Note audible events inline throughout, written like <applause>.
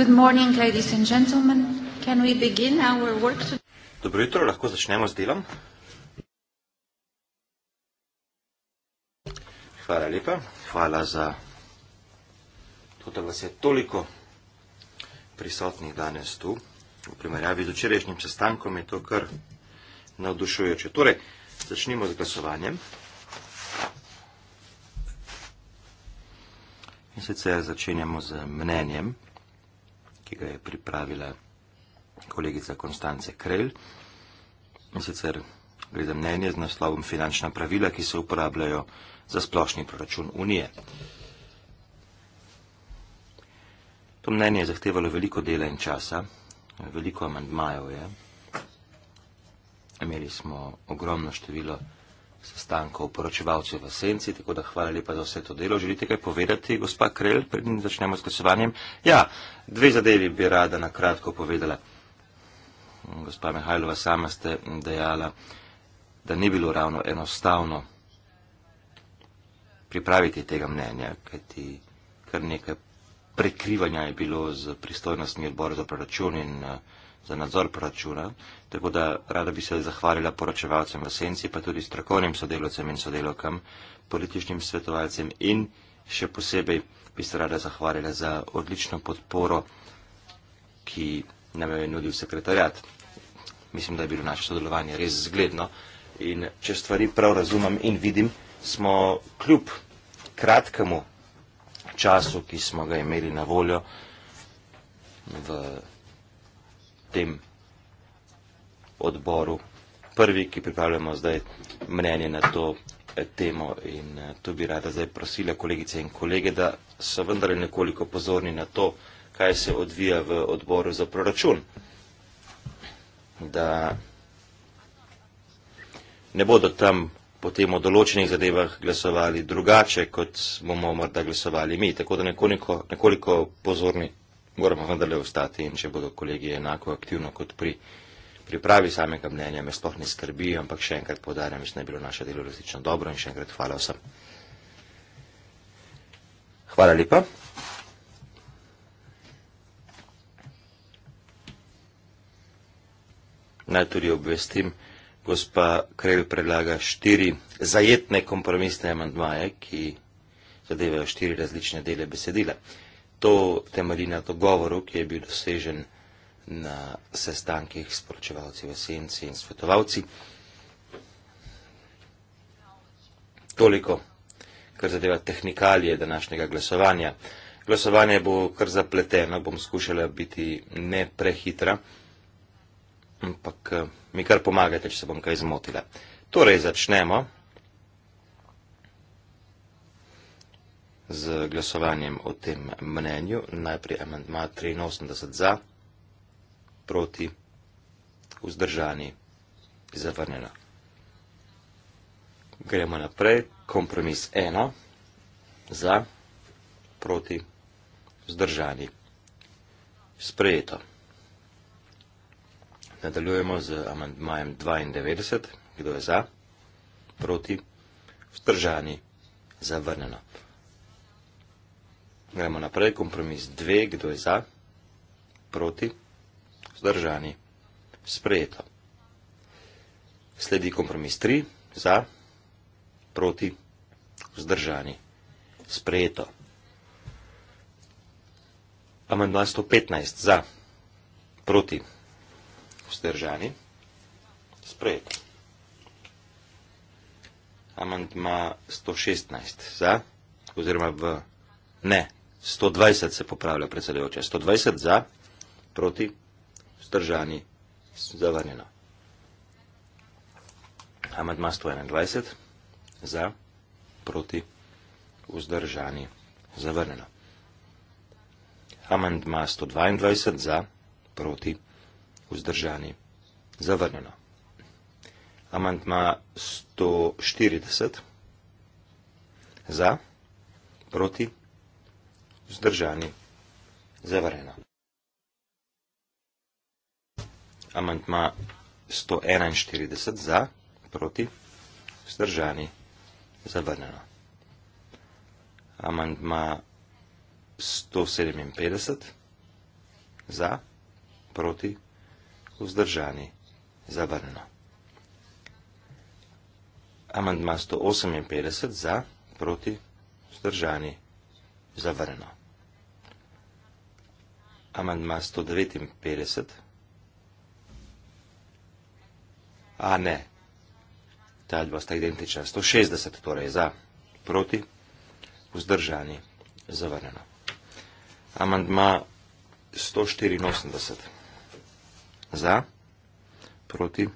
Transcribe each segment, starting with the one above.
Good morning, ladies and gentlemen. Can we begin our work today? Dobro jutro, lahko začnemo z delom? Hvala lepa, hvala za to, da vas je toliko prisotnih danes tu. V primerjavi z včerajšnjim sestankom je to kar navdušujoče. Torej, začnimo z glasovanjem. In sicer začenjamo z mnenjem, ki ga je pripravila kolegica Konstance Krelj. In sicer gre za mnenje z naslovom Finančna pravila, ki se uporabljajo za splošni proračun Unije. To mnenje je zahtevalo veliko dela in časa, veliko amandmajev je. Imeli smo ogromno število sestankov poročevalcev v senci, tako da hvala lepa za vse to delo. Želite kaj povedati, gospa Krel, predtem začnemo s glasovanjem? Ja, dve zadevi bi rada na kratko povedala. Gospa Mihajlova, sama ste dejala, da ni bilo ravno enostavno pripraviti tega mnenja, kajti kar nekaj prekrivanja je bilo z pristojnostmi odbora za proračun in uh, za nadzor proračuna, tako da rada bi se zahvalila poročevalcem v senci, pa tudi strokovnim sodelovcem in sodelovkam, političnim svetovalcem in še posebej bi se rada zahvalila za odlično podporo, ki nam je nudil sekretarjat. Mislim, da je bilo naše sodelovanje res zgledno in če stvari prav razumem in vidim, smo kljub kratkemu času, ki smo ga imeli na voljo v tem odboru prvi, ki pripravljamo zdaj mnenje na to eh, temo in eh, tu bi rada zdaj prosila kolegice in kolege, da so vendarle nekoliko pozorni na to, kaj se odvija v odboru za proračun. Da ne bodo tam potem o določenih zadevah glasovali drugače, kot bomo morda glasovali mi. Tako da nekoliko, nekoliko pozorni moramo vendarle ostati in če bodo kolegi enako aktivno kot pri pripravi samega mnenja, me sploh ne skrbi, ampak še enkrat podarjam, mislim, da je bilo naše delo različno dobro in še enkrat hvala vsem. Hvala lepa. Naj tudi obvestim, gospa Krelj predlaga štiri zajetne kompromisne amandmaje, ki zadevajo štiri različne dele besedila to temelji na dogovoru, ki je bil dosežen na sestankih s poročevalci v senci in svetovalci. Toliko, kar zadeva tehnikalije današnjega glasovanja. Glasovanje bo kar zapleteno, bom skušala biti ne prehitra, ampak eh, mi kar pomagate, če se bom kaj zmotila. Torej, začnemo. z glasovanjem o tem mnenju. Najprej amandma 83 za, proti, vzdržani, zavrnjena. Gremo naprej. Kompromis 1 za, proti, vzdržani. Sprejeto. Nadaljujemo z amandmajem 92. Kdo je za? Proti. Vzdržani. Zavrnjeno. Gremo naprej, kompromis 2, kdo je za, proti, vzdržani, sprejeto. Sledi kompromis 3, za, proti, vzdržani, sprejeto. Amandma 115, za, proti, vzdržani, sprejeto. Amandma 116, za, oziroma v ne, 120 se popravlja predsedujoča. 120 za, proti, vzdržani, zavrnjeno. Amadma 121 za, proti, vzdržani, zavrnjeno. Amadma 122 za, proti, vzdržani, zavrnjeno. Amadma 140 za, proti, vzdržani, zavrnjeno vzdržani, zavarjeno. Amantma 141 za, proti, vzdržani, zavrnjeno. Amantma 157 za, proti, vzdržani, zavrnjeno. Amantma 158 za, proti, vzdržani, zavrnjeno amandma 159. A ne, ta dva sta identična. 160 torej za, proti, vzdržani, zavrnjeno. Amandma 184 za, proti,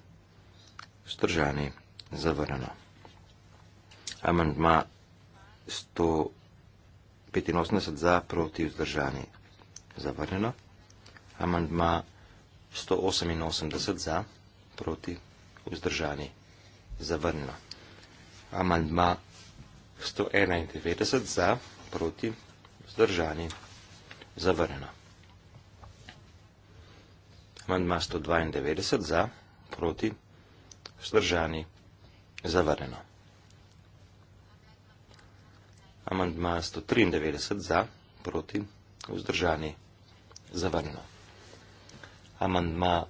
vzdržani, zavrnjeno. Amandma 185 za, proti, vzdržani, zavrnjeno. Amandma 188 za, proti, vzdržani, zavrnjeno. Amandma 191 za, proti, vzdržani, zavrnjeno. Amandma 192 za, proti, vzdržani, zavrnjeno. Amandma 193 za, proti, vzdržani vzdržani, zavrnjeno. Amandma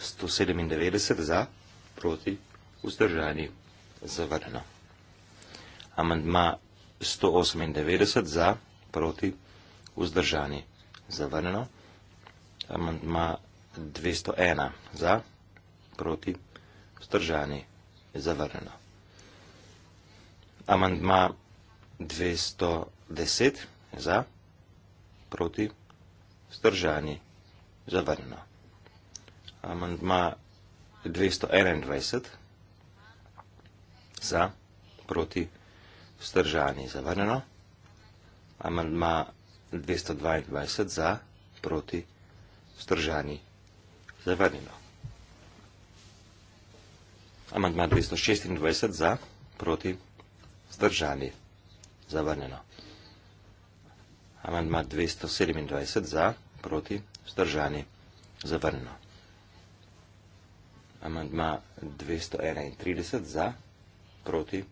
197 za, proti, vzdržani, zavrnjeno. Amandma 198 za, proti, vzdržani, zavrnjeno. Amandma 201 za, proti, vzdržani, zavrnjeno. Amandma 210 za, proti, vzdržani, zavrnjeno proti, vzdržani, zavrnjeno. Amandma 221 za, proti, vzdržani, zavrnjeno. Amandma 222 za, proti, vzdržani, zavrnjeno. Amandma 226 za, proti, vzdržani, zavrnjeno. Amandma 227 za, proti, vzdržani, zavrnjeno. Amandma 231 za, proti,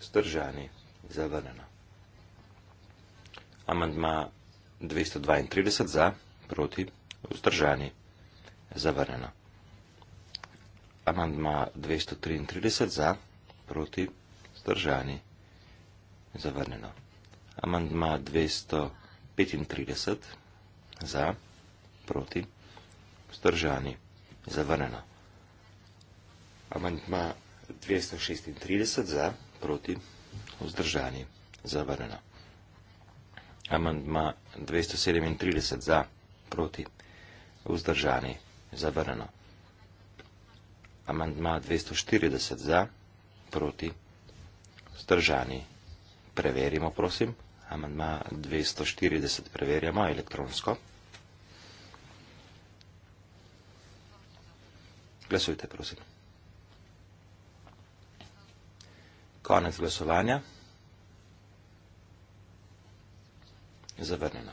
vzdržani, zavrnjeno. Amandma 232 za, proti, vzdržani, zavrnjeno. Amandma 233 za, proti, vzdržani, zavrnjeno. Amandma 233 za, proti, vzdržani, zavrnjeno. Amandma 235, za, proti, vzdržani, zavrneno. Amandma 236, za, proti, vzdržani, zavrneno. Amandma 237, za, proti, vzdržani, zavrneno. Amandma 240, za, proti, vzdržani, preverimo, prosim amandma 240 preverjamo elektronsko. Glasujte, prosim. Konec glasovanja. Zavrnjeno.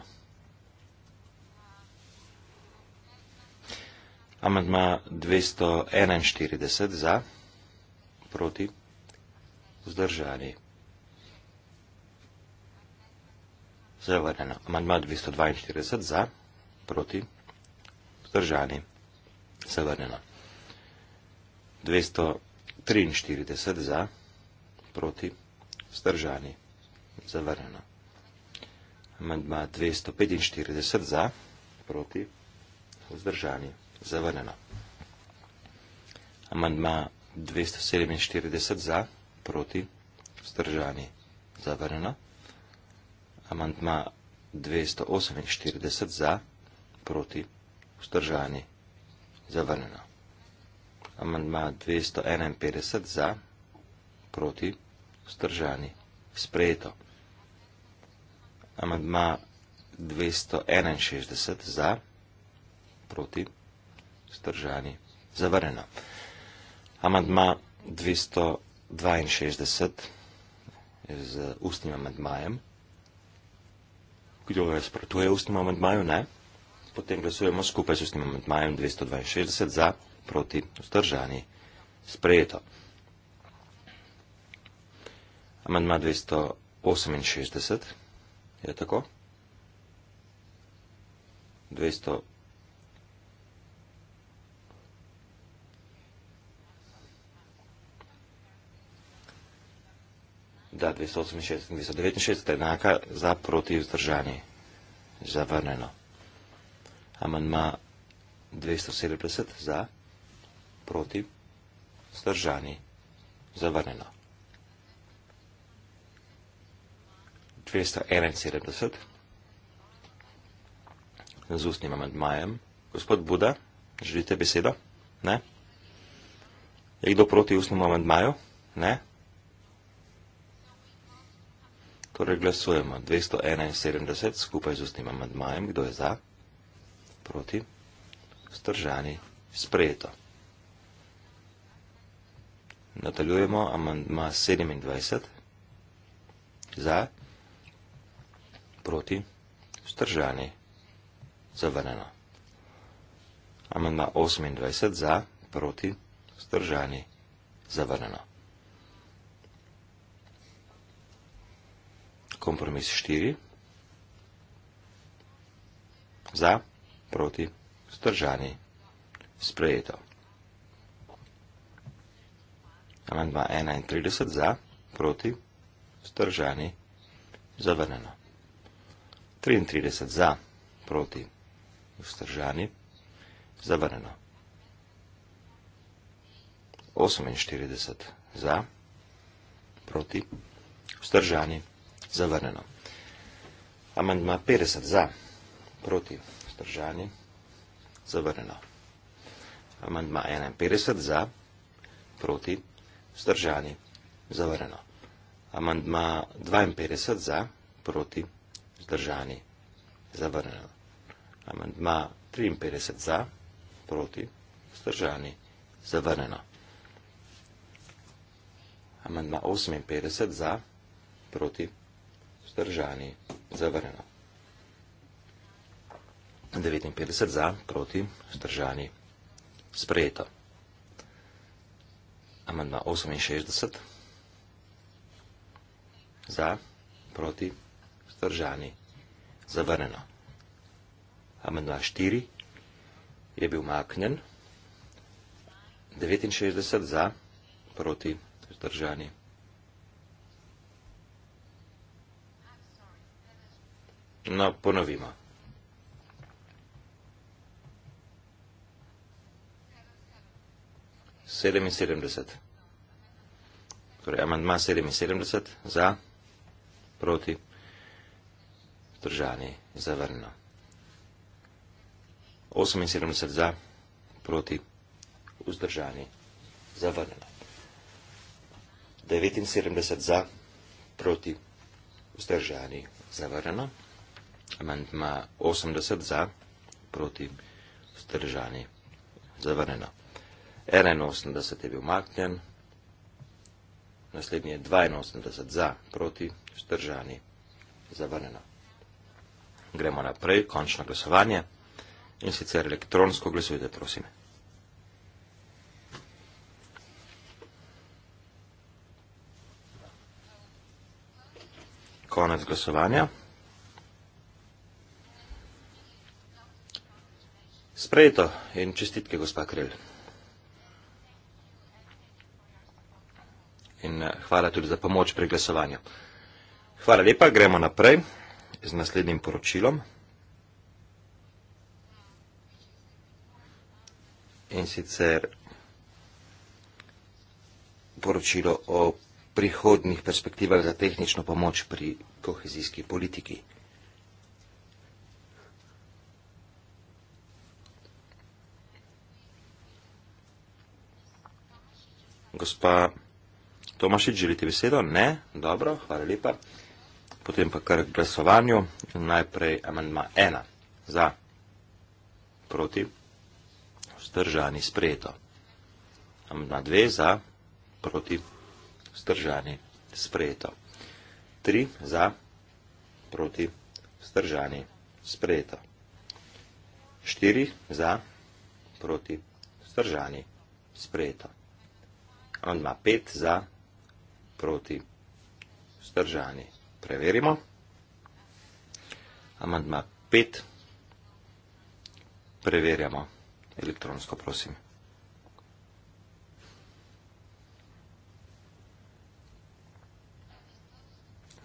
Amandma 241 za, proti, vzdržanje. zavrnjeno. Amandma 242 za, proti, vzdržani, zavrnjeno. 243 za, proti, vzdržani, zavrnjeno. Amandma 245 za, proti, vzdržani, zavrnjeno. Amandma 247 za, proti, vzdržani, zavrnjeno amantma 248 za, proti, vzdržani, zavrnjeno. Amantma 251 za, proti, vzdržani, sprejeto. Amantma 261 za, proti, vzdržani, zavrnjeno. Amantma 262 z ustnim amantmajem, kdo nasprotuje ustnemu amantmaju, ne. Potem glasujemo skupaj s ustnim amantmajem 262 za, proti, vzdržani, sprejeto. Amantma 268 je tako. 200. Da, 269. enaka za proti vzdržanje. Zavrneno. Amandma 270 za proti vzdržanje. Zavrneno. 271 z ustnim amandmajem. Gospod Buda, želite besedo? Ne? Je kdo proti ustnemu amandmaju? Ne? Ne? Torej glasujemo 271 skupaj z ustnim amadmajem, kdo je za, proti, stržani, sprejeto. Nataljujemo amandma 27, za, proti, stržani, zavrneno. Amandma 28, za, proti, stržani, zavrneno. kompromis 4, za, proti, zdržani, sprejeto. Amandma 31, za, proti, zdržani, zavrneno. 33, za, proti, zdržani, zavrneno. 48, za, proti, vzdržani, zavrneno zavrnjeno. Amandma 50 za, proti vzdržani, zavrnjeno. Amandma 51 za, proti vzdržani, zavrnjeno. Amandma 52 za, proti vzdržani, zavrnjeno. Amandma 53 za, proti vzdržani, zavrnjeno. Amandma 58 za, proti vzdržani vzdržani, zavrnjeno. 59 za, proti, vzdržani, sprejeto. Amandma 68 za, proti, vzdržani, zavrnjeno. Amandma 4 je bil maknjen. 69 za, proti, vzdržani, zavrnjeno. no, ponovimo. sedeminsedemdeset torej amandma sedeminsedemdeset za proti vzdržani zavrnjeno oseminsedemdeset za proti vzdržani zavrnjeno devetinsedemdeset za proti vzdržani zavrnjeno amantma 80 za, proti stržani zavrneno. 81 je bil maknjen, naslednji je 82 za, proti stržani zavrneno. Gremo naprej, končno glasovanje in sicer elektronsko glasujte, prosim. Konec glasovanja. Sprejeto in čestitke, gospa Krelj. In eh, hvala tudi za pomoč pri glasovanju. Hvala lepa, gremo naprej z naslednjim poročilom. In sicer poročilo o prihodnih perspektivah za tehnično pomoč pri kohezijski politiki. Gospa, to imaš še želiti besedo? Ne, dobro, hvala lepa. Potem pa kar k glasovanju. Najprej amandma ena. Za, proti, vzdržani, sprejeto. Amandma dve, za, proti, vzdržani, sprejeto. Tri, za, proti, vzdržani, sprejeto. Štiri, za, proti, vzdržani, sprejeto. On ima pet za, proti, vzdržani. Preverimo. Amandma pet. Preverjamo. Elektronsko, prosim.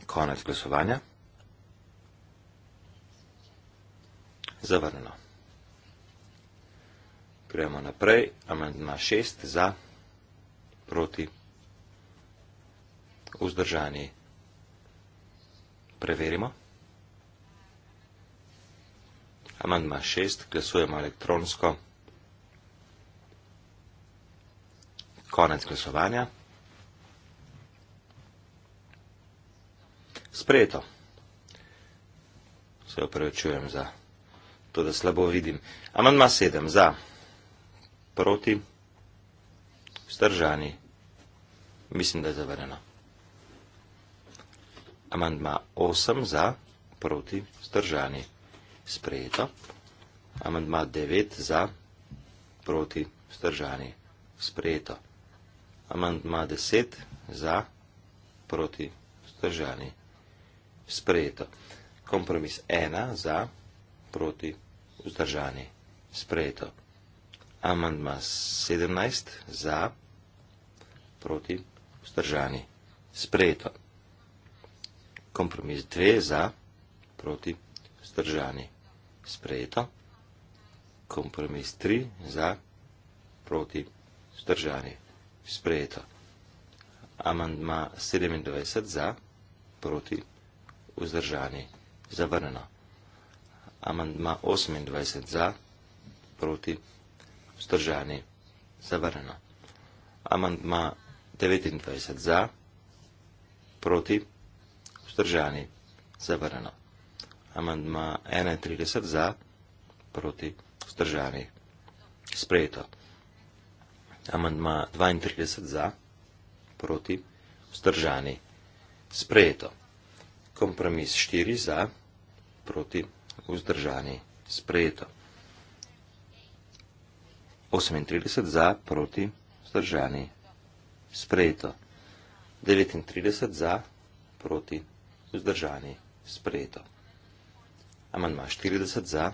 Konec glasovanja. Zavrneno. Gremo naprej. Amandma šest za, proti, vzdržani proti, vzdržani. Preverimo. Amandma 6, glasujemo elektronsko. Konec glasovanja. Sprejeto. Se upravičujem za to, da slabo vidim. Amandma 7, za. Proti. Vzdržani mislim, da je zavarjena. Amandma 8 za, proti, vzdržani, sprejeto. Amandma 9 za, proti, vzdržani, sprejeto. Amandma 10 za, proti, vzdržani, sprejeto. Kompromis 1 za, proti, vzdržani, sprejeto. Amandma 17 za, proti, vzdržani, sprejeto vzdržani. Sprejeto. Kompromis 2 za, proti, vzdržani. Sprejeto. Kompromis 3 za, proti, vzdržani. Sprejeto. Amandma 27 za, proti, vzdržani. Zavrneno. Amandma 28 za, proti, vzdržani. Zavrneno. Amandma 29 za, proti, vzdržani, zavrneno. Amandma 31 za, proti, vzdržani, sprejeto. Amandma 32 za, proti, vzdržani, sprejeto. Kompromis 4 za, proti, vzdržani, sprejeto. 38 za, proti, vzdržani, sprejeto sprejeto. 39 za, proti, vzdržani, sprejeto. Amandma 40 za,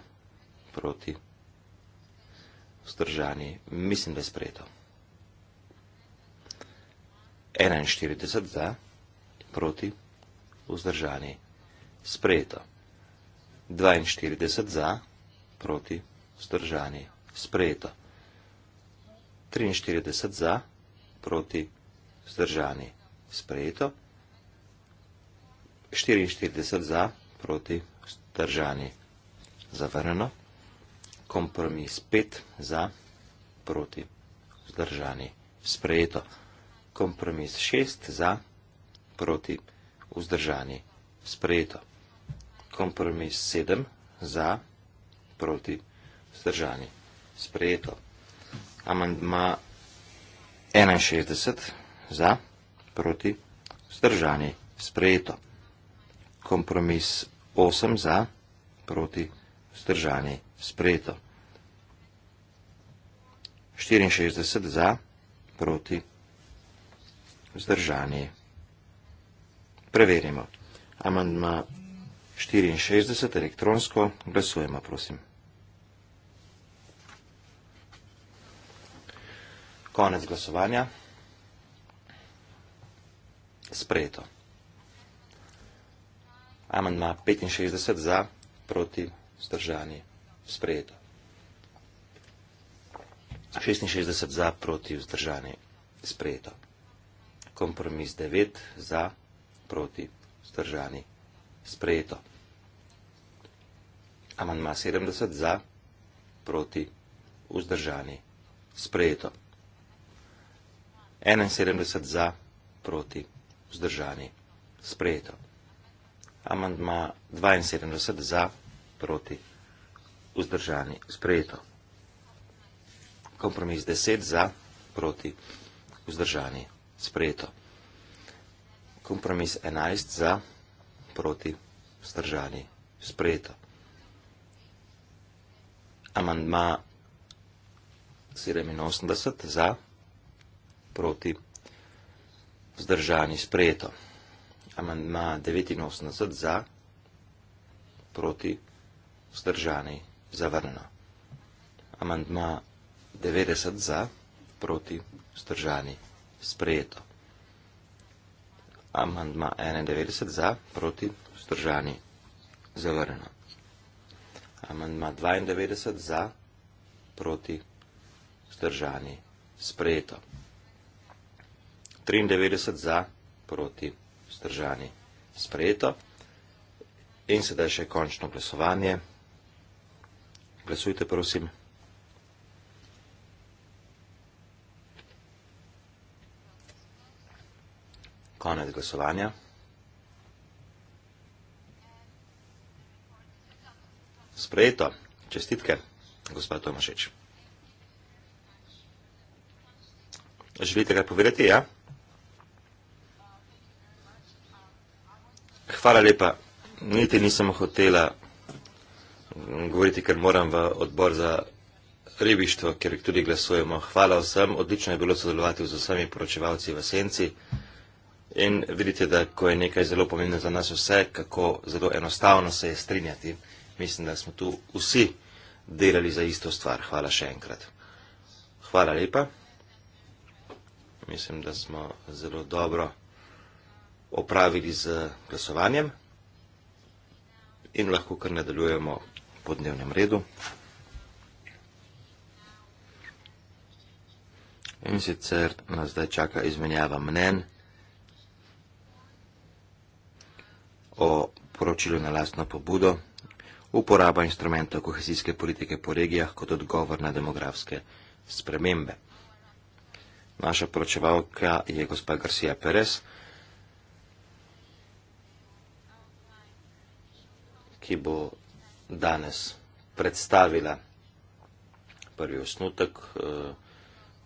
proti, vzdržani, mislim, da je sprejeto. 41 za, proti, vzdržani, sprejeto. 42 za, proti, vzdržani, sprejeto. 43 za, proti, vzdržani, sprejeto proti vzdržani. Sprejeto. 44 za proti vzdržani. Zavrneno. Kompromis 5 za proti vzdržani. Sprejeto. Kompromis 6 za proti vzdržani. Sprejeto. Kompromis 7 za proti vzdržani. Sprejeto. Amandma 61 za, proti, zdržani, sprejeto. Kompromis 8 za, proti, zdržani, sprejeto. 64 za, proti, zdržani. Preverimo. Amandma 64 elektronsko glasujemo, prosim. Konec glasovanja. Sprejeto. Amandma 65 za, proti vzdržani. Sprejeto. 66 za, proti vzdržani. Sprejeto. Kompromis 9 za, proti vzdržani. Sprejeto. Amandma 70 za, proti vzdržani. Sprejeto. 71 za, proti, vzdržani, sprejeto. Amandma 72 za, proti, vzdržani, sprejeto. Kompromis 10 za, proti, vzdržani, sprejeto. Kompromis 11 za, proti, vzdržani, sprejeto. Amandma 87 za, proti, vzdržani, sprejeto proti vzdržani sprejeto. Amandma 89 za, proti vzdržani zavrnjeno. Amandma 90 za, proti vzdržani sprejeto. Amandma 91 za, proti vzdržani zavrnjeno. Amandma 92 za, proti vzdržani sprejeto. 93 za, proti vzdržani sprejeto. In sedaj še končno glasovanje. Glasujte, prosim. Konec glasovanja. Sprejeto. Čestitke, gospod Tomašič. Želite kaj povedati, ja? Hvala lepa. Niti nisem hotela mm, govoriti, ker moram v odbor za ribištvo, ker tudi glasujemo. Hvala vsem. Odlično je bilo sodelovati z vsemi poročevalci v Senci. In vidite, da ko je nekaj zelo pomembno za nas vse, kako zelo enostavno se je strinjati. Mislim, da smo tu vsi delali za isto stvar. Hvala še enkrat. Hvala lepa. Mislim, da smo zelo dobro opravili z glasovanjem in lahko kar nadaljujemo po dnevnem redu. In sicer nas zdaj čaka izmenjava mnen o poročilu na lastno pobudo, uporaba instrumenta kohezijske politike po regijah kot odgovor na demografske spremembe. Naša poročevalka je gospa Garcia Perez. ki bo danes predstavila prvi osnutek eh,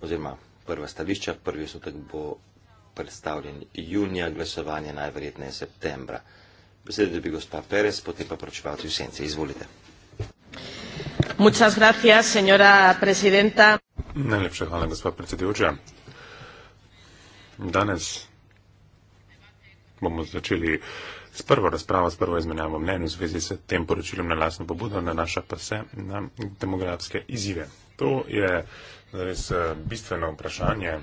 oziroma prva stališča. Prvi osnutek bo predstavljen junija, glasovanje najverjetneje septembra. Besedo dobi gospa Perez, potem pa pročevalci v senci. Izvolite. Muchas gracias, señora presidenta. Najlepša hvala, gospa predsedujoča. Danes bomo začeli s prvo razpravo, s prvo izmenjavo mnenj v zvezi s tem poročilom na lasno pobudo, nanaša pa se na demografske izzive. To je res eh, bistveno vprašanje.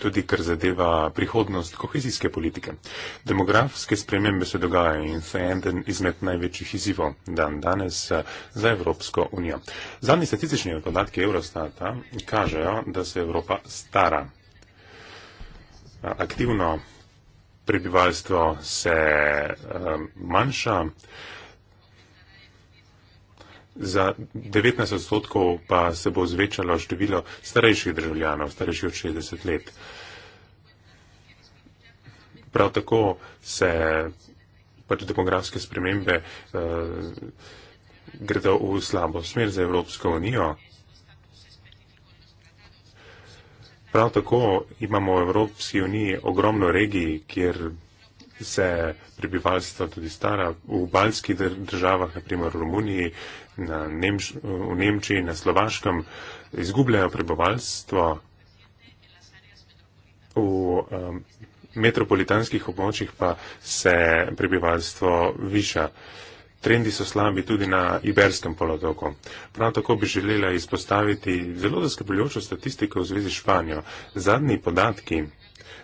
Tudi kar zadeva prihodnost kohezijske politike. Demografske spremembe se dogajajo in so eden izmed največjih izzivov dan danes eh, za Evropsko unijo. Zadnji statistični podatki Eurostata kažejo, da se Evropa stara aktivno prebivalstvo se eh, manjša, za 19 odstotkov pa se bo zvečalo število starejših državljanov, starejših od 60 let. Prav tako se pač demografske spremembe eh, gredo v slabo smer za Evropsko unijo. Prav tako imamo v Evropski uniji ogromno regij, kjer se prebivalstvo tudi stara. V baljskih državah, naprimer v Romuniji, na Nemč v Nemčiji, na Slovaškem, izgubljajo prebivalstvo. V um, metropolitanskih območjih pa se prebivalstvo viša. Uh, Trendi so slabi tudi na Iberskem polotoku. Prav tako bi želela izpostaviti zelo zaskrbljujočo statistiko v zvezi s Španijo. Zadnji podatki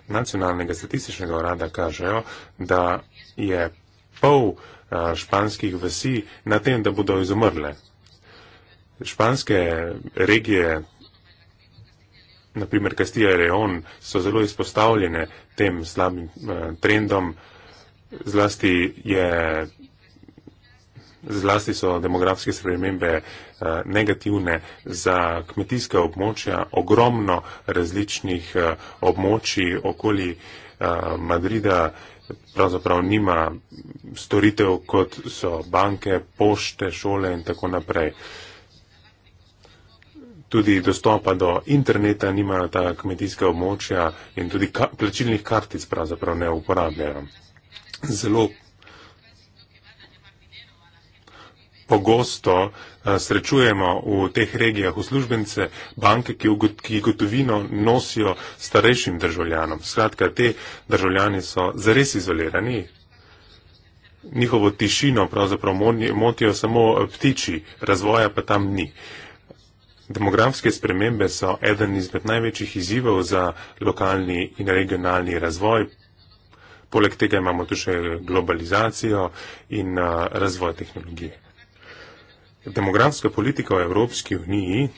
nacionalnega statističnega urada kažejo, da je pol eh, španskih vasi na tem, da bodo izumrle. Španske regije, naprimer Kastija in Reon, so zelo izpostavljene tem slabim eh, trendom. Zlasti je zlasti so demografske spremembe eh, negativne za kmetijska območja, ogromno različnih eh, območij okoli eh, Madrida pravzaprav nima storitev, kot so banke, pošte, šole in tako naprej. Tudi dostopa do interneta nimajo ta kmetijska območja in tudi ka plačilnih kartic pravzaprav ne uporabljajo. Zelo pogosto eh, srečujemo v teh regijah uslužbence banke, ki gotovino nosijo starejšim državljanom. Skratka, te državljani so zares izolirani. Njihovo tišino pravzaprav motijo samo eh, ptiči, razvoja pa tam ni. Demografske spremembe so eden izmed največjih izzivov za lokalni in regionalni razvoj. Poleg tega imamo tu še globalizacijo in eh, razvoj tehnologije. Demografska politika v Evropski uniji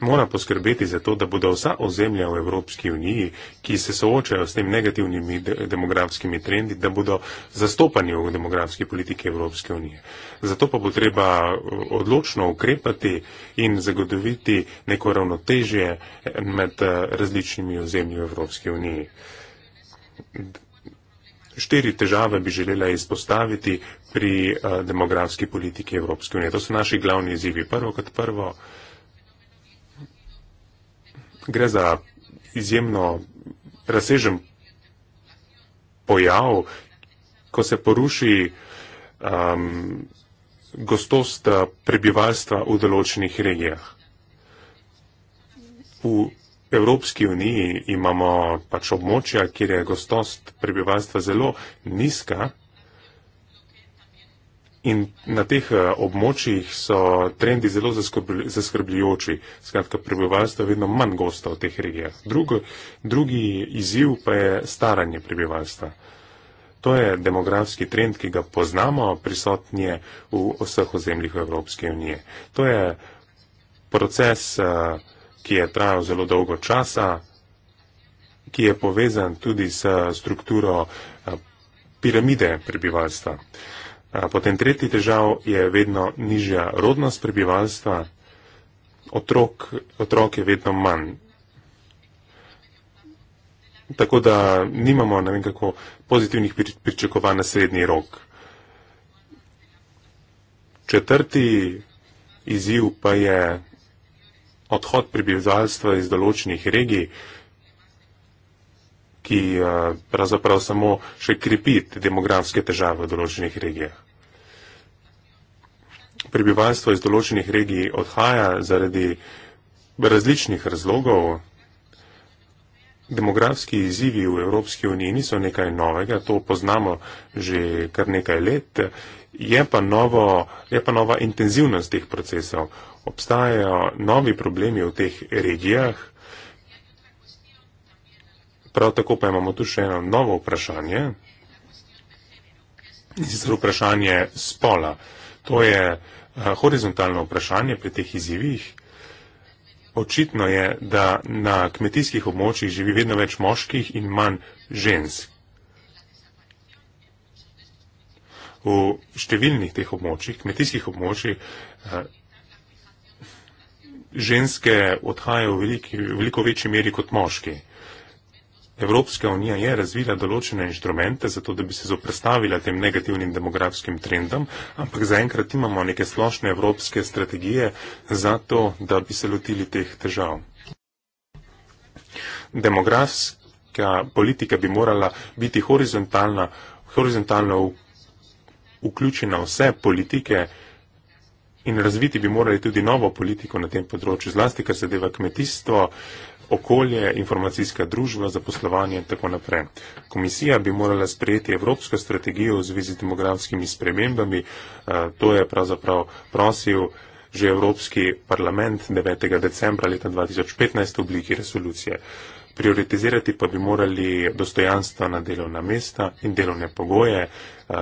mora poskrbeti za to, da bodo vsa ozemlja v Evropski uniji, ki se soočajo s tem negativnimi de demografskimi trendi, da bodo zastopani v demografski politiki Evropske unije. Zato pa bo treba eh, odločno ukrepati in zagotoviti neko ravnotežje med eh, različnimi ozemlji v Evropski uniji. Štiri težave bi želela izpostaviti pri eh, demografski politiki Evropske unije. To so naši glavni izzivi. Prvo kot prvo gre za izjemno razsežen pojav, ko se poruši um, gostost eh, prebivalstva v določenih regijah. V Evropski uniji imamo pač območja, kjer je gostost prebivalstva zelo nizka in na teh eh, območjih so trendi zelo zaskrbljujoči. Skratka, prebivalstvo je vedno manj gosto v teh regijah. Drugi, drugi izziv pa je staranje prebivalstva. To je demografski trend, ki ga poznamo, prisotn je v vseh ozemljih Evropske unije. To je proces. Uh, ki je trajal zelo dolgo časa, ki je povezan tudi s strukturo eh, piramide prebivalstva. Eh, potem tretji težav je vedno nižja rodnost prebivalstva, otrok, otrok je vedno manj. Tako da nimamo na nekako pozitivnih pričakovanj na srednji rok. Četrti izziv pa je odhod prebivalstva iz določenih regij, ki eh, pravzaprav samo še krepi te demografske težave v določenih regijah. Prebivalstvo iz določenih regij odhaja zaradi različnih razlogov. Demografski izzivi v Evropski uniji niso nekaj novega, to poznamo že kar nekaj let. Je pa, novo, je pa nova intenzivnost teh procesov. Obstajajo novi problemi v teh regijah. Prav tako pa imamo tu še eno novo vprašanje. In sicer vprašanje spola. To je eh, horizontalno vprašanje pri teh izzivih. Očitno je, da na kmetijskih območjih živi vedno več moških in manj žensk. v številnih teh območjih, kmetijskih območjih, eh, ženske odhajajo v, veliki, v veliko večji meri kot moški. Evropska unija je razvila določene inštrumente za to, da bi se zoprstavila tem negativnim demografskim trendom, ampak zaenkrat imamo neke splošne evropske strategije za to, da bi se lotili teh težav. Demografska politika bi morala biti horizontalna, horizontalno vključena vse politike in razviti bi morali tudi novo politiko na tem področju, zlasti kar se deva kmetijstvo, okolje, informacijska družba, zaposlovanje in tako naprej. Komisija bi morala sprejeti evropsko strategijo v zvezi z demografskimi spremembami, eh, to je pravzaprav prosil že Evropski parlament 9. decembra leta 2015 v obliki resolucije. Prioritizirati pa bi morali dostojanstva na delovna mesta in delovne pogoje, eh,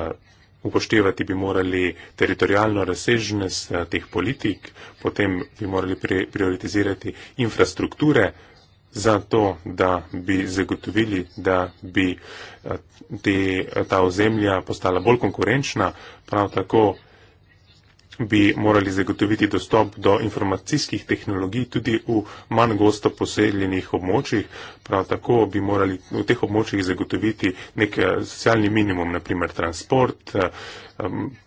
upoštevati bi morali teritorijalno razsežnost eh, teh politik, potem bi morali prioritizirati infrastrukture za to, da bi zagotovili, da bi eh, te, eh, ta ozemlja postala bolj konkurenčna, prav tako bi morali zagotoviti dostop do informacijskih tehnologij tudi v manj gosto poseljenih območjih. Prav tako bi morali v teh območjih zagotoviti nek eh, socialni minimum, naprimer transport, eh,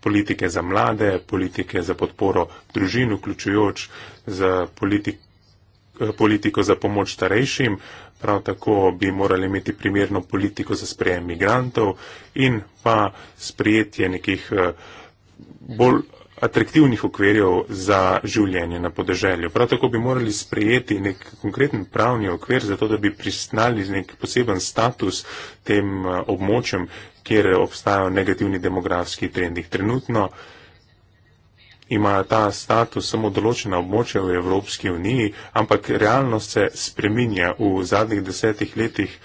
politike za mlade, politike za podporo družin, vključujoč za politik, eh, politiko za pomoč starejšim. Prav tako bi morali imeti primerno politiko za sprejem migrantov in pa sprejetje nekih bolj atraktivnih okvirjev za življenje na podeželju. Prav tako bi morali sprejeti nek konkreten pravni okvir za to, da bi priznali nek poseben status tem eh, območjem, kjer obstajajo negativni demografski trendi. Trenutno ima ta status samo določena območja v Evropski uniji, ampak realnost se spreminja. V zadnjih desetih letih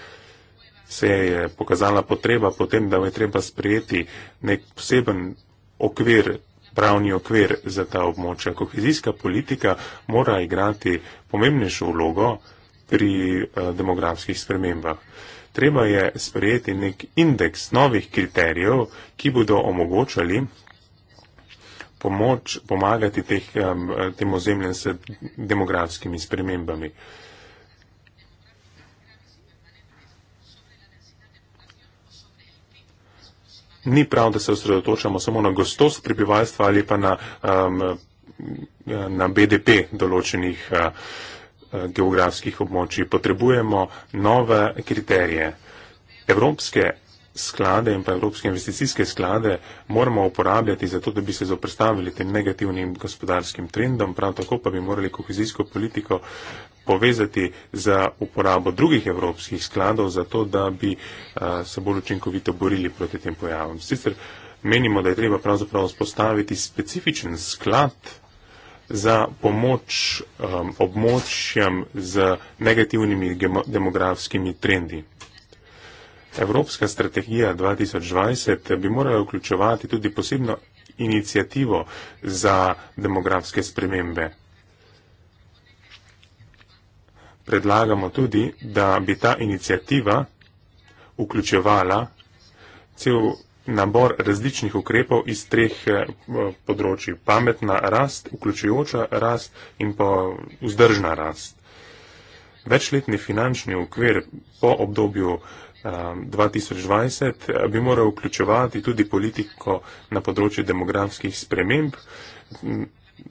se je pokazala potreba potem, da je treba sprejeti nek poseben okvir pravni okvir za ta območja. Kohezijska politika mora igrati pomembnejšo vlogo pri eh, demografskih spremembah. Treba je sprejeti nek indeks novih kriterijev, ki bodo omogočali pomoč pomagati teh, tem ozemljem s demografskimi spremembami. ni prav, da se osredotočamo samo na gostost prebivalstva ali pa na, um, na BDP določenih uh, uh, geografskih območij. Potrebujemo nove kriterije. Evropske sklade in pa evropske investicijske sklade moramo uporabljati za to, da bi se zoprstavili tem negativnim gospodarskim trendom, prav tako pa bi morali kohezijsko politiko povezati za uporabo drugih evropskih skladov, za to, da bi a, se bolj učinkovito borili proti tem pojavom. Sicer menimo, da je treba pravzaprav spostaviti specifičen sklad za pomoč um, območjem z negativnimi demografskimi trendi. Evropska strategija 2020 bi morala vključevati tudi posebno inicijativo za demografske spremembe. Predlagamo tudi, da bi ta inicijativa vključevala cel nabor različnih ukrepov iz treh eh, področji. Pametna rast, vključujoča rast in pa vzdržna rast. Večletni finančni ukver po obdobju 2020 um, eh, bi moral vključevati tudi politiko na področju demografskih sprememb.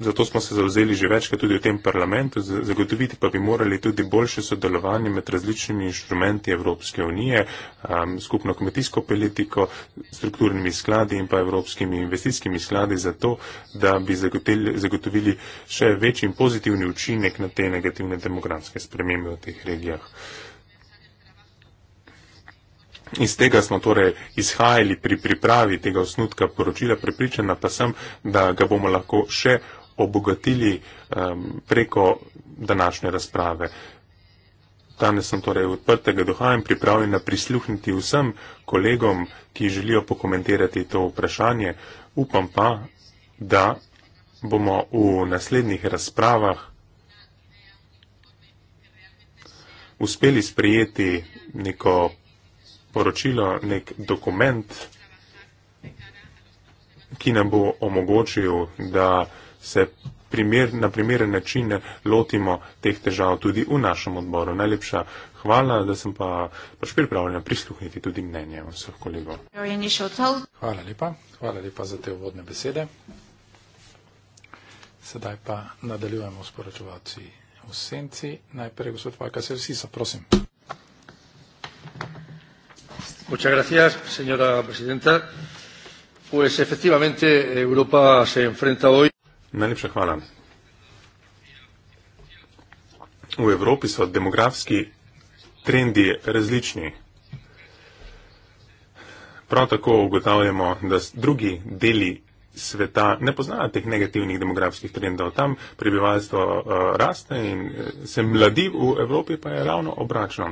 Zato smo se zauzeli že večkrat tudi v tem parlamentu, zagotoviti pa bi morali tudi boljše sodelovanje med različnimi inštrumenti Evropske unije, um, skupno kmetijsko politiko, strukturnimi skladi in pa evropskimi investicijskimi skladi, zato da bi zagotovili še večji in pozitivni učinek na te negativne demografske spremembe v teh regijah. Iz tega smo torej izhajali pri pripravi tega osnutka poročila, prepričana pa sem, da ga bomo lahko še obogatili um, preko današnje razprave. Danes sem torej odprtega duha in pripravljena prisluhniti vsem kolegom, ki želijo pokomentirati to vprašanje. Upam pa, da bomo v naslednjih razpravah uspeli sprejeti neko poročilo, nek dokument, ki nam bo omogočil, da se primer, na primeren način lotimo teh težav tudi v našem odboru. Najlepša hvala, da sem pa pač pripravljena prisluhniti tudi mnenje vseh kolegov. Hvala lepa, hvala lepa za te uvodne besede. Sedaj pa nadaljujemo s poročevalci v senci. Najprej gospod Falka, se vsi so, prosim señora presidenta pues efectivamente Europa se enfrenta hoy Najlepša hvala. V Evropi so demografski trendi različni. Prav tako ugotavljamo, da drugi deli sveta ne poznajo teh negativnih demografskih trendov. Tam prebivalstvo eh, raste in eh, se mladi v Evropi pa je ravno obračno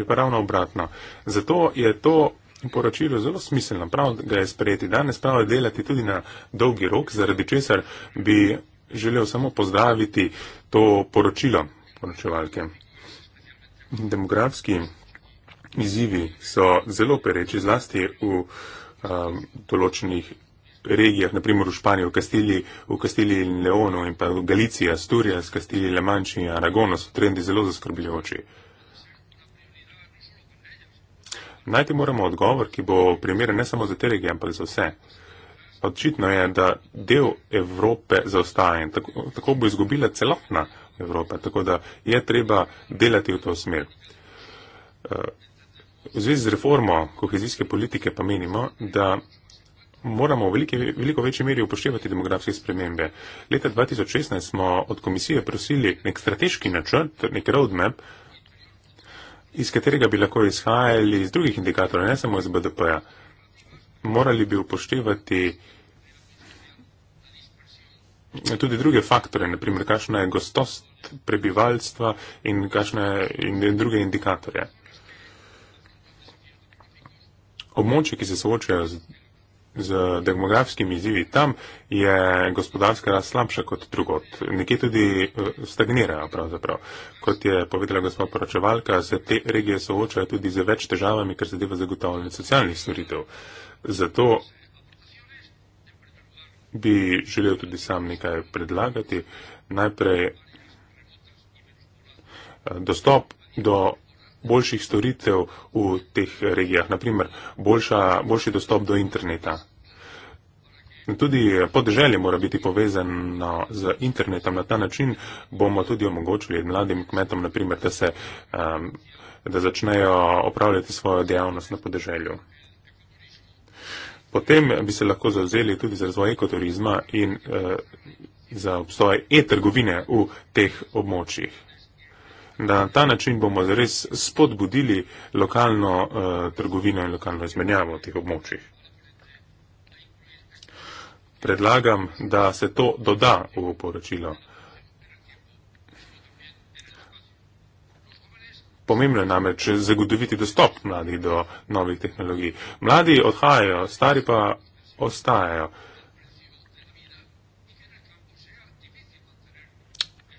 je pa ravno obratno. Zato je to poročilo zelo smiselno, prav ga je sprejeti danes, prav je delati tudi na dolgi rok, zaradi česar bi želel samo pozdraviti to poročilo poročevalke. Demografski izzivi so zelo pereči, zlasti v um, določenih regijah, naprimer v Španiji, v Kastili, v Kastili Leonu in pa v Galiciji, Asturija, Kastili Lemanči in Aragono so trendi zelo zaskrbljujoči. Najti moramo odgovor, ki bo primeren ne samo za te regije, ampak za vse. Očitno je, da del Evrope zaostaja in tako, tako bo izgubila celotna Evropa, tako da je treba delati v to smer. Eh, v zvezi z reformo kohezijske politike pa menimo, da moramo v velike, veliko večji meri upoštevati demografske spremembe. Leta 2016 smo od komisije prosili nek strateški načrt, nek roadmap, iz katerega bi lahko izhajali iz drugih indikatorjev, ne samo iz BDP-ja. Morali bi upoštevati tudi druge faktore, naprimer, kakšna je gostost prebivalstva in, kakšne, in druge indikatorje. Območje, ki se soočajo z z demografskimi izzivi tam, je gospodarska rast slabša kot drugot. Nekje tudi eh, stagnirajo pravzaprav. Kot je povedala gospod poročevalka, se te regije soočajo tudi z več težavami, kar zadeva zagotavljanje socialnih storitev. Zato bi želel tudi sam nekaj predlagati. Najprej eh, dostop do boljših storitev v teh regijah, naprimer boljša, boljši dostop do interneta. Tudi podeželje mora biti povezano z internetom. Na ta način bomo tudi omogočili mladim kmetom, naprimer, da, se, um, da začnejo opravljati svojo dejavnost na podeželju. Potem bi se lahko zauzeli tudi za razvoj ekoturizma in eh, za obstoj e-trgovine v teh območjih. Na ta način bomo res spodbudili lokalno uh, trgovino in lokalno izmenjavo v teh območjih. Predlagam, da se to doda v poročilo. Pomembno je namreč zagotoviti dostop mladih do novih tehnologij. Mladi odhajajo, stari pa ostajajo.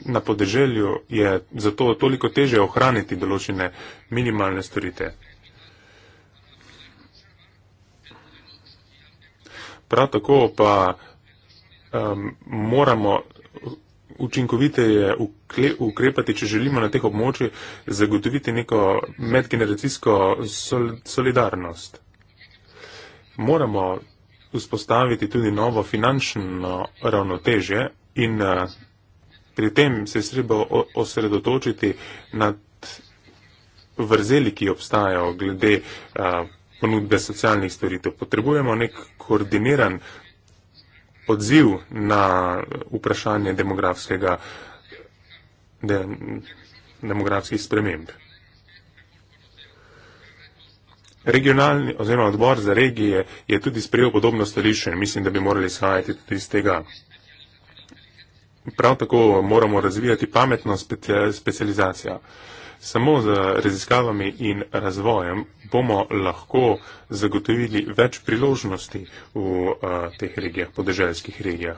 na podeželju je zato toliko teže ohraniti določene minimalne storite. Prav tako pa um, moramo učinkoviteje ukrepati, če želimo na teh območjih zagotoviti neko medgeneracijsko sol solidarnost. Moramo vzpostaviti tudi novo finančno ravnotežje in uh, Pri tem se je treba osredotočiti nad vrzeli, ki obstajajo glede a, ponudbe socialnih storitev. Potrebujemo nek koordiniran odziv na vprašanje demografskega, de, demografskih sprememb. Regionalni oziroma odbor za regije je tudi sprejel podobno stališče in mislim, da bi morali izhajati tudi iz tega. Prav tako moramo razvijati pametno specializacijo. Samo z raziskavami in razvojem bomo lahko zagotovili več priložnosti v uh, teh regijah, podeželjskih regijah.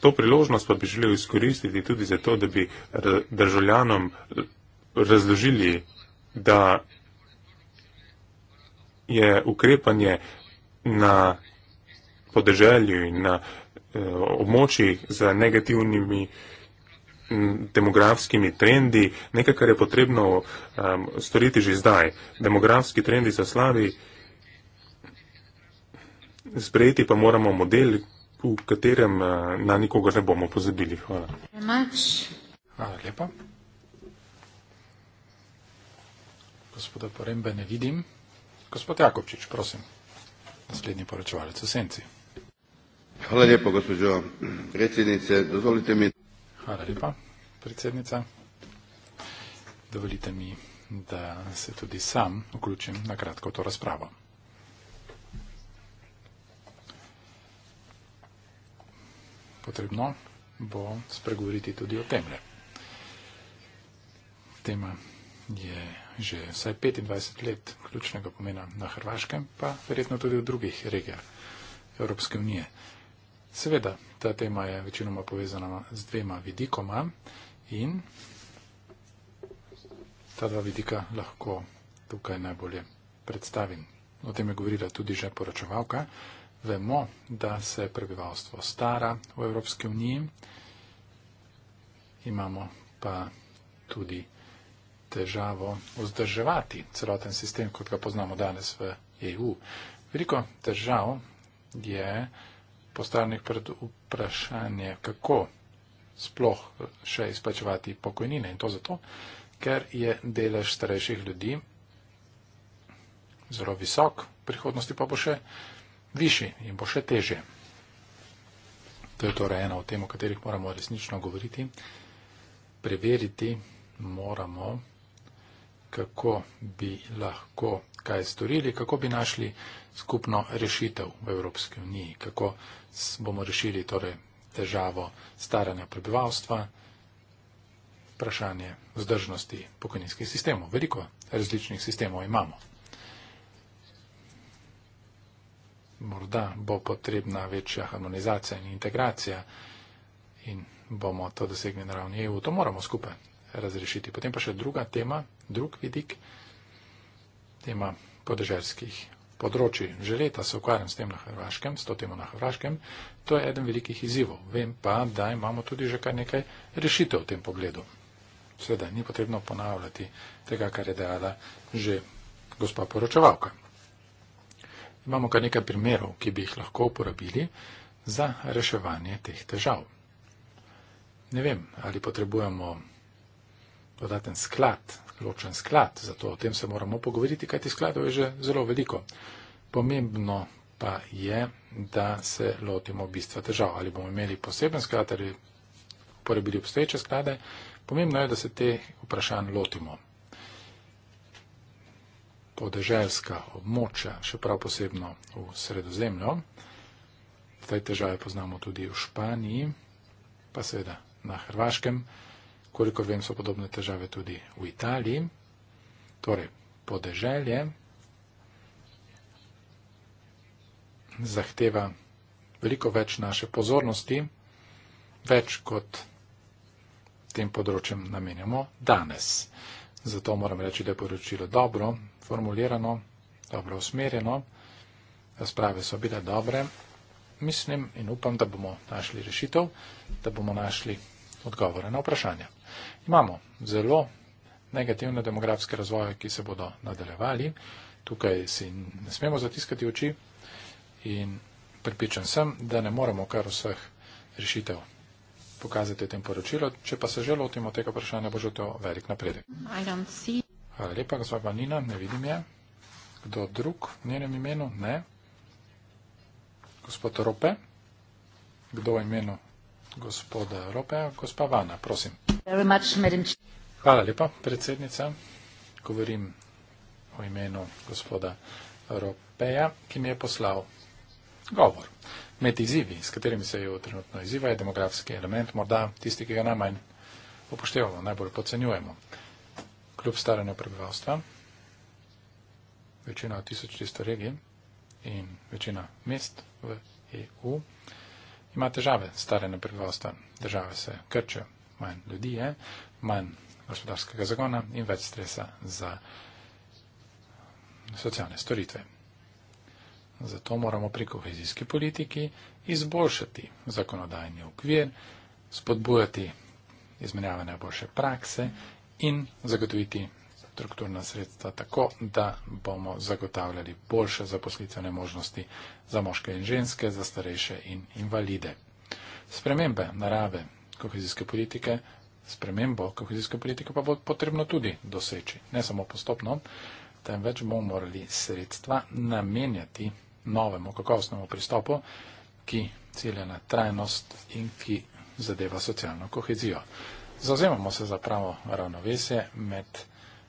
To priložnost pa bi želel izkoristiti tudi zato, da bi državljanom eh, razložili, da je ukrepanje na podeželju in na uh, Eh, območjih z negativnimi demografskimi trendi, nekaj, kar je potrebno um, storiti že zdaj. Demografski trendi so slavi, sprejeti pa moramo model, v katerem uh, na nikogar ne bomo pozabili. Hvala. Hvala lepa. Gospoda Porembe ne vidim. Gospod Jakobčič, prosim. Naslednji poročevalec v senci. Hvala lijepo, gospođo predsjednice. Dozvolite mi... Hvala lijepa, predsjednica. Dovolite mi da se tudi sam vključim na kratko to razpravo. Potrebno bo spregovoriti tudi o temle. Tema je že vsaj 25 let ključnega pomena na Hrvaškem, pa verjetno tudi v drugih regijah Evropske unije. Seveda, ta tema je večinoma povezana z dvema vidikoma in ta dva vidika lahko tukaj najbolje predstavim. O tem je govorila tudi že poročevalka. Vemo, da se prebivalstvo stara v Evropski uniji, imamo pa tudi težavo vzdrževati celoten sistem, kot ga poznamo danes v EU. Veliko težav je postavljenih pred vprašanje, kako sploh še izplačevati pokojnine. In to zato, ker je delež starejših ljudi zelo visok, v prihodnosti pa bo še višji in bo še teže. To je torej ena od tem, o katerih moramo resnično govoriti. Preveriti moramo, kako bi lahko kaj storili, kako bi našli skupno rešitev v Evropski uniji, kako bomo rešili torej težavo staranja prebivalstva, vprašanje vzdržnosti pokojninskih sistemov. Veliko različnih sistemov imamo. Morda bo potrebna večja harmonizacija in integracija in bomo to dosegli na ravni EU. To moramo skupaj razrešiti. Potem pa še druga tema, drug vidik, tema podeželskih področji. Že leta se ukvarjam s tem na Hrvaškem, s to temo na Hrvaškem. To je eden velikih izzivov. Vem pa, da imamo tudi že kar nekaj rešitev v tem pogledu. Sveda ni potrebno ponavljati tega, kar je dejala že gospa poročevalka. Imamo kar nekaj primerov, ki bi jih lahko uporabili za reševanje teh težav. Ne vem, ali potrebujemo dodaten sklad, ločen sklad, zato o tem se moramo pogovoriti, kajti skladov je že zelo veliko. Pomembno pa je, da se lotimo bistva težav. Ali bomo imeli poseben sklad ali uporabili obstoječe sklade, pomembno je, da se te vprašanj lotimo. Podeželska območja, še prav posebno v sredozemljo, te težave poznamo tudi v Španiji, pa seveda na Hrvaškem koliko vem, so podobne težave tudi v Italiji, torej podeželje zahteva veliko več naše pozornosti, več kot tem področjem namenjamo danes. Zato moram reči, da je poročilo dobro formulirano, dobro usmerjeno, razprave so bile dobre. Mislim in upam, da bomo našli rešitev, da bomo našli odgovore na vprašanja. Imamo zelo negativne demografske razvoje, ki se bodo nadaljevali. Tukaj si ne smemo zatiskati oči in pripričan sem, da ne moremo kar vseh rešitev pokazati v tem poročilu. Če pa se že lotimo tega vprašanja, bo že to velik napredek. Hvala lepa, gospod Banina, ne vidim je. Kdo drug v njenem imenu? Ne. Gospod Rope, kdo v imenu gospoda Ropeja, gospa Vana, prosim. Hvala lepa, predsednica. Govorim o imenu gospoda Ropeja, ki mi je poslal govor. Med izzivi, s katerimi se jo trenutno izziva, je demografski element, morda tisti, ki ga najmanj upoštevamo, najbolj pocenjujemo. Kljub staranju prebivalstva, večina od 1400 regij in večina mest v EU, ima težave staranje prebivalstva. Države se krčijo, manj ljudi je, manj gospodarskega zagona in več stresa za socialne storitve. Zato moramo pri kohezijski politiki izboljšati zakonodajni okvir, spodbujati izmenjavanje boljše prakse in zagotoviti strukturna sredstva tako, da bomo zagotavljali boljše zaposlitvene možnosti za moške in ženske, za starejše in invalide. Spremembe narave kohezijske politike, spremembo kohezijske politike pa bo potrebno tudi doseči, ne samo postopno, temveč bomo morali sredstva namenjati novemu kakovostnemu pristopu, ki cilja na trajnost in ki zadeva socialno kohezijo. Zauzemamo se za pravo ravnovesje med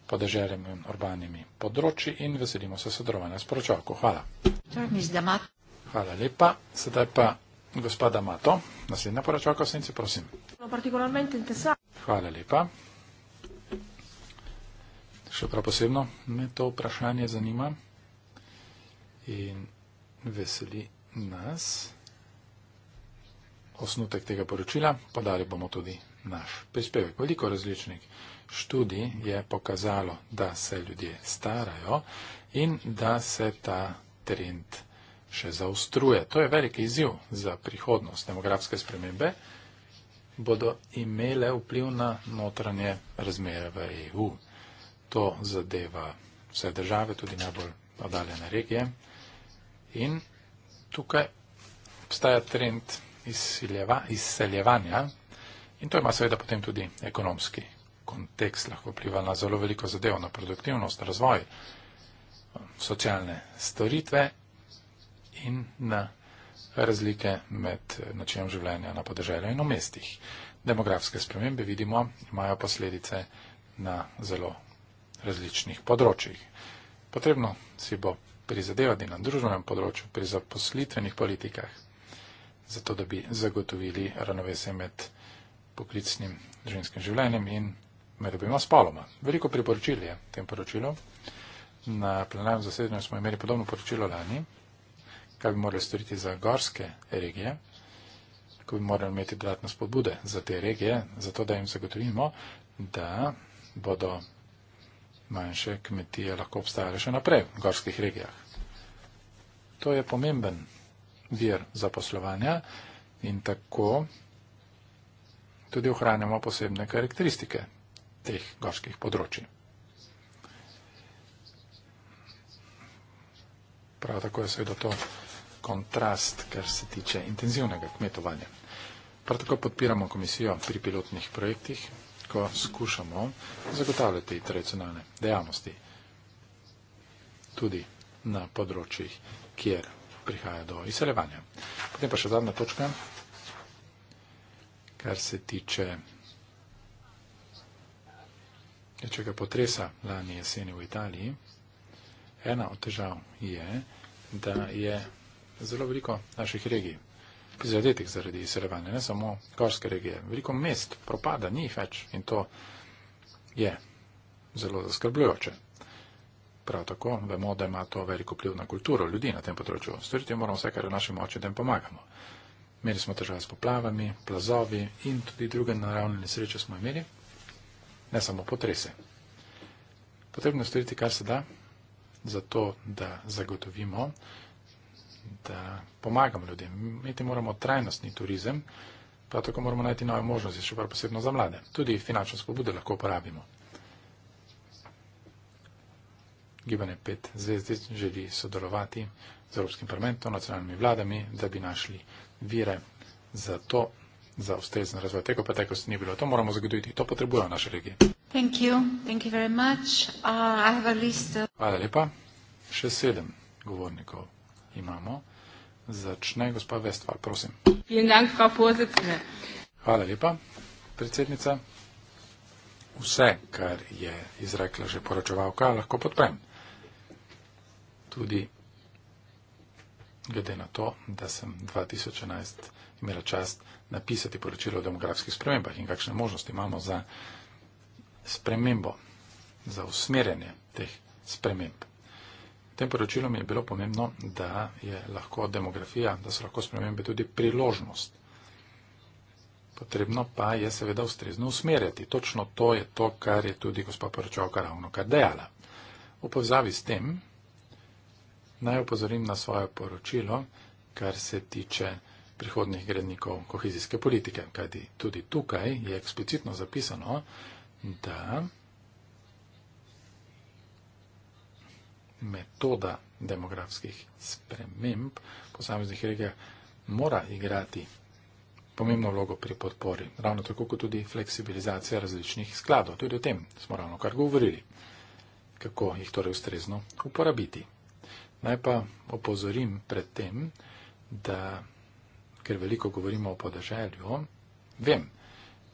podeželjem in urbanimi področji in veselimo se sodelovanja s poročalko. Hvala. Hvala lepa. Sedaj pa gospoda Mato, naslednja poročalka v senci, prosim. Hvala lepa. Še prav posebno me to vprašanje zanima in veseli nas. Osnutek tega poročila podali bomo tudi naš prispevek. Veliko različnih študij je pokazalo, da se ljudje starajo in da se ta trend še zaostruje. To je veliki izziv za prihodnost. Demografske spremembe bodo imele vpliv na notranje razmere v EU. To zadeva vse države, tudi najbolj oddaljene regije. In tukaj obstaja trend izseljeva, izseljevanja in to ima seveda potem tudi ekonomski kontekst lahko pliva na zelo veliko zadev, na produktivnost, razvoj, socialne storitve in na razlike med načinom življenja na podeželju in v mestih. Demografske spremembe vidimo, imajo posledice na zelo različnih področjih. Potrebno si bo prizadevati na družbenem področju, pri zaposlitvenih politikah, zato da bi zagotovili ravnovesje med poklicnim ženskim življenjem in med obima spaloma. Veliko priporočil je tem poročilu. Na plenarnem zasedanju smo imeli podobno poročilo lani, kaj bi morali storiti za gorske regije, ko bi morali imeti dodatne spodbude za te regije, zato da jim zagotovimo, da bodo manjše kmetije lahko obstajale še naprej v gorskih regijah. To je pomemben vir zaposlovanja in tako tudi ohranjamo posebne karakteristike teh gorskih področij. Prav tako je seveda to kontrast, kar se tiče intenzivnega kmetovanja. Prav tako podpiramo komisijo pri pilotnih projektih, ko skušamo zagotavljati tradicionalne dejavnosti tudi na področjih, kjer prihaja do izseljevanja. Potem pa še zadnja točka, kar se tiče večjega potresa lani jeseni v Italiji, ena od težav je, da je zelo veliko naših regij prizadetih zaradi izseljevanja, ne samo gorske regije. Veliko mest propada, ni jih več in to je zelo zaskrbljujoče. Prav tako vemo, da ima to veliko vpliv na kulturo ljudi na tem področju. Storiti moramo vse, kar je v naši moči, da jim pomagamo. Imeli smo težave s poplavami, plazovi in tudi druge naravne nesreče smo imeli, ne samo potrese. Potrebno je storiti kar se da, zato da zagotovimo, da pomagamo ljudem. Imeti moramo trajnostni turizem, pa tako moramo najti nove možnosti, še prav posebno za mlade. Tudi finančno spobude lahko uporabimo. Gibanje 5 zvezdic želi sodelovati z Evropskim parlamentom, nacionalnimi vladami, da bi našli vire za to, za ustrezen razvoj tega preteklosti ni bilo. To moramo zagotoviti, to potrebujejo naše regije. Thank you. Thank you uh, Hvala lepa. Še sedem govornikov imamo. Začne gospa Vestval, prosim. Hvala lepa, predsednica. Vse, kar je izrekla že poročevalka, lahko podprem. Tudi glede na to, da sem 2011 imela čast napisati poročilo o demografskih spremembah in kakšne možnosti imamo za spremembo, za usmerjanje teh sprememb. V tem poročilu mi je bilo pomembno, da je lahko demografija, da so lahko spremembe tudi priložnost. Potrebno pa je seveda ustrezno usmerjati. Točno to je to, kar je tudi gospod poročevalka ravno kar dejala. V povezavi s tem naj opozorim na svoje poročilo, kar se tiče prihodnih grednikov kohezijske politike. Kajti tudi tukaj je eksplicitno zapisano, da metoda demografskih sprememb posameznih regij mora igrati pomembno vlogo pri podpori, ravno tako kot tudi fleksibilizacija različnih skladov. Tudi o tem smo ravno kar govorili, kako jih torej ustrezno uporabiti. Naj pa opozorim predtem, da ker veliko govorimo o podeželju, vem,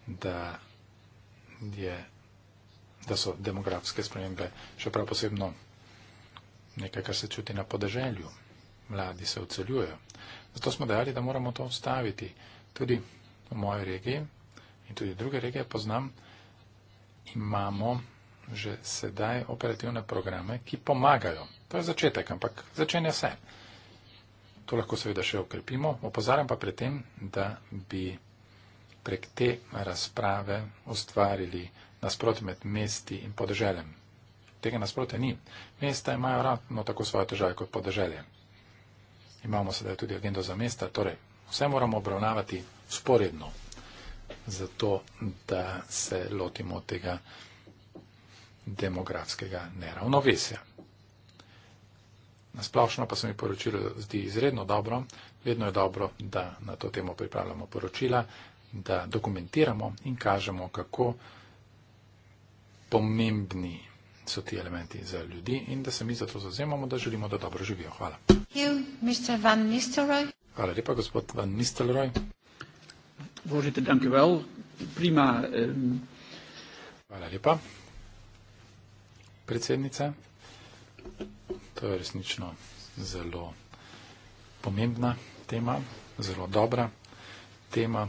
da, je, da so demografske spremembe še prav posebno nekaj, kar se čuti na podeželju. Mladi se odseljujejo. Zato smo dejali, da moramo to ustaviti. Tudi v moji regiji in tudi druge regije poznam, imamo že sedaj operativne programe, ki pomagajo. To je začetek, ampak začenja se. To lahko seveda še okrepimo. Opozarjam pa pri tem, da bi prek te razprave ustvarili nasprotje med mesti in podeželjem. Tega nasprotja ni. Mesta imajo ravno tako svoje težave kot podeželje. Imamo sedaj tudi agendo za mesta, torej vse moramo obravnavati sporedno, zato da se lotimo tega demografskega neravnovesja. Nasplošno pa se mi poročilo zdi izredno dobro. Vedno je dobro, da na to temo pripravljamo poročila, da dokumentiramo in kažemo, kako pomembni so ti elementi za ljudi in da se mi za to zazemamo, da želimo, da dobro živijo. Hvala. You, Hvala lepa, gospod Van Nistelrooy. Vožite, danke vel. Prima. Um... Hvala lepa, predsednica. To je resnično zelo pomembna tema, zelo dobra tema,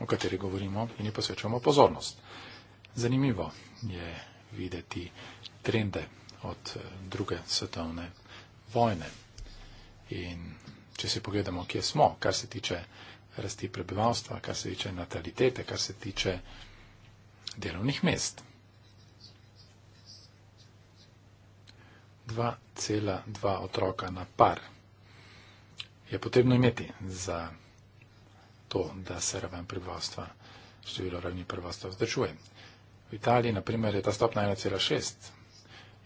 o kateri govorimo in ji posvečamo pozornost. Zanimivo je videti trende od eh, druge svetovne vojne. In če si pogledamo, kje smo, kar se tiče rasti prebivalstva, kar se tiče natalitete, kar se tiče delovnih mest. 2,2 otroka na par. Je potrebno imeti za to, da se raven prebivalstva, število ravni prebivalstva vzdržuje. V Italiji, na primer, je ta stopna 1,6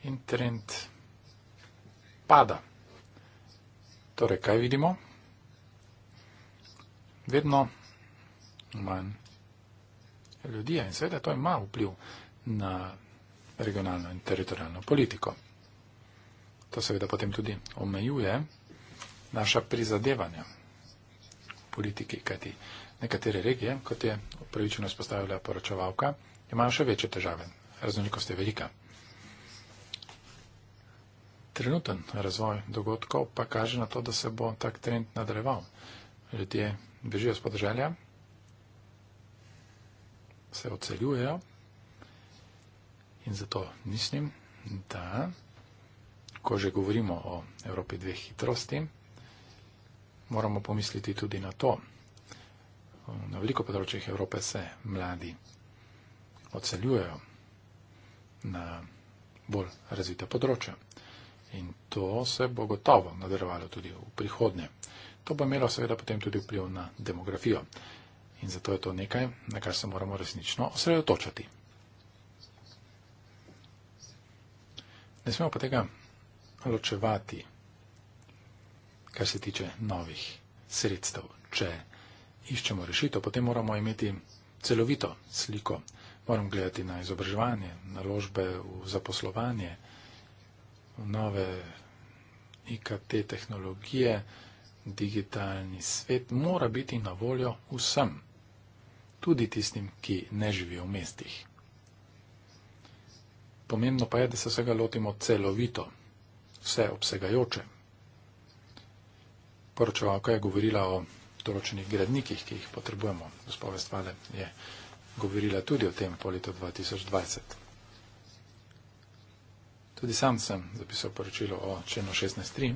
in trend pada. Torej, kaj vidimo? Vedno manj ljudi in seveda to ima vpliv na regionalno in teritorijalno politiko. To seveda potem tudi omejuje naša prizadevanja politiki, kajti nekatere regije, kot je upravičeno spostavila poročevalka, imajo še večje težave. Raznolikost je velika. Trenuten razvoj dogodkov pa kaže na to, da se bo tak trend nadaljeval. Ljudje bežijo z podeželja, se odseljujejo in zato mislim, da ko že govorimo o Evropi dveh hitrosti, moramo pomisliti tudi na to. Na veliko področjih Evrope se mladi odseljujejo na bolj razvita področja. In to se bo gotovo nadaljevalo tudi v prihodnje. To bo imelo seveda potem tudi vpliv na demografijo. In zato je to nekaj, na kar se moramo resnično osredotočati. Ne smemo pa tega ločevati, kar se tiče novih sredstev. Če iščemo rešitev, potem moramo imeti celovito sliko. Moram gledati na izobraževanje, naložbe v zaposlovanje, v nove IKT tehnologije, digitalni svet mora biti na voljo vsem, tudi tistim, ki ne živijo v mestih. Pomembno pa je, da se vsega lotimo celovito, vseobsegajoče. Poročevalka je govorila o določenih gradnikih, ki jih potrebujemo. Gospod Vestvale je govorila tudi o tem po letu 2020. Tudi sam sem zapisal poročilo o členu 16.3,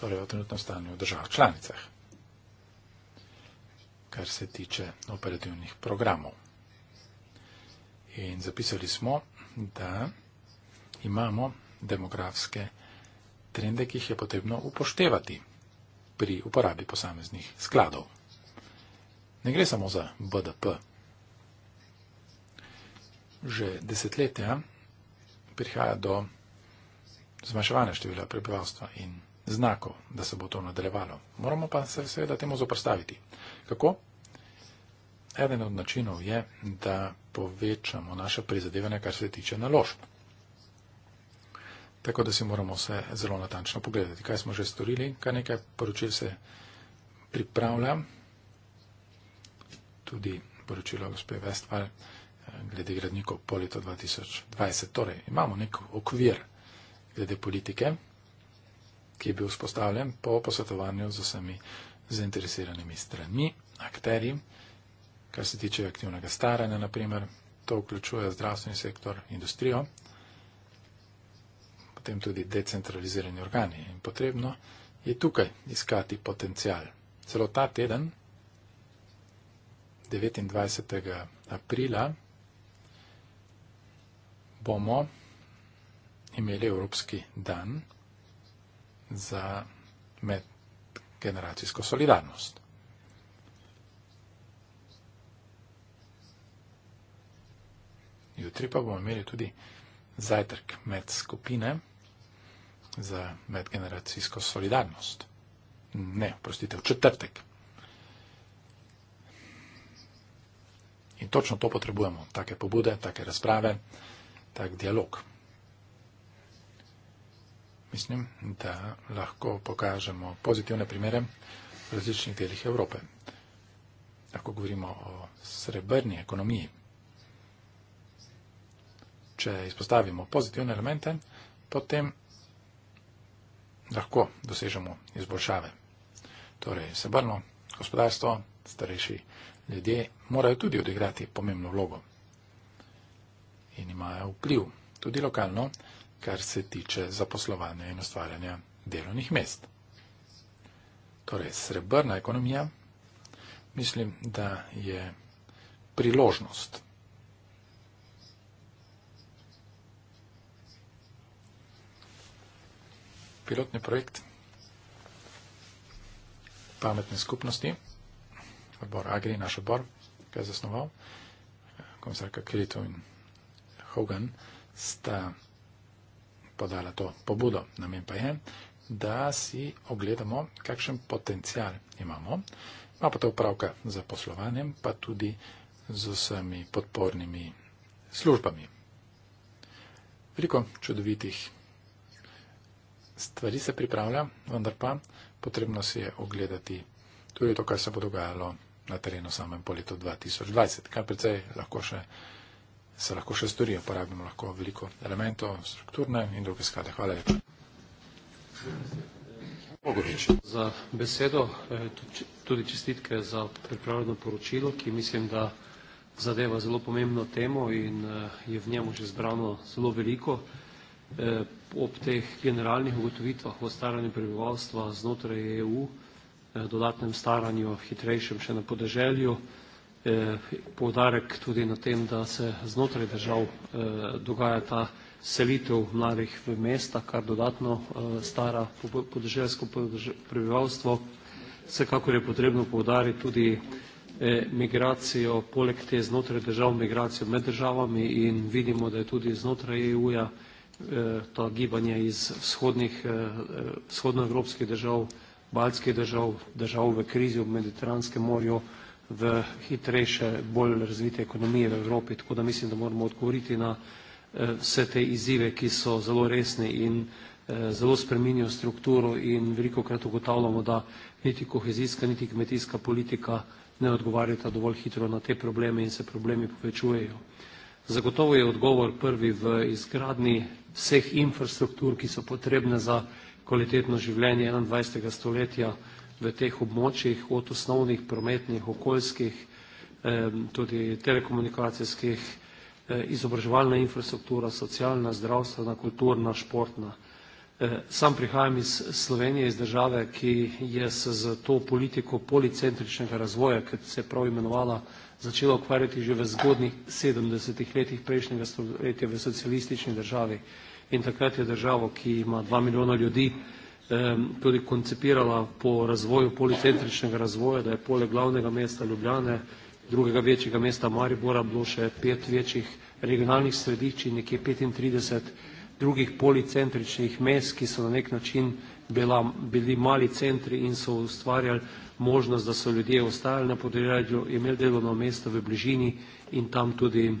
torej o trenutnem stanju v državah članicah, kar se tiče operativnih programov. In zapisali smo, da imamo demografske programe trende, ki jih je potrebno upoštevati pri uporabi posameznih skladov. Ne gre samo za BDP. Že desetletja prihaja do zmanjševanja števila prebivalstva in znakov, da se bo to nadaljevalo. Moramo pa se seveda temu zoprstaviti. Kako? Eden od načinov je, da povečamo naše prizadevanje, kar se tiče naložb. Tako da si moramo vse zelo natančno pogledati, kaj smo že storili, kaj nekaj poročil se pripravlja. Tudi poročilo gospe Vestval eh, glede gradnikov po letu 2020. Torej imamo nek okvir glede politike, ki je bil vzpostavljen po posvetovanju z vsemi zainteresiranimi stranmi, akteri, kar se tiče aktivnega staranja, naprimer, to vključuje zdravstveni sektor, industrijo, potem tudi decentralizirani organi. In potrebno je tukaj iskati potencial. Celo ta teden, 29. aprila, bomo imeli Evropski dan za medgeneracijsko solidarnost. Jutri pa bomo imeli tudi zajtrk med skupine za medgeneracijsko solidarnost. Ne, prostite, v četrtek. In točno to potrebujemo. Take pobude, take razprave, tak dialog. Mislim, da lahko pokažemo pozitivne primere v različnih delih Evrope. Lahko govorimo o srebrni ekonomiji. Če izpostavimo pozitivne elemente, potem lahko dosežemo izboljšave. Torej, sebrno gospodarstvo, starejši ljudje morajo tudi odigrati pomembno vlogo in imajo vpliv tudi lokalno, kar se tiče zaposlovanja in ustvarjanja delovnih mest. Torej, srebrna ekonomija, mislim, da je priložnost. pilotni projekt pametne skupnosti, odbor Agri, naš odbor, ki je zasnoval, komisarka Kirito in Hogan sta podala to pobudo. Namen pa je, da si ogledamo, kakšen potencial imamo, ima pa to upravka z poslovanjem, pa tudi z vsemi podpornimi službami. Veliko čudovitih stvari se pripravlja, vendar pa potrebno si je ogledati tudi to, kar se bo dogajalo na terenu samem po letu 2020, kar precej lahko še, se lahko še storijo, porabimo lahko veliko elementov, strukturne in druge sklade. Hvala lepa. Bogovič. Za besedo, eh, tudi čestitke za pripravljeno poročilo, ki mislim, da zadeva zelo pomembno temo in eh, je v njemu že zbrano zelo veliko. Eh, ob teh generalnih ugotovitvah o staranju prebivalstva znotraj EU, eh, dodatnem staranju, hitrejšem še na podeželju, eh, poudarek tudi na tem, da se znotraj držav dogaja ta selitev mladih v mesta, kar dodatno stara podeželjsko prebivalstvo. Vsekakor je potrebno poudariti tudi migracijo, poleg te znotraj držav, migracijo med državami in vidimo, da je tudi znotraj EU-ja -ja Eh, ta gibanja iz vzhodnih, eh, eh, vzhodnoevropskih držav, baltskih držav, držav v krizi v Mediteranskem morju, v hitrejše, bolj razvite ekonomije v Evropi. Tako da mislim, da moramo odgovoriti na vse te izzive, ki so zelo resni in zelo spreminjajo strukturo in veliko krat ugotavljamo, da niti kohezijska, niti kmetijska politika ne odgovarjata dovolj hitro na te probleme in se problemi povečujejo. Zagotovo je odgovor prvi v izgradni vseh infrastruktur, ki so potrebne za kvalitetno življenje 21. stoletja v teh območjih, od osnovnih prometnih, okoljskih, tudi telekomunikacijskih, eh, izobraževalna infrastruktura, socialna, zdravstvena, kulturna, športna. Eh, sam prihajam iz Slovenije, iz države, ki je se za to politiko policentričnega razvoja, ki se je prav imenovala začela ukvarjati že v zgodnih 70-ih letih prejšnjega stoletja v socialistični državi. In takrat je državo, ki ima 2 milijona ljudi, tudi koncipirala po razvoju policentričnega razvoja, da je poleg glavnega mesta Ljubljane, drugega večjega mesta Maribora, bilo še pet večjih regionalnih središč in nekje 35 drugih policentričnih mest, ki so na nek način bila, bili mali centri in so ustvarjali možnost, da so ljudje ostali na podeljadju, imeli delovno mesto v bližini in tam tudi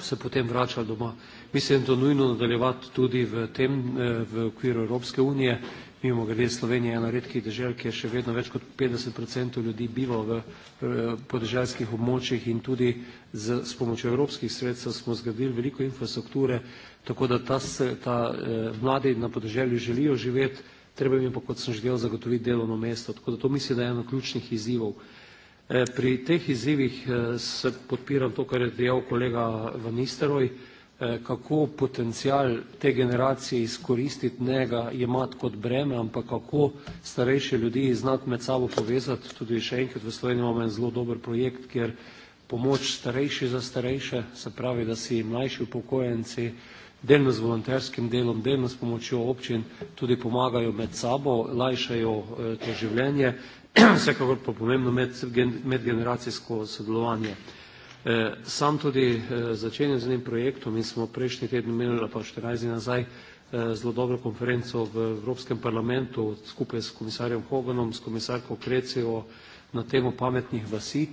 se potem vračali doma. Mislim, da je nujno nadaljevati tudi v tem, eh, v okviru Evropske unije, mimo grede Slovenije je ena redkih držav, kjer še vedno več kot 50% ljudi biva v eh, podeželjskih območjih in tudi z, s pomočjo evropskih sredstev smo zgradili veliko infrastrukture, tako da ta, ta eh, mladi na podeželju želijo živeti, treba jim pa, kot sem želel, zagotoviti delovno mesto. Tako da to mislim, da je eno ključnih izzivov. Eh, pri teh izzivih eh, se podpiram to, kar je dejal kolega Vanisteroj, eh, kako potencijal te generacije izkoristiti, ne ga imati kot breme, ampak kako starejše ljudi znati med sabo povezati. Tudi še enkrat v Sloveniji imamo en zelo dober projekt, kjer pomoč starejši za starejše, se pravi, da si mlajši upokojenci, delno z volonterskim delom, delno s pomočjo občin, tudi pomagajo med sabo, lajšajo eh, to življenje, <clears throat> vsekakor pa pomembno med, medgeneracijsko sodelovanje. Eh, sam tudi eh, začenjam z enim projektom in smo prejšnji teden imeli pa 14 dni nazaj zelo dobro konferenco v Evropskem parlamentu skupaj s komisarjem Hoganom, s komisarko Krecijo na temo pametnih vasi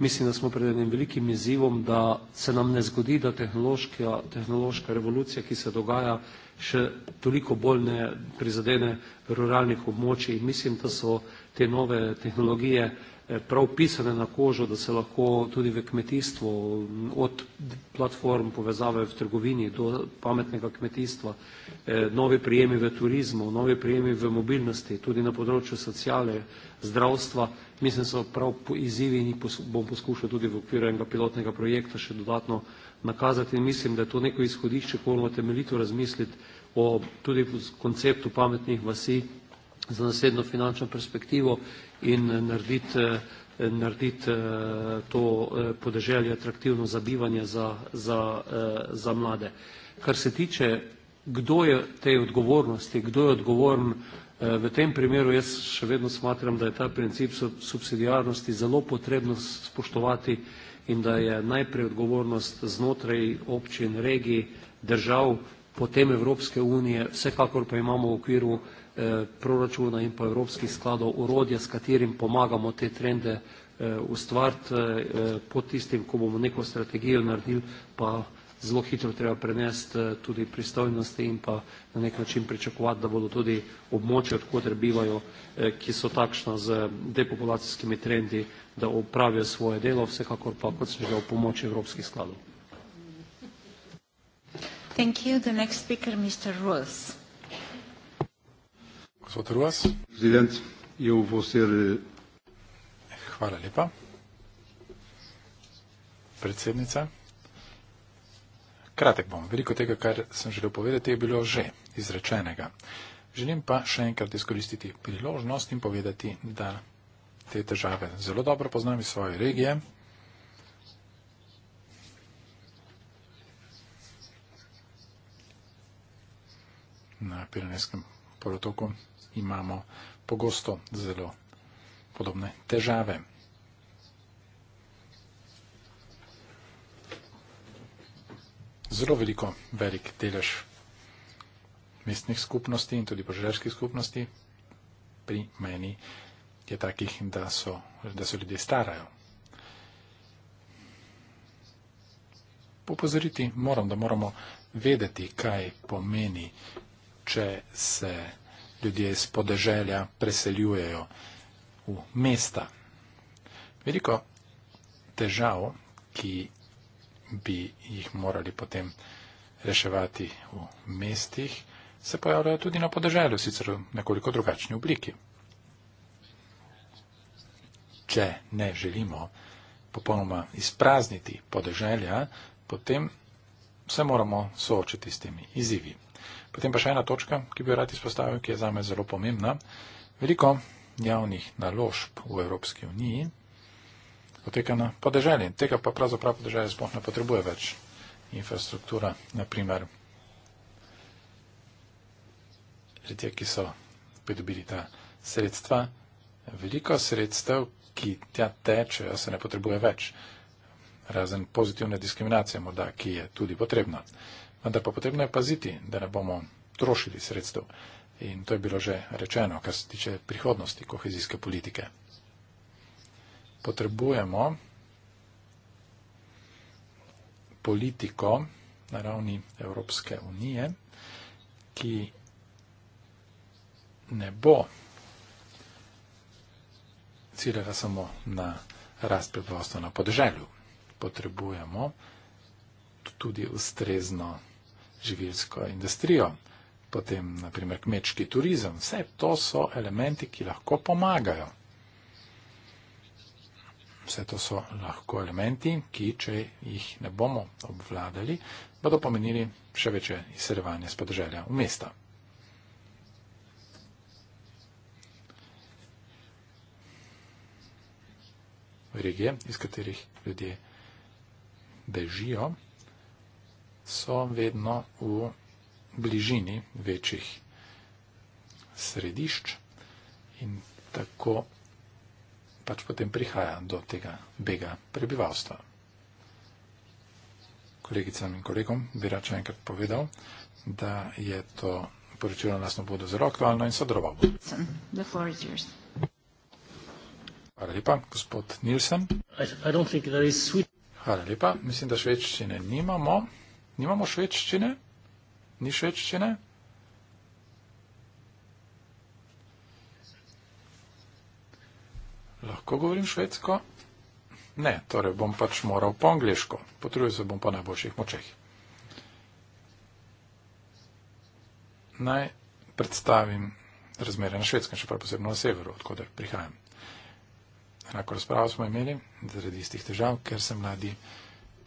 mislim, da smo pred enim velikim izzivom, da se nam ne zgodi, da tehnološka, tehnološka revolucija, ki se dogaja, še toliko bolj ne prizadene ruralnih območij. Mislim, da so te nove tehnologije eh, prav pisane na kožo, da se lahko tudi v kmetijstvu od platform povezave v trgovini do pametnega kmetijstva, eh, novi prijemi v turizmu, novi prijemi v mobilnosti, tudi na področju sociale, zdravstva, mislim, so prav izzivi in jih bom poskušal tudi v okviru enega pilotnega projekta še dodatno nakazati in mislim, da je to neko izhodišče, ko moramo temeljito razmisliti o tudi konceptu pametnih vasi za naslednjo finančno perspektivo in eh, narediti eh, narediti eh, to podeželje atraktivno za bivanje za, za, za mlade. Kar se tiče, kdo je te odgovornosti, kdo je odgovoren Eh, v tem primeru jaz še vedno smatram, da je ta princip subsidijarnosti zelo potrebno spoštovati in da je najprej odgovornost znotraj občin, regij, držav, potem Evropske unije, vsekakor pa imamo v okviru eh, proračuna in pa evropskih skladov urodja, s katerim pomagamo te trende eh, ustvariti pod tistim, ko bomo neko strategijo naredili, pa vsekakor zelo hitro treba prenesti eh, tudi pristojnosti in pa na nek način pričakovati, da bodo tudi območje, odkotre bivajo, eh, ki so takšna z depopulacijskimi trendi, da upravijo svoje delo, vsekakor pa kot se že v pomoč evropskih skladov. Thank you. The next speaker, Mr. Ruas. Gospod Ruas. Prezident, je v vosir... Hvala lepa. Predsednica. Kratek bom. Veliko tega, kar sem želel povedati, je bilo že izrečenega. Želim pa še enkrat izkoristiti priložnost in povedati, da te težave zelo dobro poznam iz svoje regije. Na Pirenejskem polotoku imamo pogosto zelo podobne težave. zelo veliko, velik delež mestnih skupnosti in tudi požarskih skupnosti pri meni je takih, da so, da so ljudje starajo. Upozoriti moram, da moramo vedeti, kaj pomeni, če se ljudje iz podeželja preseljujejo v mesta. Veliko težav, ki bi jih morali potem reševati v mestih, se pojavljajo tudi na podeželju, sicer v nekoliko drugačni obliki. Če ne želimo popolnoma izprazniti podeželja, potem se moramo soočiti s temi izzivi. Potem pa še ena točka, ki bi jo rad izpostavil, ki je zame zelo pomembna. Veliko javnih naložb v Evropski uniji poteka na podeželju. Tega pa pravzaprav podeželje sploh ne potrebuje več. Infrastruktura, na primer, ljudje, ki so pridobili ta sredstva, veliko sredstev, ki tja tečejo, se ne potrebuje več. Razen pozitivne diskriminacije, morda, ki je tudi potrebna. Vendar pa potrebno je paziti, da ne bomo trošili sredstev. In to je bilo že rečeno, kar se tiče prihodnosti kohezijske politike potrebujemo politiko na ravni Evropske unije, ki ne bo ciljala samo na rast prebivalstva na podeželju. Potrebujemo tudi ustrezno živilsko industrijo, potem naprimer kmečki turizem. Vse to so elementi, ki lahko pomagajo vse to so lahko elementi, ki, če jih ne bomo obvladali, bodo pomenili še večje izsrevanje s podeželja v mesta. Regije, iz katerih ljudje bežijo, so vedno v bližini večjih središč in tako naprej pač potem prihaja do tega bega prebivalstva. Kolegicam in kolegom bi rad še enkrat povedal, da je to poročilo na lasno bodo zelo aktualno in sodroval. Hvala lepa, gospod Nilsen. Hvala lepa, mislim, da švedščine nimamo. Nimamo švedščine? Ni švedščine? Lahko govorim švedsko? Ne, torej bom pač moral po angliško. Potrudil se bom po najboljših močeh. Naj predstavim razmere na švedskem, še prav posebno na severu, odkuder prihajam. Enako razpravo smo imeli zaradi istih težav, ker se mladi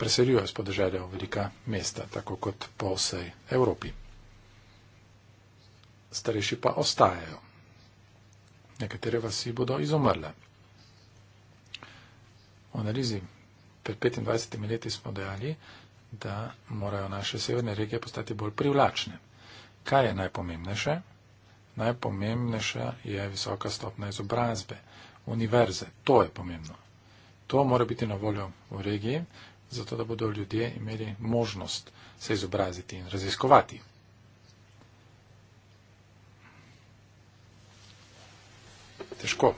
preselijo iz podeželja v velika mesta, tako kot po vsej Evropi. Starejši pa ostajajo. Nekatere vasi bodo izumrle. V analizi pred 25 leti smo dejali, da morajo naše severne regije postati bolj privlačne. Kaj je najpomembnejše? Najpomembnejša je visoka stopna izobrazbe, univerze. To je pomembno. To mora biti na voljo v regiji, zato da bodo ljudje imeli možnost se izobraziti in raziskovati. Težko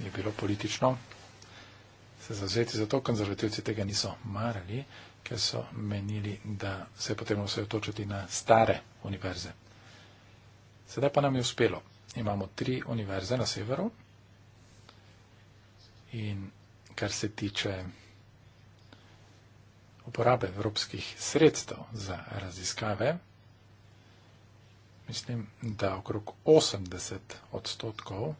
je bilo politično se zavzeti za to, konzervativci tega niso marali, ker so menili, da se je potrebno vse otočiti na stare univerze. Sedaj pa nam je uspelo. Imamo tri univerze na severu in kar se tiče uporabe evropskih sredstev za raziskave, mislim, da okrog 80 odstotkov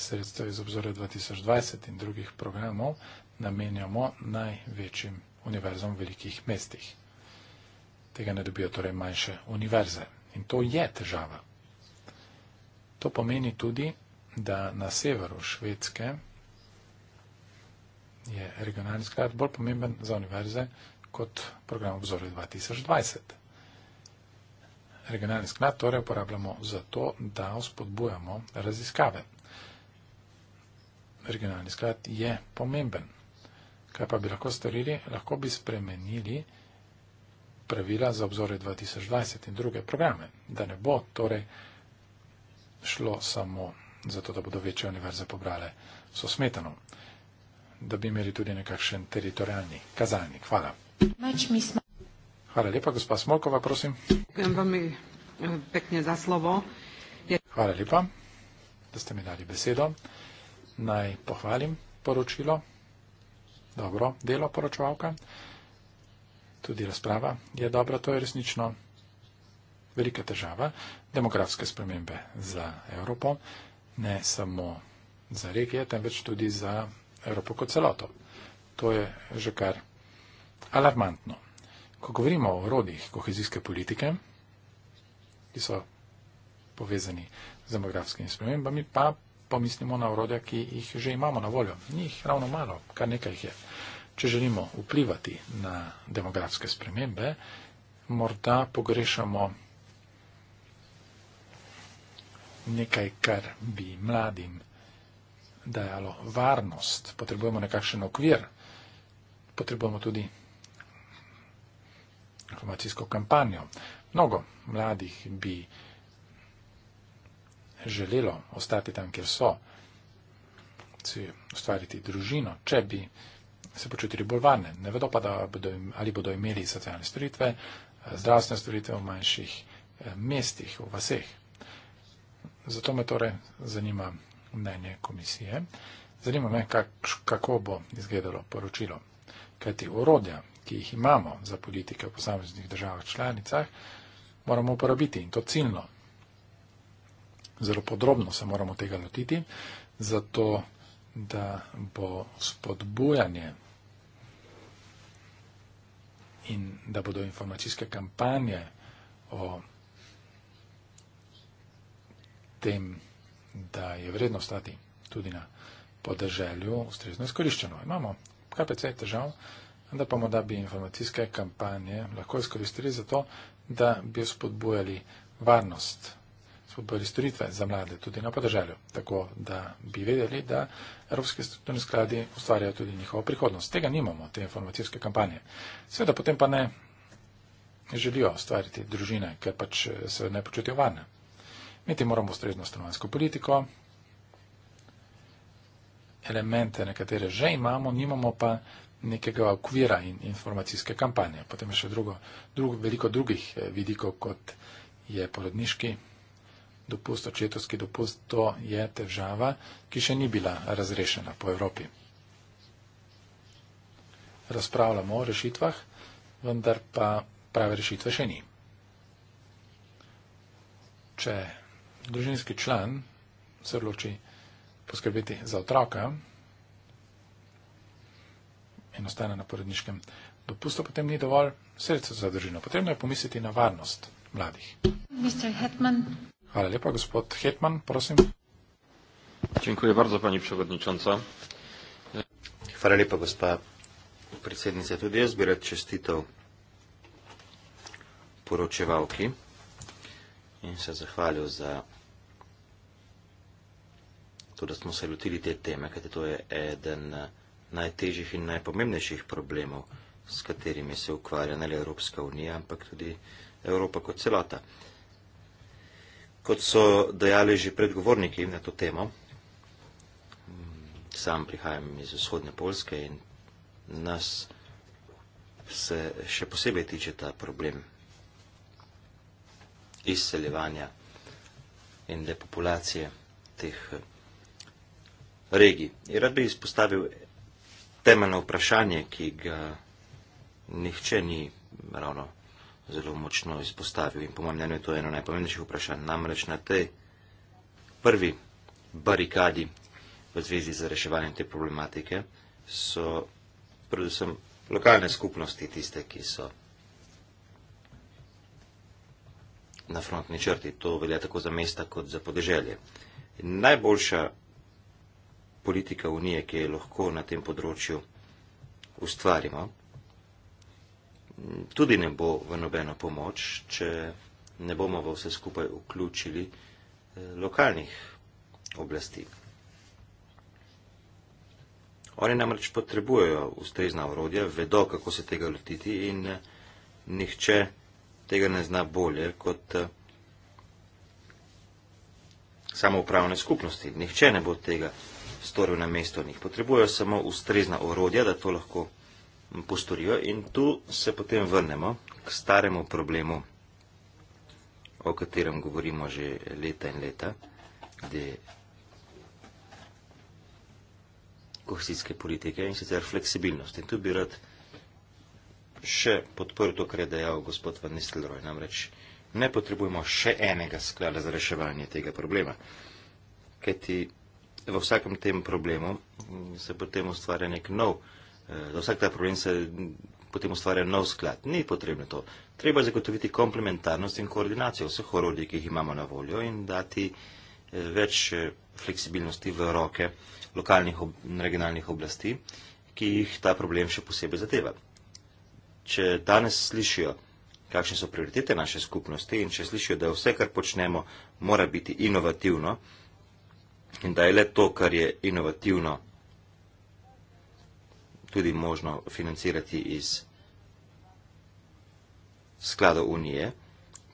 sredstev iz obzorja 2020 in drugih programov namenjamo največjim univerzom v velikih mestih. Tega ne dobijo torej manjše univerze. In to je težava. To pomeni tudi, da na severu Švedske je regionalni sklad bolj pomemben za univerze kot program obzorja 2020. Regionalni sklad torej uporabljamo za to, da spodbujamo raziskave regionalni sklad je pomemben. Kaj pa bi lahko storili? Lahko bi spremenili pravila za obzore 2020 in druge programe, da ne bo torej šlo samo za to, da bodo večje univerze pobrale so smetano, da bi imeli tudi nekakšen teritorijalni kazalnik. Hvala. Hvala lepa, gospa Smolkova, prosim. Eh, Hvala lepa, da ste mi dali besedo naj pohvalim poročilo, dobro delo poročevalka, tudi razprava je dobra, to je resnično velika težava, demografske spremembe za Evropo, ne samo za regije, temveč tudi za Evropo kot celoto. To je že kar alarmantno. Ko govorimo o rodih kohezijske politike, ki so povezani z demografskimi spremembami, pa pomislimo na orodja, ki jih že imamo na voljo. Njih ravno malo, kar nekaj jih je. Če želimo vplivati na demografske spremembe, morda pogrešamo nekaj, kar bi mladim dajalo varnost. Potrebujemo nekakšen okvir, potrebujemo tudi informacijsko kampanjo. Mnogo mladih bi želelo ostati tam, kjer so, si ustvariti družino, če bi se počutili bolj varne. Ne vedo pa, bodo, ali bodo imeli socialne storitve, eh, zdravstvene storitve v manjših eh, mestih, v vaseh. Zato me torej zanima mnenje komisije. Zanima me, kak, kako bo izgledalo poročilo. Kaj ti urodja, ki jih imamo za politike v posameznih državah članicah, moramo uporabiti in to ciljno zelo podrobno se moramo tega lotiti, zato da bo spodbujanje in da bodo informacijske kampanje o tem, da je vredno stati tudi na podeželju, ustrezno izkoriščeno. Imamo KPC težav, da pa morda bi informacijske kampanje lahko izkoristili za to, da bi spodbujali varnost skupaj storitve za mlade tudi na podeželju, tako da bi vedeli, da Evropske strukturne skladi ustvarjajo tudi njihovo prihodnost. Tega nimamo, te informacijske kampanje. Seveda potem pa ne želijo ustvariti družine, ker pač eh, se ne počutijo varne. Mi ti moramo ustrezno stanovansko politiko, elemente nekatere že imamo, nimamo pa nekega okvira in informacijske kampanje. Potem je še drugo, drug, veliko drugih eh, vidikov, kot je porodniški dopust, očetovski dopust, to je težava, ki še ni bila razrešena po Evropi. Razpravljamo o rešitvah, vendar pa prave rešitve še ni. Če družinski član se odloči poskrbeti za otroka in ostane na porodniškem dopustu, potem ni dovolj sredstva za družino. Potrebno je pomisliti na varnost mladih. Hvala lepa, gospod Hetman, prosim. Dziękuję bardzo, pani przewodnicząca. Hvala lepa, gospa predsednica. Tudi jaz bi rad čestitev poročevalki in se zahvalil za to, da smo se lotili te teme, kajte to je eden najtežjih in najpomembnejših problemov, s katerimi se ukvarja ne le Evropska unija, ampak tudi Evropa kot celota kot so dejali že predgovorniki na to temo. Sam prihajam iz vzhodne Polske in nas se še posebej tiče ta problem izseljevanja in depopulacije teh eh, regij. In rad bi izpostavil temeljno vprašanje, ki ga nihče ni ravno zelo močno izpostavil in po mojem mnenju to je eno najpomembnejših vprašanj. Namreč na tej prvi barikadi v zvezi z reševanjem te problematike so predvsem lokalne skupnosti tiste, ki so na frontni črti. To velja tako za mesta kot za podeželje. Najboljša politika Unije, ki je lahko na tem področju ustvarimo, tudi ne bo v nobeno pomoč, če ne bomo v vse skupaj vključili eh, lokalnih oblasti. Oni namreč potrebujejo ustrezna orodja, vedo, kako se tega lotiti in eh, nihče tega ne zna bolje kot eh, samoupravne skupnosti. Nihče ne bo tega storil na mesto njih. Potrebujejo samo ustrezna orodja, da to lahko postorijo in tu se potem vrnemo k staremu problemu, o katerem govorimo že leta in leta, glede kohezijske politike in sicer fleksibilnosti. In tu bi rad še podprl to, kar je dejal gospod Van Nistelrooy, namreč ne potrebujemo še enega sklada za reševanje tega problema, kajti v vsakem tem problemu se potem ustvarja nek nov problem, Eh, za vsak ta problem se potem ustvarja nov sklad. Ni potrebno to. Treba zagotoviti komplementarnost in koordinacijo vseh orodij, ki jih imamo na voljo in dati eh, več eh, fleksibilnosti v roke lokalnih in regionalnih oblasti, ki jih ta problem še posebej zadeva. Če danes slišijo, kakšne so prioritete naše skupnosti in če slišijo, da vse, kar počnemo, mora biti inovativno in da je le to, kar je inovativno, tudi možno financirati iz sklada Unije,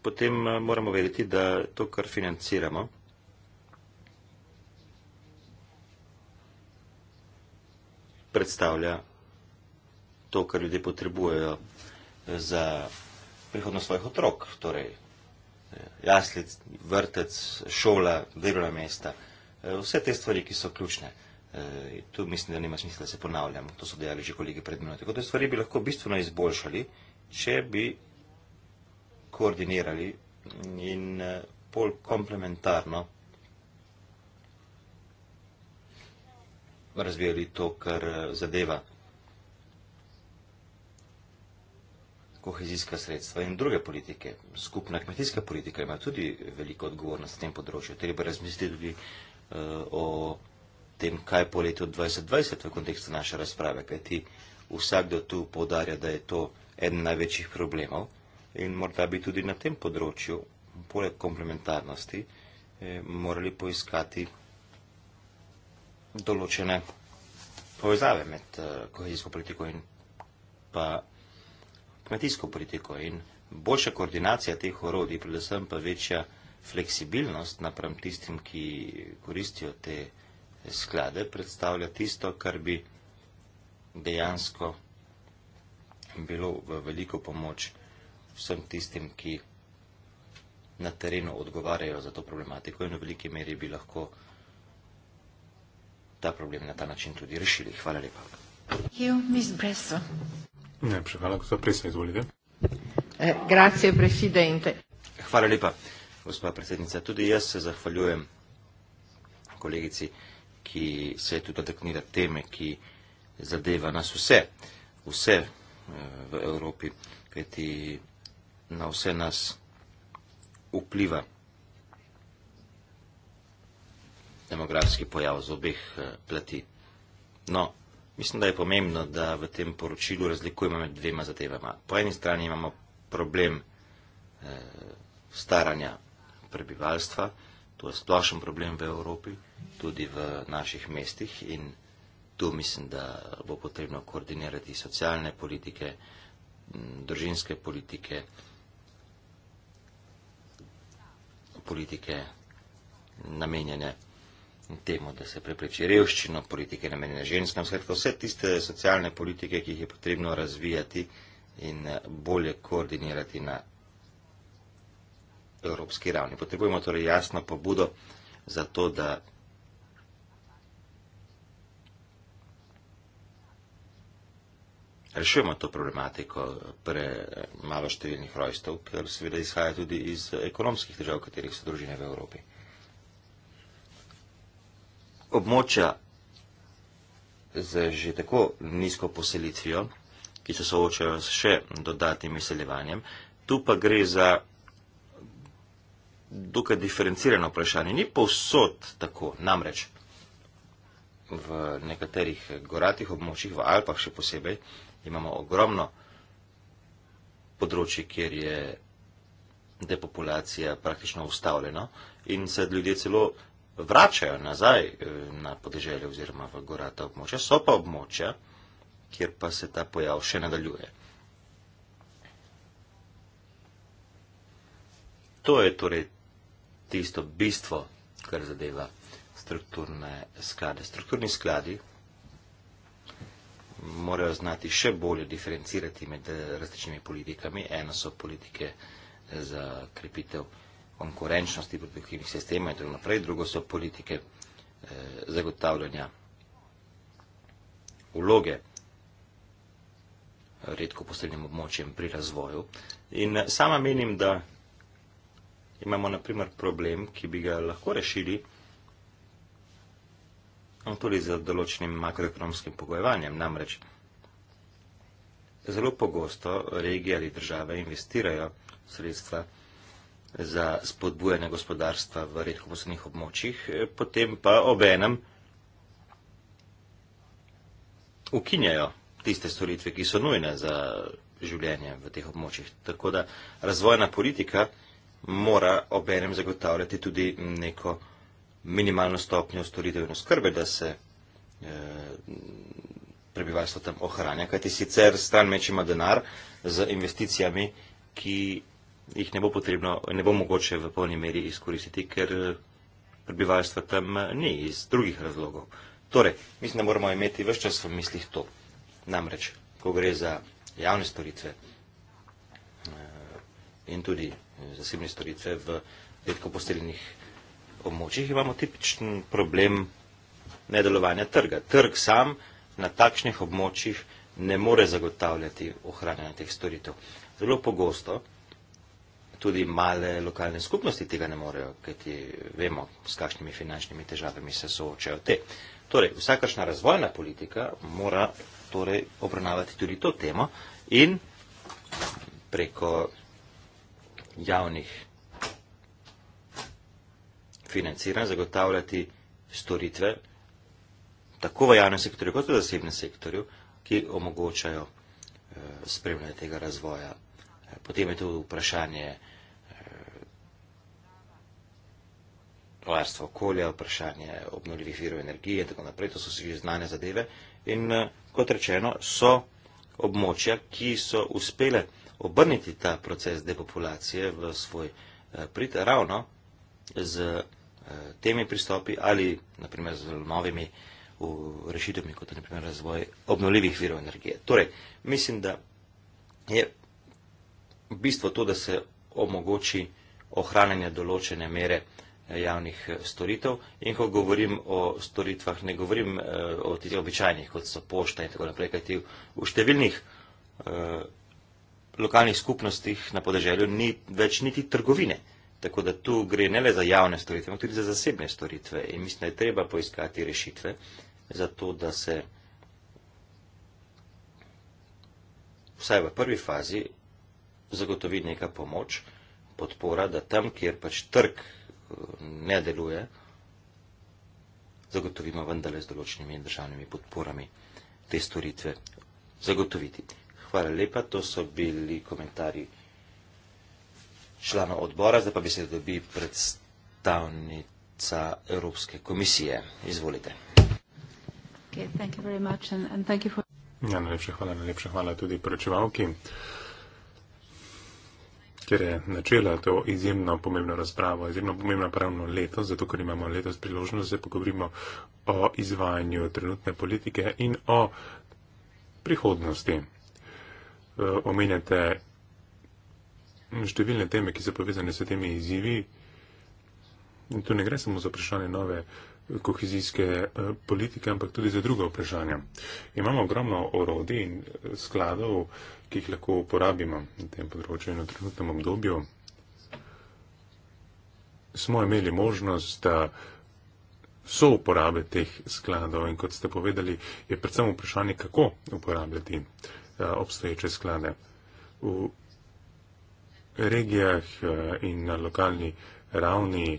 potem eh, moramo vedeti, da to, kar financiramo, predstavlja to, kar ljudje potrebujejo eh, za prihodnost svojih otrok, torej eh, jaslic, vrtec, šola, delovna mesta, vse te stvari, ki so ključne. Eh, tu mislim, da nima smisla, da se ponavljam, to so dejali že kolegi pred menoj. Tako da stvari bi lahko bistveno izboljšali, če bi koordinirali in pol eh, komplementarno razvijali to, kar eh, zadeva kohezijska sredstva in druge politike. Skupna kmetijska politika ima tudi veliko odgovornost na tem področju. Treba razmisliti tudi uh, o tem, kaj je po letu 2020 v kontekstu naše razprave, kajti vsakdo tu podarja, da je to eden največjih problemov in morda bi tudi na tem področju, poleg komplementarnosti, eh, morali poiskati določene povezave med eh, kohezijsko politiko in pa kmetijsko politiko in boljša koordinacija teh orodij, predvsem pa večja fleksibilnost naprem tistim, ki koristijo te orodije, sklade predstavlja tisto, kar bi dejansko bilo v veliko pomoč vsem tistim, ki na terenu odgovarjajo za to problematiko in v veliki meri bi lahko ta problem na ta način tudi rešili. Hvala lepa. Eh, hvala lepa, gospod predsednica. Tudi jaz se zahvaljujem kolegici ki se je tudi dotaknila teme, ki zadeva nas vse, vse eh, v Evropi, kajti na vse nas vpliva demografski pojav z obeh eh, plati. No, mislim, da je pomembno, da v tem poročilu razlikujemo med dvema zadevama. Po eni strani imamo problem eh, staranja prebivalstva, To je splošen problem v Evropi, tudi v naših mestih in tu mislim, da bo potrebno koordinirati socialne politike, družinske politike, politike namenjene temu, da se prepreči revščino, politike namenjene ženskam, skratka vse tiste socialne politike, ki jih je potrebno razvijati in bolje koordinirati na evropski ravni. Potrebujemo torej jasno pobudo za to, da rešujemo to problematiko pre malo številnih rojstev, ker seveda izhaja tudi iz ekonomskih držav, katerih so družine v Evropi. Območja z že tako nizko poselitvijo, ki se soočajo s še dodatnim izseljevanjem, tu pa gre za dokaj diferencirano vprašanje. Ni povsod tako, namreč v nekaterih goratih območjih, v Alpah še posebej, imamo ogromno področji, kjer je depopulacija praktično ustavljena in se ljudje celo vračajo nazaj eh, na podeželje oziroma v gorata območja. So pa območja, kjer pa se ta pojav še nadaljuje. To je torej tisto bistvo, kar zadeva strukturne sklade. Strukturni skladi morajo znati še bolje diferencirati med različnimi politikami. Eno so politike za krepitev konkurenčnosti produktivnih sistemov in tako naprej, drugo so politike eh, zagotavljanja vloge redko posrednjim območjem pri razvoju. In sama menim, da imamo naprimer problem, ki bi ga lahko rešili no, tudi z določenim makroekonomskim pogojevanjem. Namreč zelo pogosto regije ali države investirajo sredstva za spodbujanje gospodarstva v redkoposlenih območjih, potem pa obenem ukinjajo tiste storitve, ki so nujne za življenje v teh območjih. Tako da razvojna politika mora obenem zagotavljati tudi neko minimalno stopnjo storitev in oskrbe, da se eh, prebivalstvo tam ohranja, kajti sicer stran meč ima denar z investicijami, ki jih ne bo potrebno, ne bo mogoče v polni meri izkoristiti, ker eh, prebivalstva tam eh, ni iz drugih razlogov. Torej, mislim, da moramo imeti vse čas v mislih to. Namreč, ko gre za javne storitve in tudi zasebne storitve v redko posteljenih območjih, imamo tipičen problem nedelovanja trga. Trg sam na takšnih območjih ne more zagotavljati ohranjanja teh storitev. Zelo pogosto tudi male lokalne skupnosti tega ne morejo, kajti vemo, s kakšnimi finančnimi težavami se soočajo te. Torej, vsakašna razvojna politika mora torej obravnavati tudi to temo in preko javnih financiranj zagotavljati storitve tako v javnem sektorju kot v zasebnem sektorju, ki omogočajo eh, spremljanje tega razvoja. Eh, potem je tu vprašanje eh, varstva okolja, vprašanje obnovljivih virov energije in tako naprej. To so si že znane zadeve. In kot rečeno, so območja, ki so uspele obrniti ta proces depopulacije v svoj eh, prid ravno z eh, temi pristopi ali naprimer z novimi rešitvami, kot je naprimer razvoj obnovljivih virov energije. Torej, mislim, da je bistvo to, da se omogoči ohranjanje določene mere eh, javnih storitev in ko govorim o storitvah, ne govorim o tih običajnih, kot so pošta in tako naprej, kajti v številnih lokalnih skupnostih na podeželju ni več niti trgovine. Tako da tu gre ne le za javne storitve, ampak tudi za zasebne storitve. In mislim, da je treba poiskati rešitve za to, da se vsaj v prvi fazi zagotovi neka pomoč, podpora, da tam, kjer pač trg eh, ne deluje, zagotovimo vendarle z določenimi državnimi podporami te storitve zagotoviti. Hvala lepa, to so bili komentari člana odbora, zdaj pa bi se dobi predstavnica Evropske komisije. Izvolite. Ja, najlepša hvala, najlepša hvala tudi poročevalki, ker je načela to izjemno pomembno razpravo, izjemno pomembno pravno leto, zato ker imamo letos priložnost, da se pogovorimo o izvajanju trenutne politike in o prihodnosti. Eh, omenjate številne teme, ki so povezane s temi izzivi. In tu ne gre samo za vprašanje nove kohezijske eh, politike, ampak tudi za druga vprašanja. Imamo ogromno orodij in eh, skladov, ki jih lahko uporabimo na tem področju in v trenutnem obdobju. Smo imeli možnost, da so uporabe teh skladov in kot ste povedali, je predvsem vprašanje, kako uporabljati Eh, obstoječe sklade. V regijah eh, in na lokalni ravni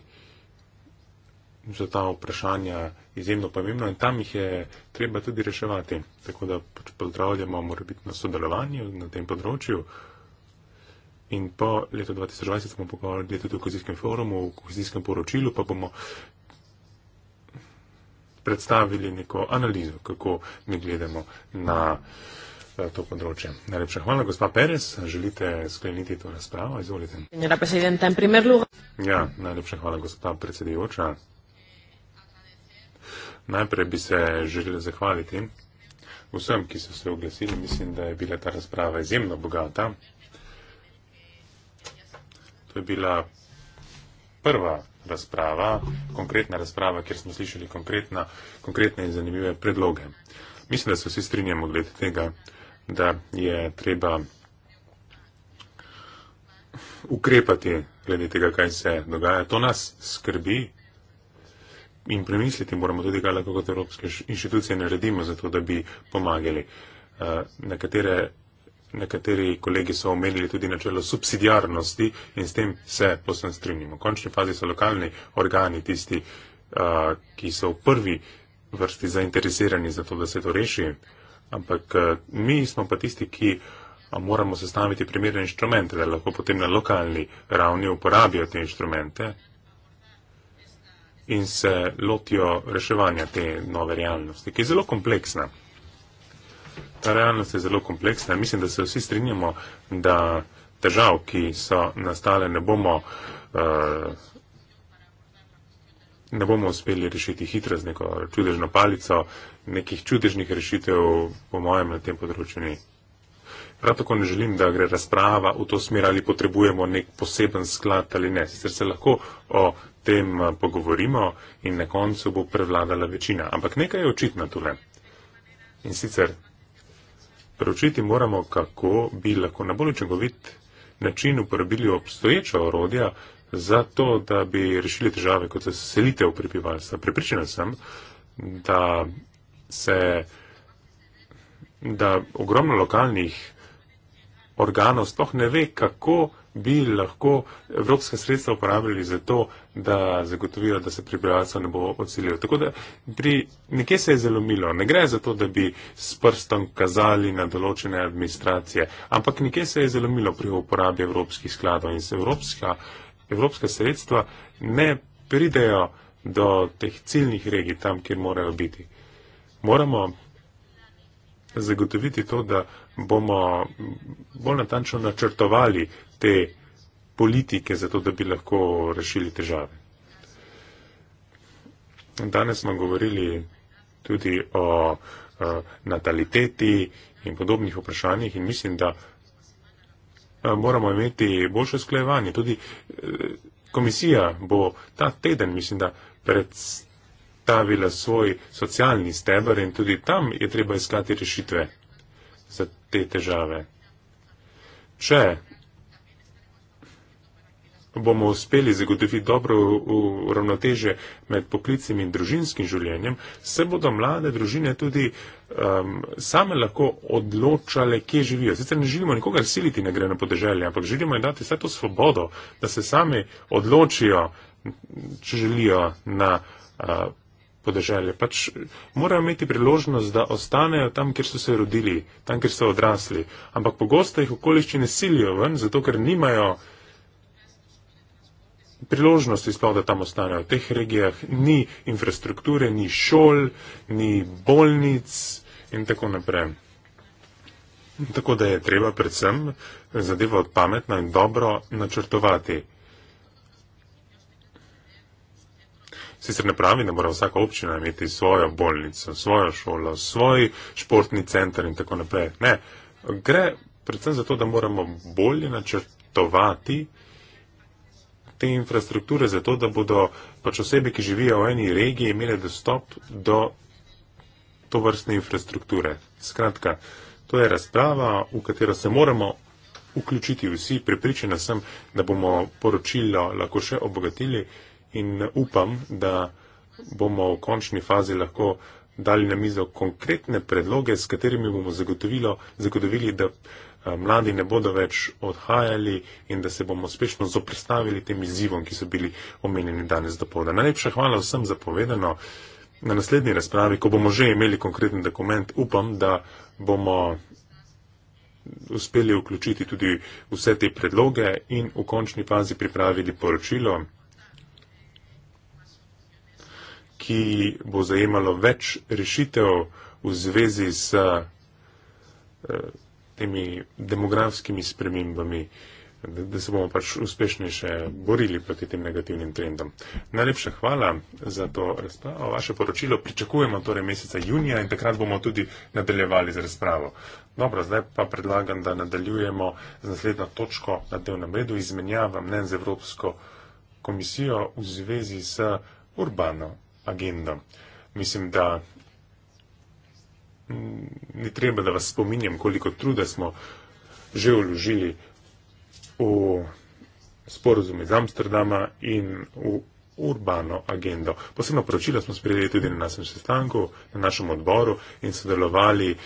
so ta vprašanja izjemno pomembna in tam jih je treba tudi reševati. Tako da pač pozdravljamo morbitno sodelovanje na tem področju. In po letu 2020 smo pogovarjali tudi o kozijskem forumu, o kozijskem poročilu, pa bomo predstavili neko analizo, kako mi gledamo na. Uh, to področje. Najlepša hvala, gospa Perez. Želite skleniti to razpravo? Izvolite. Ja, najlepša hvala, gospa predsedujoča. Najprej bi se želela zahvaliti vsem, ki so se oglasili. Mislim, da je bila ta razprava izjemno bogata. To je bila prva razprava, konkretna razprava, kjer smo slišali konkretne in zanimive predloge. Mislim, da se vsi strinjamo glede tega, da je treba ukrepati glede tega, kaj se dogaja. To nas skrbi in premisliti moramo tudi, kaj lahko kot evropske inštitucije naredimo, zato da bi pomagali. Eh, Na katere, nekateri kolegi so omenili tudi načelo subsidiarnosti in s tem se posem strinjimo. V končni fazi so lokalni organi tisti, eh, ki so v prvi vrsti zainteresirani za to, da se to reši ampak eh, mi smo pa tisti, ki eh, moramo sestaviti primerne inštrumente, da lahko potem na lokalni ravni uporabijo te inštrumente in se lotijo reševanja te nove realnosti, ki je zelo kompleksna. Ta realnost je zelo kompleksna. Mislim, da se vsi strinjamo, da težav, ki so nastale, ne bomo. Uh, ne bomo uspeli rešiti hitro z neko čudežno palico, nekih čudežnih rešitev po mojem na tem področju ni. Prav tako ne želim, da gre razprava v to smer ali potrebujemo nek poseben sklad ali ne. Sicer se lahko o tem eh, pogovorimo in na koncu bo prevladala večina. Ampak nekaj je očitno tule. In sicer preučiti moramo, kako bi lahko na bolj učinkovit način uporabili obstoječa orodja, za to, da bi rešili težave kot selitev prebivalstva. Pripričana sem, da se da ogromno lokalnih organov sploh ne ve, kako bi lahko evropske sredstva uporabili za to, da zagotovijo, da se prebivalstvo ne bo odselilo. Tako da pri, nekje se je zelo milo. Ne gre za to, da bi s prstom kazali na določene administracije, ampak nekje se je zelo milo pri uporabi evropskih skladov in se evropska uh, evropske sredstva ne pridejo do teh ciljnih regij tam, kjer morajo biti. Moramo zagotoviti to, da bomo bolj natančno načrtovali te politike, zato da bi lahko rešili težave. Danes smo govorili tudi o, o eh, nataliteti in podobnih vprašanjih in mislim, da Eh, moramo imeti boljše sklejevanje. Tudi eh, komisija bo ta teden, mislim, da predstavila svoj socialni stebr in tudi tam je treba iskati rešitve za te težave. Če bomo uspeli zagotoviti dobro ravnotežje med poklicim in družinskim življenjem, se bodo mlade družine tudi um, same lahko odločale, kje živijo. Sicer ne želimo nikogar siliti, ne gre na podeželje, ampak želimo jim dati vse to svobodo, da se sami odločijo, če želijo na. Uh, podeželje. Pač morajo imeti priložnost, da ostanejo tam, kjer so se rodili, tam, kjer so odrasli. Ampak pogosto jih okoliščine silijo ven, zato ker nimajo uh, priložnosti sploh, da tam ostanejo. V teh regijah ni infrastrukture, ni šol, ni bolnic in tako naprej. Tako da je treba predvsem zadevo pametno in dobro načrtovati. Sicer ne pravi, da mora vsaka občina imeti svojo bolnico, svojo šolo, svoj športni center in tako naprej. Ne, gre predvsem zato, da moramo bolje načrtovati te infrastrukture, zato da bodo pač osebe, ki živijo v eni regiji, imele dostop do to vrstne infrastrukture. Skratka, to je razprava, v katero se moramo vključiti vsi. Prepričana sem, da bomo poročilo lahko še obogatili in upam, da bomo v končni fazi lahko dali na mizo konkretne predloge, s katerimi bomo zagotovili, da Eh, mladi ne bodo več odhajali in da se bomo uspešno zoprstavili tem izzivom, ki so bili omenjeni danes do povdne. Najlepša hvala vsem za povedano. Na naslednji razpravi, ko bomo že imeli konkreten dokument, upam, da bomo uspeli vključiti tudi vse te predloge in v končni fazi pripravili poročilo, ki bo zajemalo več rešitev v zvezi s. Eh, temi demografskimi spremembami, da, da se bomo pač uspešnejše borili proti tem negativnim trendom. Najlepša hvala za to razpravo, vaše poročilo. Pričakujemo torej meseca junija in takrat bomo tudi nadaljevali z razpravo. Dobro, zdaj pa predlagam, da nadaljujemo z naslednjo točko na delnem redu, izmenjava mnen z Evropsko komisijo v zvezi s urbano agendo. Mislim, da ni treba, da vas spominjam, koliko truda smo že vložili v sporozume iz Amsterdama in v urbano agendo. Posebno poročilo smo sprejeli tudi na našem sestanku, na našem odboru in sodelovali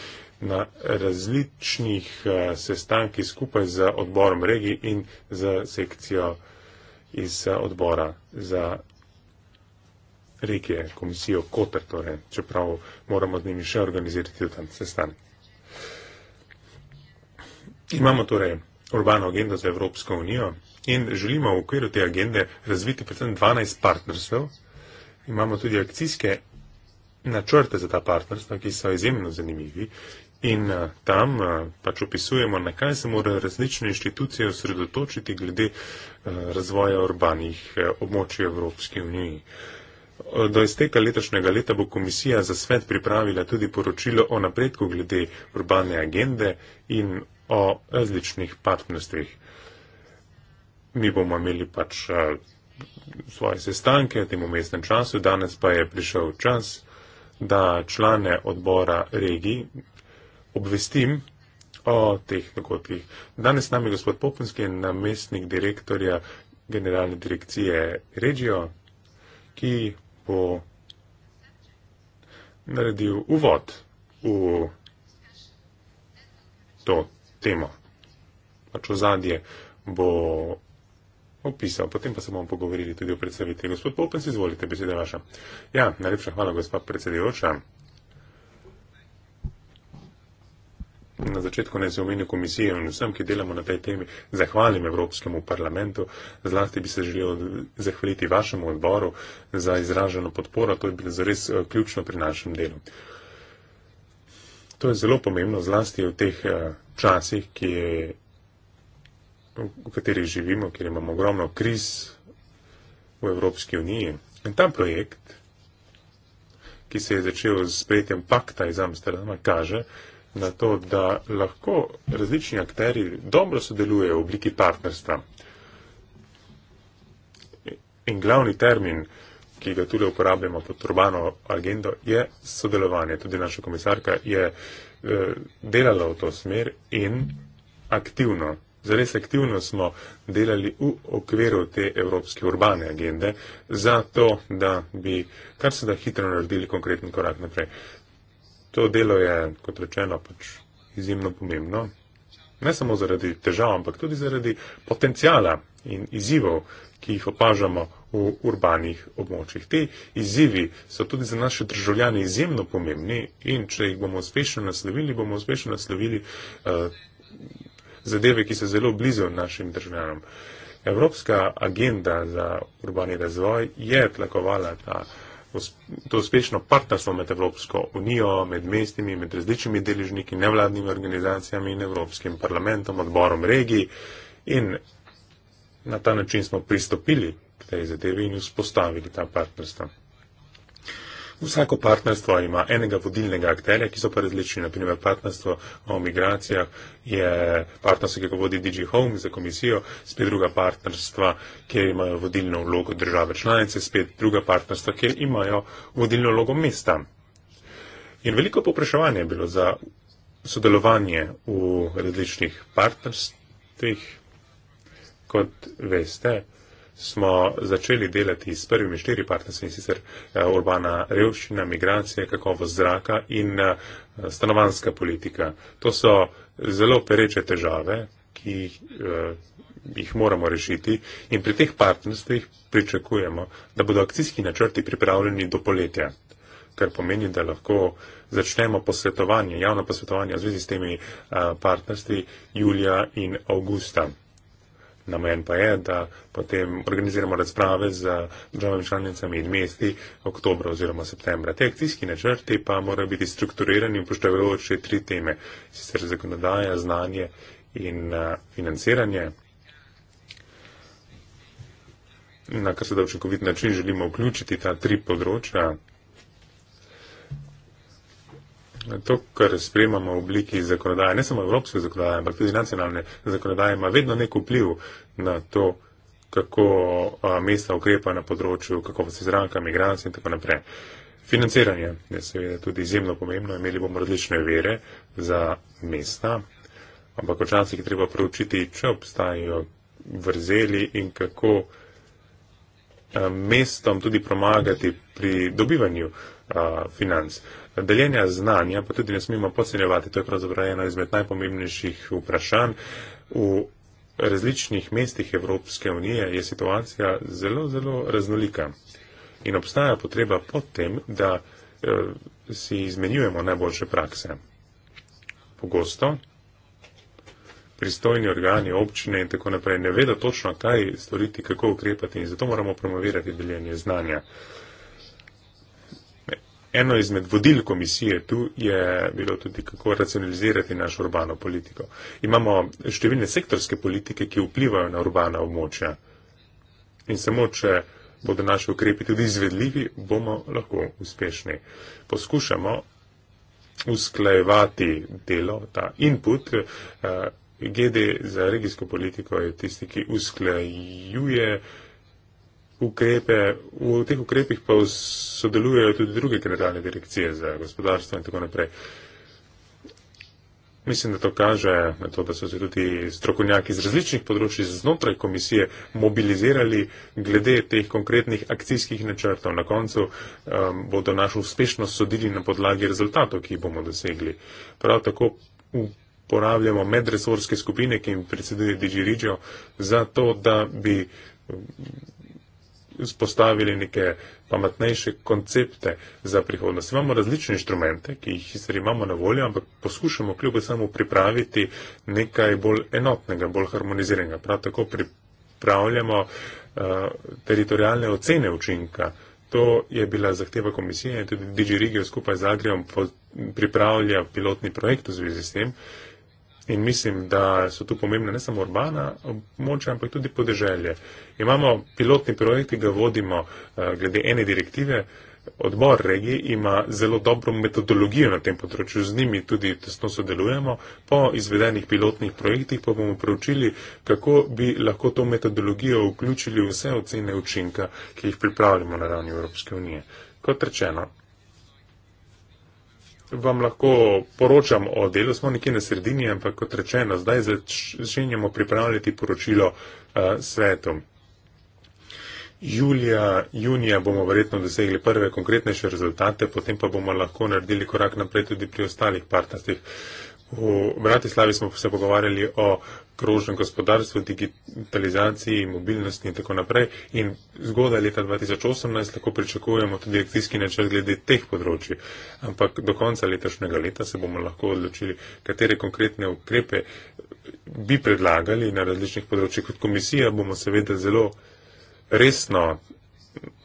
na različnih eh, sestankih skupaj z odborom regij in z sekcijo iz eh, odbora za reke komisijo Koper, torej, čeprav moramo z njimi še organizirati tam sestanek. Imamo torej urbano agendo za Evropsko unijo in želimo v okviru te agende razviti predvsem 12 partnerstv. Imamo tudi akcijske načrte za ta partnerstva, ki so izjemno zanimivi in eh, tam eh, pač opisujemo, na kaj se morajo različne inštitucije osredotočiti glede eh, razvoja urbanih območij Evropske unije. Do izteka letošnjega leta bo komisija za svet pripravila tudi poročilo o napredku glede urbane agende in o različnih partnerstvih. Mi bomo imeli pač eh, svoje sestanke v tem umestnem času, danes pa je prišel čas, da člane odbora regij obvestim o teh dogodkih. Danes nam je gospod Popunski, namestnik direktorja generalne direkcije Regio, ki lahko naredil uvod v to temo. Pač v zadje bo opisal, potem pa se bomo pogovorili tudi o predstavitvi. Gospod Popens, izvolite, beseda vaša. Ja, najlepša hvala, gospod predsedujoča. na začetku naj se omenil komisijo in vsem, ki delamo na tej temi, zahvalim Evropskemu parlamentu. Zlasti bi se želel zahvaliti vašemu odboru za izraženo podporo. To je bilo zares eh, ključno pri našem delu. To je zelo pomembno, zlasti v teh eh, časih, ki je, v katerih živimo, kjer imamo ogromno kriz v Evropski uniji. In ta projekt, ki se je začel s sprejetjem pakta iz Amsterdama, kaže, na to, da lahko različni akteri dobro sodelujejo v obliki partnerstva. In glavni termin, ki ga tudi uporabljamo pod urbano agendo, je sodelovanje. Tudi naša komisarka je eh, delala v to smer in aktivno. Zares aktivno smo delali v okviru te evropske urbane agende, zato da bi kar se da hitro naredili konkreten korak naprej to delo je, kot rečeno, pač izjemno pomembno. Ne samo zaradi težav, ampak tudi zaradi potencijala in izzivov, ki jih opažamo v urbanih območjih. Ti izzivi so tudi za naše državljane izjemno pomembni in če jih bomo uspešno naslovili, bomo uspešno naslovili uh, zadeve, ki so zelo blizu našim državljanom. Evropska agenda za urbani razvoj je tlakovala ta. Uh, to uspešno partnerstvo med Evropsko unijo, med mestnimi, med različnimi deležniki, nevladnimi organizacijami in Evropskim parlamentom, odborom regij in na ta način smo pristopili k tej zadevi in vzpostavili ta partnerstvo. Vsako partnerstvo ima enega vodilnega akterja, ki so pa različni. Naprimer, partnerstvo o migracijah je partnerstvo, ki ga vodi DG Home za komisijo, spet druga partnerstva, kjer imajo vodilno vlogo države članice, spet druga partnerstva, kjer imajo vodilno vlogo mesta. In veliko popraševanje je bilo za sodelovanje v različnih partnerstvih, kot veste smo začeli delati s prvimi štiri partnerstvi, sicer eh, urbana revščina, migracije, kakovost zraka in eh, stanovanska politika. To so zelo pereče težave, ki jih, eh, jih moramo rešiti in pri teh partnerstvih pričakujemo, da bodo akcijski načrti pripravljeni do poletja kar pomeni, da lahko začnemo posvetovanje, javno posvetovanje v zvezi s temi partnerstvi julija in avgusta. Namen pa je, da potem organiziramo razprave z državami članicami in mesti oktober oziroma septembra. Te akcijski načrti pa morajo biti strukturirani in poštevajoči tri teme. Sicer zakonodaja, znanje in eh, financiranje. Na kar se da učinkovit način želimo vključiti ta tri področja, To, kar sprejemamo v obliki zakonodaje, ne samo evropske zakonodaje, ampak tudi nacionalne zakonodaje, ima vedno nek vpliv na to, kako a, mesta ukrepa na področju, kako se zranka, migranci in tako naprej. Financiranje je seveda tudi izjemno pomembno. Imeli bomo različne vere za mesta, ampak včasih je treba preučiti, če obstajajo vrzeli in kako mestom tudi pomagati pri dobivanju a, financ deljenja znanja, pa tudi ne smemo podcenjevati, to je pravzaprav eno izmed najpomembnejših vprašanj. V različnih mestih Evropske unije je situacija zelo, zelo raznolika in obstaja potreba potem, da eh, si izmenjujemo najboljše prakse. Pogosto pristojni organi, občine in tako naprej ne vedo točno, kaj storiti, kako ukrepati in zato moramo promovirati deljenje znanja. Eh, Eno izmed vodil komisije tu je bilo tudi, kako racionalizirati našo urbano politiko. Imamo številne sektorske politike, ki vplivajo na urbana območja. In samo, če bodo naše ukrepi tudi izvedljivi, bomo lahko uspešni. Poskušamo usklajevati delo, ta input. Eh, GD za regijsko politiko je tisti, ki usklajuje ukrepe, v teh ukrepih pa sodelujejo tudi druge generalne direkcije za gospodarstvo in tako naprej. Mislim, da to kaže na to, da so se tudi strokovnjaki z različnih področji znotraj komisije mobilizirali glede teh konkretnih akcijskih načrtov. Na koncu um, bodo našo uspešnost sodili na podlagi rezultatov, ki jih bomo dosegli. Prav tako uporabljamo medresorske skupine, ki jim predseduje Digirigio, za to, da bi. Um, spostavili neke pametnejše koncepte za prihodnost. Imamo različne inštrumente, ki jih sicer imamo na voljo, ampak poskušamo kljub samo pripraviti nekaj bolj enotnega, bolj harmoniziranega. Prav tako pripravljamo uh, eh, teritorijalne ocene učinka. To je bila zahteva komisije in tudi DigiRigio skupaj z Agrijom pripravlja pilotni projekt v zvezi s tem. Uh, In mislim, da so tu pomembne ne samo urbana območja, ampak tudi podeželje. Imamo pilotni projekt, ki ga vodimo eh, glede ene direktive. Odbor regije ima zelo dobro metodologijo na tem področju, z njimi tudi tesno sodelujemo. Po izvedenih pilotnih projektih pa bomo preučili, kako bi lahko to metodologijo vključili v vse ocene učinka, ki jih pripravljamo na ravni Evropske unije. Kot rečeno, vam lahko poročam o delu. Smo nekje na sredini, ampak kot rečeno, zdaj začenjamo pripravljati poročilo uh, svetom. Julija, junija bomo verjetno dosegli prve konkretnejše rezultate, potem pa bomo lahko naredili korak naprej tudi pri ostalih partnerstvih. Uh, V Bratislavi smo se pogovarjali o krožnem gospodarstvu, digitalizaciji, mobilnosti in tako naprej. In zgodaj leta 2018 lahko pričakujemo tudi akcijski načrt glede teh področji. Ampak do konca letošnjega leta se bomo lahko odločili, katere konkretne ukrepe bi predlagali na različnih področjih. Kot komisija bomo seveda zelo resno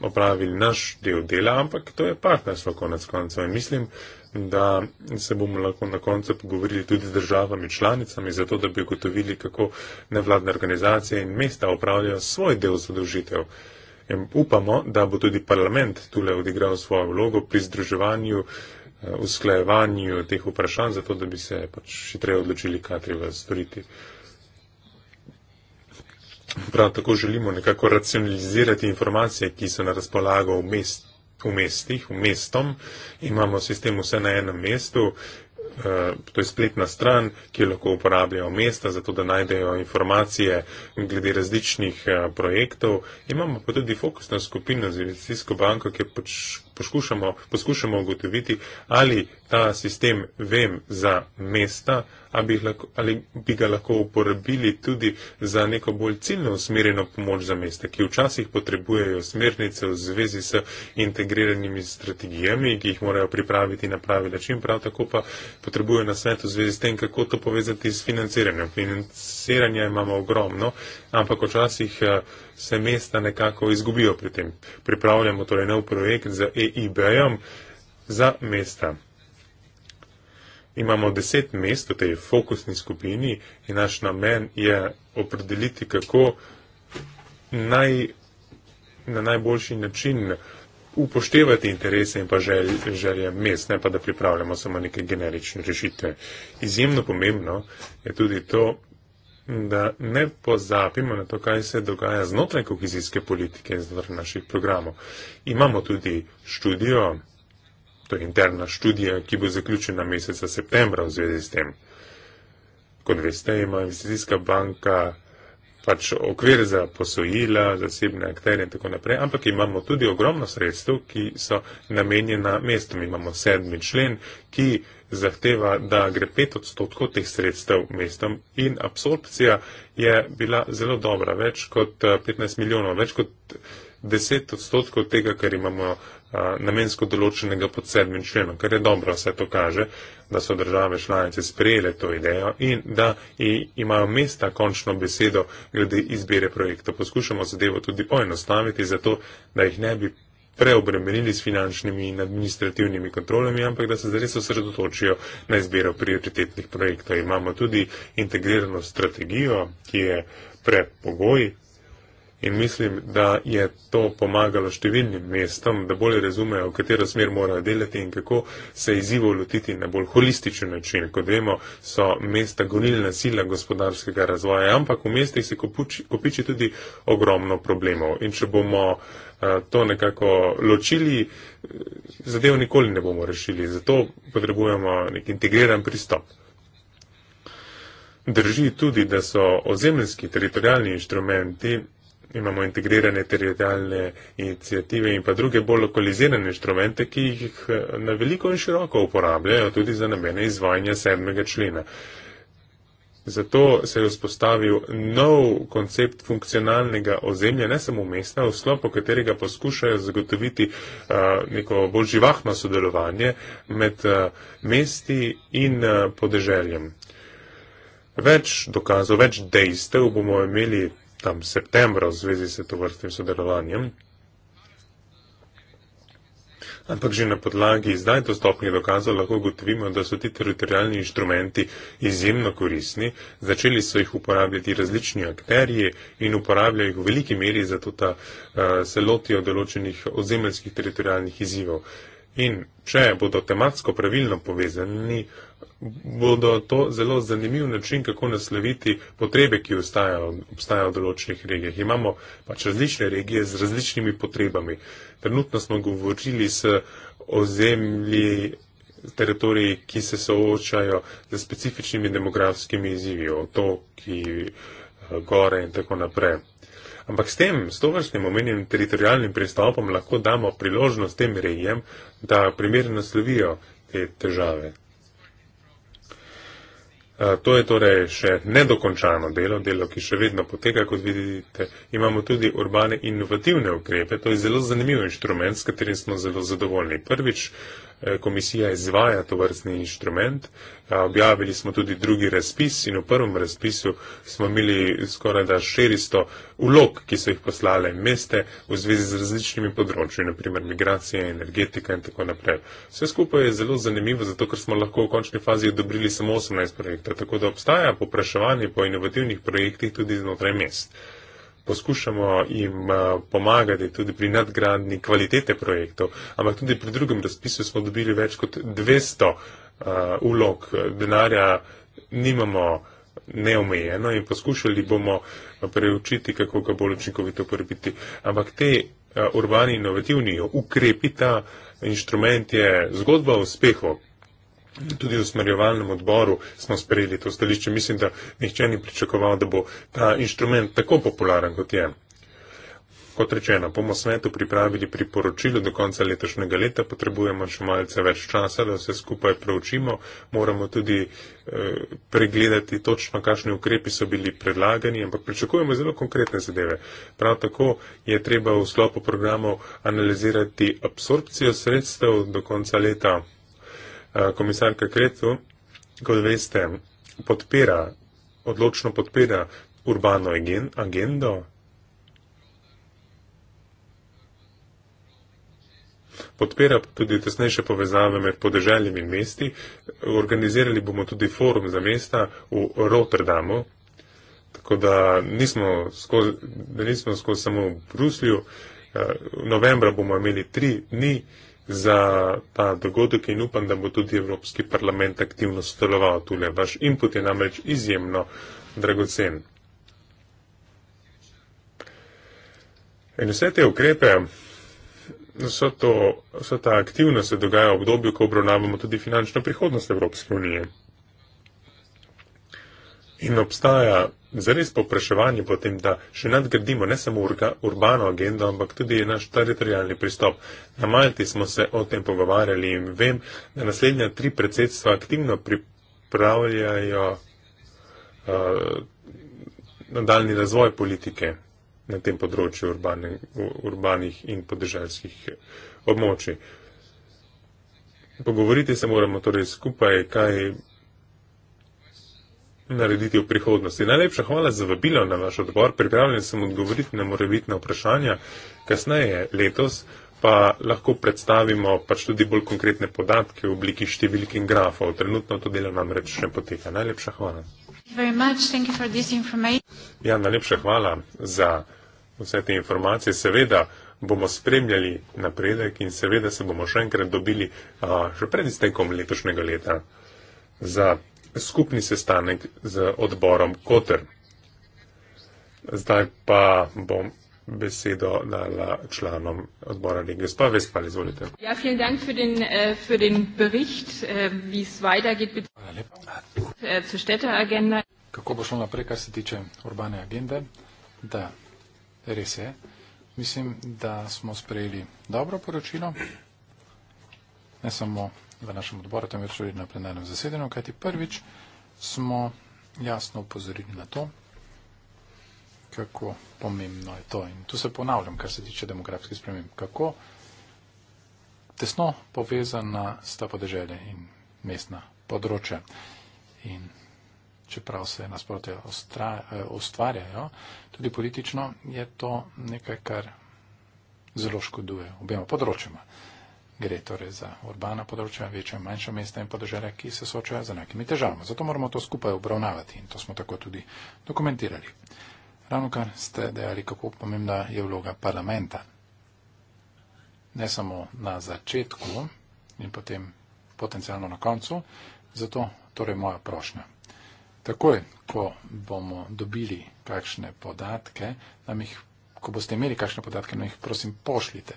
opravili naš del dela, ampak to je partnerstvo konec koncev. In mislim, da se bomo lahko na koncu pogovorili tudi z državami članicami, zato da bi ugotovili, kako nevladne organizacije in mesta upravljajo svoj del zadolžitev. In upamo, da bo tudi parlament tule odigral svojo vlogo pri združevanju, eh, usklajevanju teh vprašanj, zato da bi se pač še treba odločili, kaj treba storiti. Prav tako želimo nekako racionalizirati informacije, ki so na razpolago v mestu v mestih, v mestom, imamo sistem vse na enem mestu, eh, to je spletna stran, ki jo lahko uporabljajo mesta, zato da najdejo informacije glede različnih eh, projektov. Imamo pa tudi fokusno skupino z investicijsko banko, ki je pač poskušamo, poskušamo ugotoviti, ali ta sistem vem za mesta, ali bi, lahko, ali bi ga lahko uporabili tudi za neko bolj ciljno usmerjeno pomoč za mesta, ki včasih potrebujejo smernice v zvezi s integriranimi strategijami, ki jih morajo pripraviti na pravi način, prav tako pa potrebujejo na svet v zvezi s tem, kako to povezati s financiranjem. Financiranja imamo ogromno, ampak včasih. Uh, se mesta nekako izgubijo pri tem. Pripravljamo torej nov projekt z EIB-jem za mesta. Imamo deset mest v tej fokusni skupini in naš namen je opredeliti, kako naj, na najboljši način upoštevati interese in pa žel, želje mest, ne pa da pripravljamo samo neke generične rešitve. Izjemno pomembno je tudi to, da ne pozabimo na to, kaj se dogaja znotraj kohezijske politike in znotraj naših programov. Imamo tudi študijo, to je interna študija, ki bo zaključena meseca septembra v zvezi s tem. Kot veste, ima investicijska banka pač okvir za posojila, zasebne akterje in tako naprej, ampak imamo tudi ogromno sredstev, ki so namenjena mestom. Imamo sedmi člen, ki zahteva, da gre pet odstotkov teh sredstev mestom in absorpcija je bila zelo dobra, več kot 15 eh, milijonov, več kot 10 odstotkov tega, kar imamo namensko določenega pod sedmim členom, kar je dobro, vse to kaže, da so države članice sprejele to idejo in da imajo mesta končno besedo glede izbire projektov. Poskušamo zadevo tudi poenostaviti, zato da jih ne bi preobremenili s finančnimi in administrativnimi kontrolami, ampak da se zares osredotočijo na izbiro prioritetnih projektov. Imamo tudi integrirano strategijo, ki je predpogoj In mislim, da je to pomagalo številnim mestom, da bolje razumejo, v katero smer morajo delati in kako se izzivov lotiti na bolj holističen način. Kot vemo, so mesta gonilna sila gospodarskega razvoja, ampak v mestih se kopuči, kopiči tudi ogromno problemov. In če bomo eh, to nekako ločili, eh, zadev nikoli ne bomo rešili. Zato potrebujemo nek integriran pristop. Drži tudi, da so ozemljski teritorijalni inštrumenti imamo integrirane teritorijalne inicijative in pa druge bolj lokalizirane inštrumente, ki jih eh, na veliko in široko uporabljajo tudi za namene izvajanja sedmega člena. Zato se je vzpostavil nov koncept funkcionalnega ozemlja, ne samo mesta, v sklopu katerega poskušajo zagotoviti uh, neko bolj živahno sodelovanje med uh, mesti in uh, podeželjem. Več dokazov, več dejstev bomo imeli tam septembra v zvezi s to vrstnim sodelovanjem. Ampak že na podlagi zdaj dostopnih dokazov lahko gotovimo, da so ti teritorijalni inštrumenti izjemno korisni. Začeli so jih uporabljati različni akterji in uporabljajo jih v veliki meri, zato da uh, eh, se lotijo določenih ozemeljskih teritorijalnih izzivov. In če bodo tematsko pravilno povezani, uh, bodo to zelo zanimiv način, kako nasloviti potrebe, ki obstajajo v določenih regijah. Imamo pač različne regije z različnimi potrebami. Trenutno smo govorili s ozemlji, teritoriji, ki se soočajo z specifičnimi demografskimi izzivi, otoki, eh, gore in tako naprej. Ampak s tem, s to vrstnim omenjenim teritorijalnim pristopom lahko damo priložnost tem regijam, da primerno naslovijo te težave. Eh, to je torej še nedokončano delo, delo, ki še vedno poteka, kot vidite. Imamo tudi urbane inovativne ukrepe, to je zelo zanimiv inštrument, s katerim smo zelo zadovoljni. Prvič, Eh, komisija izvaja to vrstni inštrument. Eh, objavili smo tudi drugi razpis in v prvem razpisu smo imeli skoraj da 400 ulog, ki so jih poslale meste v zvezi z različnimi področji, naprimer migracija, energetika in tako naprej. Vse skupaj je zelo zanimivo, zato ker smo lahko v končni fazi odobrili samo 18 projektov, tako da obstaja popraševanje po inovativnih projektih tudi znotraj mest poskušamo jim eh, pomagati tudi pri nadgradni kvalitete projektov, ampak tudi pri drugem razpisu smo dobili več kot 200 ulog eh, denarja, nimamo neomejeno in poskušali bomo preučiti, kako ga bolj učinkovito uporabiti. Ampak te eh, urbani inovativni ukrepi, ta inštrument je zgodba o uspehu, Tudi v usmerjevalnem odboru smo sprejeli to stališče. Mislim, da nihče ni pričakoval, da bo ta inštrument tako popularen, kot je. Kot rečeno, bomo svetu pripravili priporočilo do konca letošnjega leta, potrebujemo še malce več časa, da vse skupaj preučimo. Moramo tudi eh, pregledati točno, kakšni ukrepi so bili predlagani, ampak pričakujemo zelo konkretne zadeve. Prav tako je treba v sklopu programov analizirati absorpcijo sredstev do konca leta Eh, komisarka Kretu, kot veste, podpira, odločno podpira urbano agendo. Podpira tudi tesnejše povezave med podeželjem in mesti. Organizirali bomo tudi forum za mesta v Rotterdamu. Tako da nismo skozi, da nismo skozi samo v Bruslju. Eh, novembra bomo imeli tri dni za ta dogodek in upam, da bo tudi Evropski parlament aktivno sodeloval tule. Vaš input je namreč izjemno dragocen. In vse te ukrepe, so, to, so ta aktivna se dogaja v obdobju, ko obravnavamo tudi finančno prihodnost Evropske unije. In obstaja zares popraševanje potem, da še nadgradimo ne samo urga, urbano agendo, ampak tudi naš teritorijalni pristop. Na Malti smo se o tem pogovarjali in vem, da naslednja tri predsedstva aktivno pripravljajo uh, nadaljni razvoj politike na tem področju urbane, urbanih in podeželskih območij. Pogovoriti se moramo torej skupaj, kaj narediti v prihodnosti. Najlepša hvala za vabilo na vaš odbor. Pripravljen sem odgovoriti na morebitne vprašanja. Kasneje letos pa lahko predstavimo pač tudi bolj konkretne podatke v obliki številk in grafov. Trenutno to delo nam reč še poteka. Najlepša hvala. Ja, najlepša hvala za vse te informacije. Seveda bomo spremljali napredek in seveda se bomo še enkrat dobili uh, še pred iztekom letošnjega leta za skupni sestanek z odborom Koter. Zdaj pa bom besedo dala članom odbora Lige Spa. Vespal, izvolite. Ja, vielen Dank für den, äh, für den Bericht, ähm, wie es weitergeht. Hvala lepa. Äh, Zu Städteagenda. Kako bo šlo naprej, kar se tiče urbane agende? Da, res je. Mislim, da smo sprejeli dobro poročilo, ne samo v našem odboru tam jutro na plenarnem zasedanju, kajti prvič smo jasno upozorili na to, kako pomembno je to. In tu se ponavljam, kar se tiče demografskih sprememb, kako tesno povezana sta podeželje in mestna področja. In čeprav se nasprotje ustvarjajo, tudi politično je to nekaj, kar zelo škoduje obema področjama. Gre torej za urbana področja, večja in manjša mesta in podeželja, ki se soočajo z enakimi težavami. Zato moramo to skupaj obravnavati in to smo tako tudi dokumentirali. Ravno kar ste dejali, kako pomembna je vloga parlamenta. Ne samo na začetku in potem potencialno na koncu. Zato torej moja prošnja. Takoj, ko bomo dobili kakšne podatke, nam jih, ko boste imeli kakšne podatke, nam jih prosim pošljite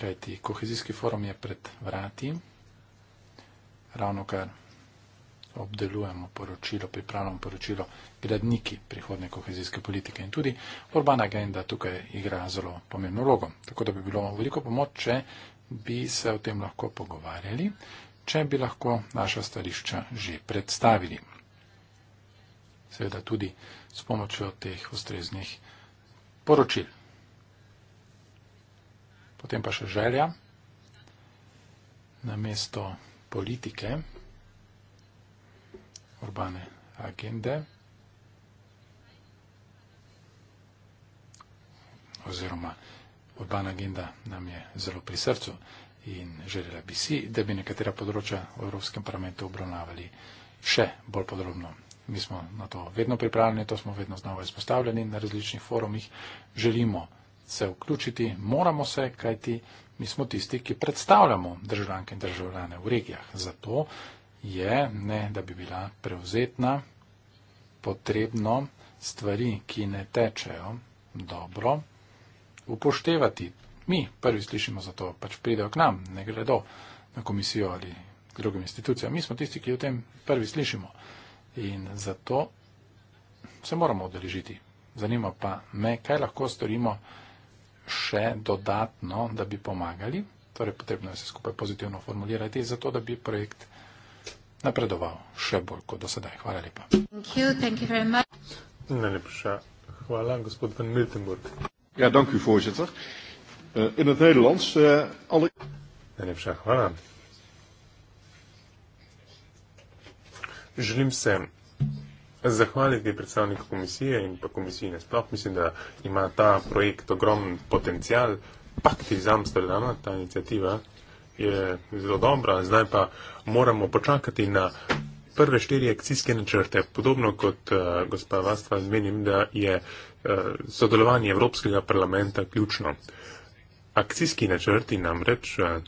kajti kohezijski forum je pred vrati. Ravno kar obdelujemo poročilo, pripravljamo poročilo gradniki prihodne kohezijske politike in tudi urbana agenda tukaj igra zelo pomembno vlogo. Tako da bi bilo veliko pomoč, če bi se o tem lahko pogovarjali, če bi lahko naša stališča že predstavili. Seveda tudi s pomočjo teh ustreznih poročil potem pa še želja na mesto politike, urbane agende oziroma urbana agenda nam je zelo pri srcu in želela bi si, da bi nekatera področja v Evropskem parlamentu obravnavali še bolj podrobno. Mi smo na to vedno pripravljeni, to smo vedno znova izpostavljeni na različnih forumih. Želimo se vključiti, moramo se, kajti mi smo tisti, ki predstavljamo državljanke in državljane v regijah. Zato je, ne da bi bila prevzetna, potrebno stvari, ki ne tečejo dobro, upoštevati. Mi prvi slišimo za to, pač pridejo k nam, ne gredo na komisijo ali k drugim institucijam. Mi smo tisti, ki o tem prvi slišimo. In zato se moramo odeležiti. Zanima pa me, kaj lahko storimo še dodatno, da bi pomagali. Torej, potrebno je se skupaj pozitivno formulirati, zato da bi projekt napredoval še bolj kot do sedaj. Hvala lepa. Najlepša hvala, gospod Van Miltenburg. Ja, dank u voorzitter. Eh, in het Nederlands. Eh, Najlepša hvala. Želim se zahvaliti predstavniku komisije in pa komisiji nasploh. Mislim, da ima ta projekt ogromen potencial. Pakti z Amsterdama, ta inicijativa je zelo dobra. Zdaj pa moramo počakati na prve štiri akcijske načrte. Podobno kot uh, gospa Vastva, menim, da je uh, sodelovanje Evropskega parlamenta ključno. Akcijski načrti namreč uh,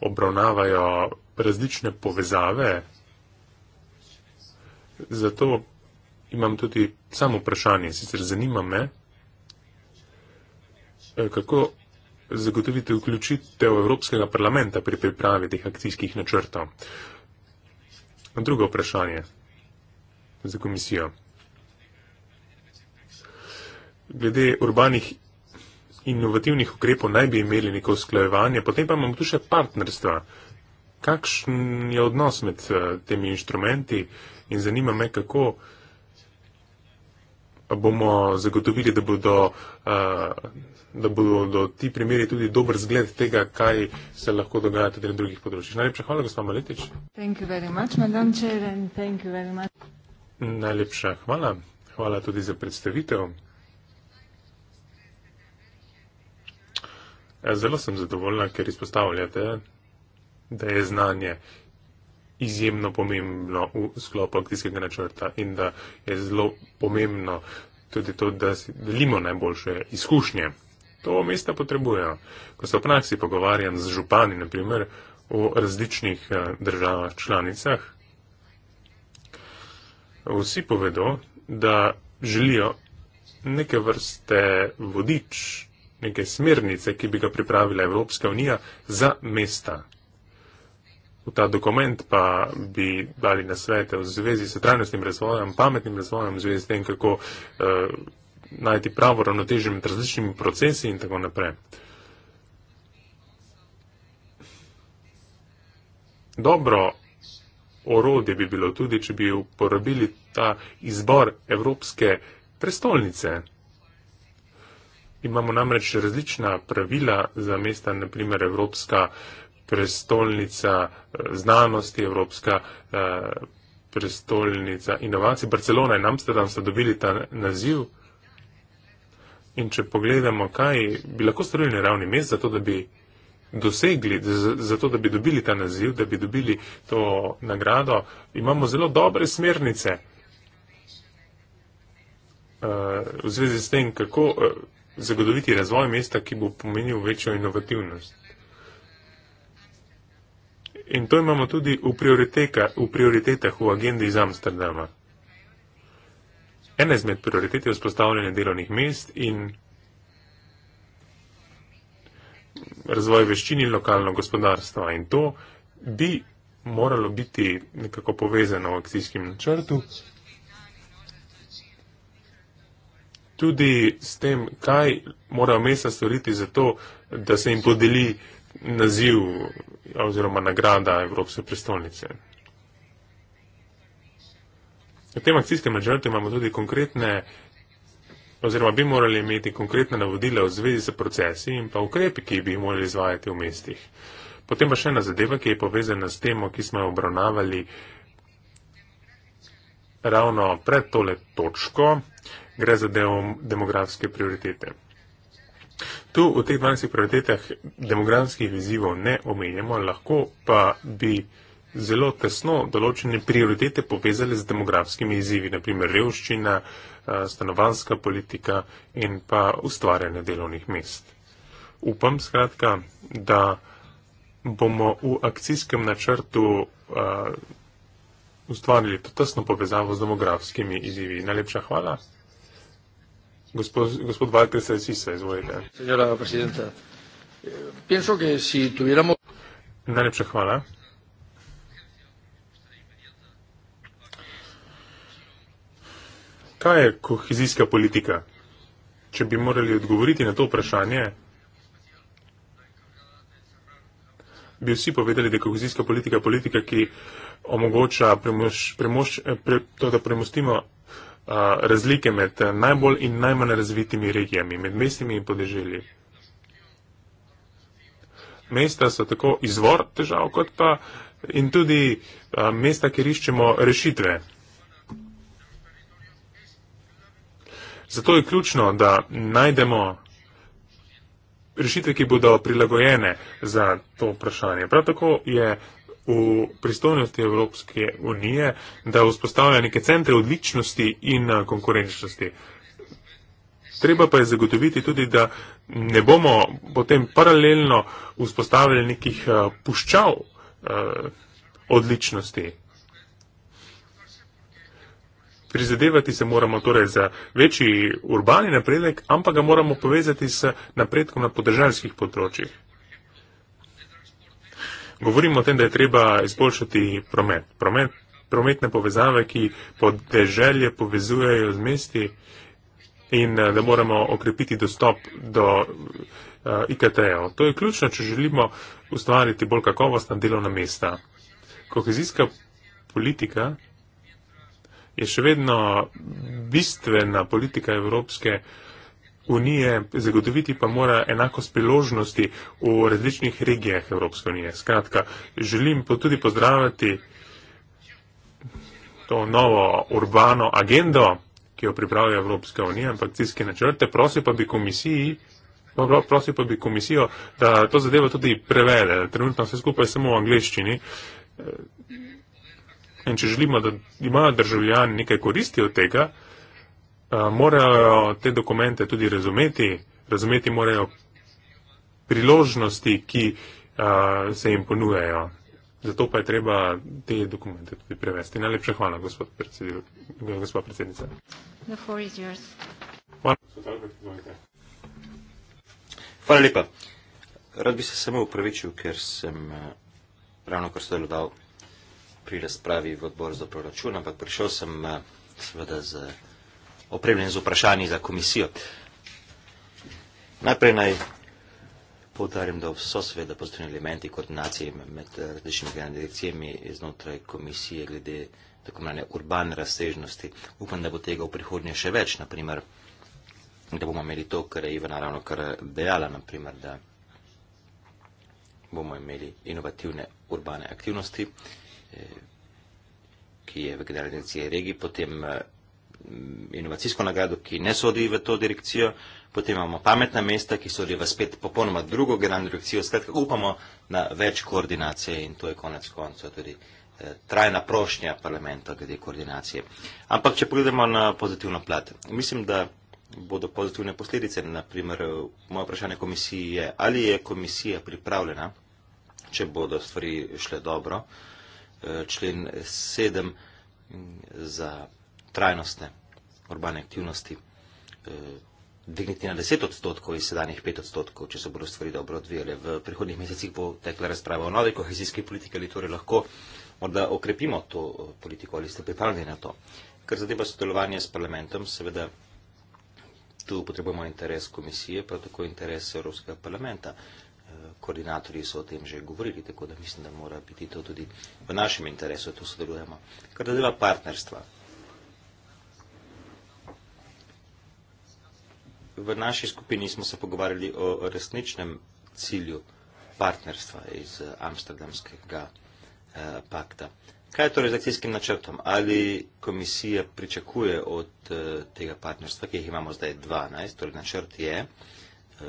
obravnavajo različne povezave Zato imam tudi samo vprašanje, sicer zanima me, eh, kako zagotovite vključitev Evropskega parlamenta pri pripravi teh akcijskih načrtov. Drugo vprašanje za komisijo. Glede urbanih inovativnih ukrepov naj bi imeli neko usklajevanje, potem pa imamo tu še partnerstva. Kakšen je odnos med eh, temi inštrumenti? In zanima me, kako bomo zagotovili, da bodo, eh, da bodo ti primeri tudi dober zgled tega, kaj se lahko dogaja tudi na drugih področjih. Najlepša hvala, gospod Maletič. Najlepša hvala. Hvala tudi za predstavitev. Eh, zelo sem zadovoljna, ker izpostavljate, da je znanje izjemno pomembno v sklopu akcijskega načrta in da je zelo pomembno tudi to, da delimo najboljše izkušnje. To mesta potrebujejo. Ko se v praksi pogovarjam z župani, naprimer, v različnih eh, državah članicah, vsi povedo, da želijo neke vrste vodič, neke smernice, ki bi ga pripravila Evropska unija za mesta v ta dokument, pa bi dali na svete v zvezi s trajnostnim razvojem, pametnim razvojem, v zvezi s tem, kako uh, najti pravo ravnotežje med različnimi procesi in tako naprej. Dobro orodje bi bilo tudi, če bi uporabili ta izbor Evropske prestolnice. Imamo namreč različna pravila za mesta, naprimer Evropska uh, prestolnica eh, znanosti, Evropska eh, prestolnica inovacij. Barcelona in Amsterdam sta dobili ta naziv. In če pogledamo, kaj bi lahko storili na ravni mest, zato da bi dosegli, zato da bi dobili ta naziv, da bi dobili to nagrado, imamo zelo dobre smernice eh, v zvezi s tem, kako zagotoviti razvoj mesta, ki bo pomenil večjo inovativnost. In to imamo tudi v, v prioritetah v agendi iz Amsterdama. Ena izmed prioritet je vzpostavljanje delovnih mest in razvoj veščin in lokalno gospodarstvo. In to bi moralo biti nekako povezano v akcijskem načrtu tudi s tem, kaj morajo mesta storiti za to, da se jim podeli naziv oziroma nagrada Evropske prestolnice. V tem akcijskem načrtu imamo tudi konkretne oziroma bi morali imeti konkretne navodila v zvezi s procesi in pa ukrepi, ki bi jih morali izvajati v mestih. Potem pa še ena zadeva, ki je povezana s temo, ki smo jo obravnavali ravno pred tole točko, gre za demografske prioritete. Tu v teh 12 prioritetah demografskih izzivov ne omenjamo, lahko pa bi zelo tesno določene prioritete povezali z demografskimi izzivi, naprimer revščina, stanovanska politika in pa ustvarjanje delovnih mest. Upam skratka, da bomo v akcijskem načrtu ustvarili to tesno povezavo z demografskimi izzivi. Najlepša hvala. Gospod Valter Sesisa, izvolite. Senjora presidenta, pienso, da si tuviéramo. Najlepša hvala. Kaj je kohezijska politika? Če bi morali odgovoriti na to vprašanje, bi vsi povedali, da je kohezijska politika politika, ki omogoča premoš, premoš, pre, to, da premostimo uh, razlike med eh, najbolj in najmanj razvitimi regijami, med mestnimi in podeželji. Mesta so tako izvor težav, kot pa eh, in tudi a, eh, mesta, kjer iščemo rešitve. Zato je ključno, da najdemo rešitve, ki bodo prilagojene za to vprašanje. Prav tako je v pristojnosti Evropske unije, da vzpostavlja neke centre odličnosti in eh, konkurenčnosti. Treba pa je zagotoviti tudi, da ne bomo potem paralelno vzpostavili nekih eh, puščav eh, odličnosti. Prizadevati se moramo torej za večji urbani napredek, ampak ga moramo povezati s napredkom na podržanskih področjih. Govorimo o tem, da je treba izboljšati promet. promet prometne povezave, ki podeželje povezujejo z mesti in eh, da moramo okrepiti dostop do uh, eh, IKT-jev. To je ključno, če želimo ustvariti bolj kakovostna delovna mesta. Kohezijska politika je še vedno bistvena politika Evropske unije unije, zagotoviti pa mora enakost priložnosti v različnih regijah Evropske unije. Skratka, želim pa tudi pozdraviti to novo urbano agendo, ki jo pripravlja Evropska unija, ampak ciljske načrte, prosil pa bi komisiji. Prosil pa bi komisijo, da to zadevo tudi prevede. Trenutno vse skupaj je samo v angliščini. Eh, in če želimo, da imajo državljani nekaj koristi od tega, Eh, morajo te dokumente tudi razumeti, razumeti morajo priložnosti, ki eh, se jim ponujejo. Zato pa je treba te dokumente tudi prevesti. Najlepša hvala, gospod predsednica. Hvala lepa. Rad bi se samo upravičil, ker sem eh, ravno kar se dal pri razpravi v odbor za proračun, ampak prišel sem seveda z. Za opremljen z vprašanji za komisijo. Najprej naj povdarim, da so seveda postojni elementi koordinacije med različnimi generacijami znotraj komisije glede tako imenovane urbane razsežnosti. Upam, da bo tega v prihodnje še več, naprimer, da bomo imeli to, kar je Ivana ravno kar dejala, naprimer, da bomo imeli inovativne urbane aktivnosti, eh, ki je v generaciji regiji, potem eh, inovacijsko nagrado, ki ne sodi v to direkcijo, potem imamo pametna mesta, ki sodi v spet popolnoma drugo generalno direkcijo, skratka upamo na več koordinacije in to je konec konca tudi eh, trajna prošnja parlamenta glede koordinacije. Ampak če pogledamo na pozitivno plat, mislim, da bodo pozitivne posledice, naprimer moje vprašanje komisiji je, ali je komisija pripravljena, če bodo stvari šle dobro, eh, člen 7 mm, za trajnostne urbane aktivnosti eh, dvigniti na 10 odstotkov iz sedanjih 5 odstotkov, če se bodo stvari dobro odvijale. V prihodnih mesecih bo tekla razprava o novi kohezijski politiki, ali torej lahko morda okrepimo to eh, politiko, ali ste pripravljeni na to. Kar zadeva sodelovanje s parlamentom, seveda tu potrebujemo interes komisije, prav tako interes Evropskega parlamenta. Eh, koordinatorji so o tem že govorili, tako da mislim, da mora biti to tudi v našem interesu, da to sodelujemo. Kar zadeva partnerstva, v naši skupini smo se pogovarjali o resničnem cilju partnerstva iz eh, Amsterdamskega eh, pakta. Kaj je torej z akcijskim načrtom? Ali komisija pričakuje od eh, tega partnerstva, ki jih imamo zdaj 12, torej načrt je, eh,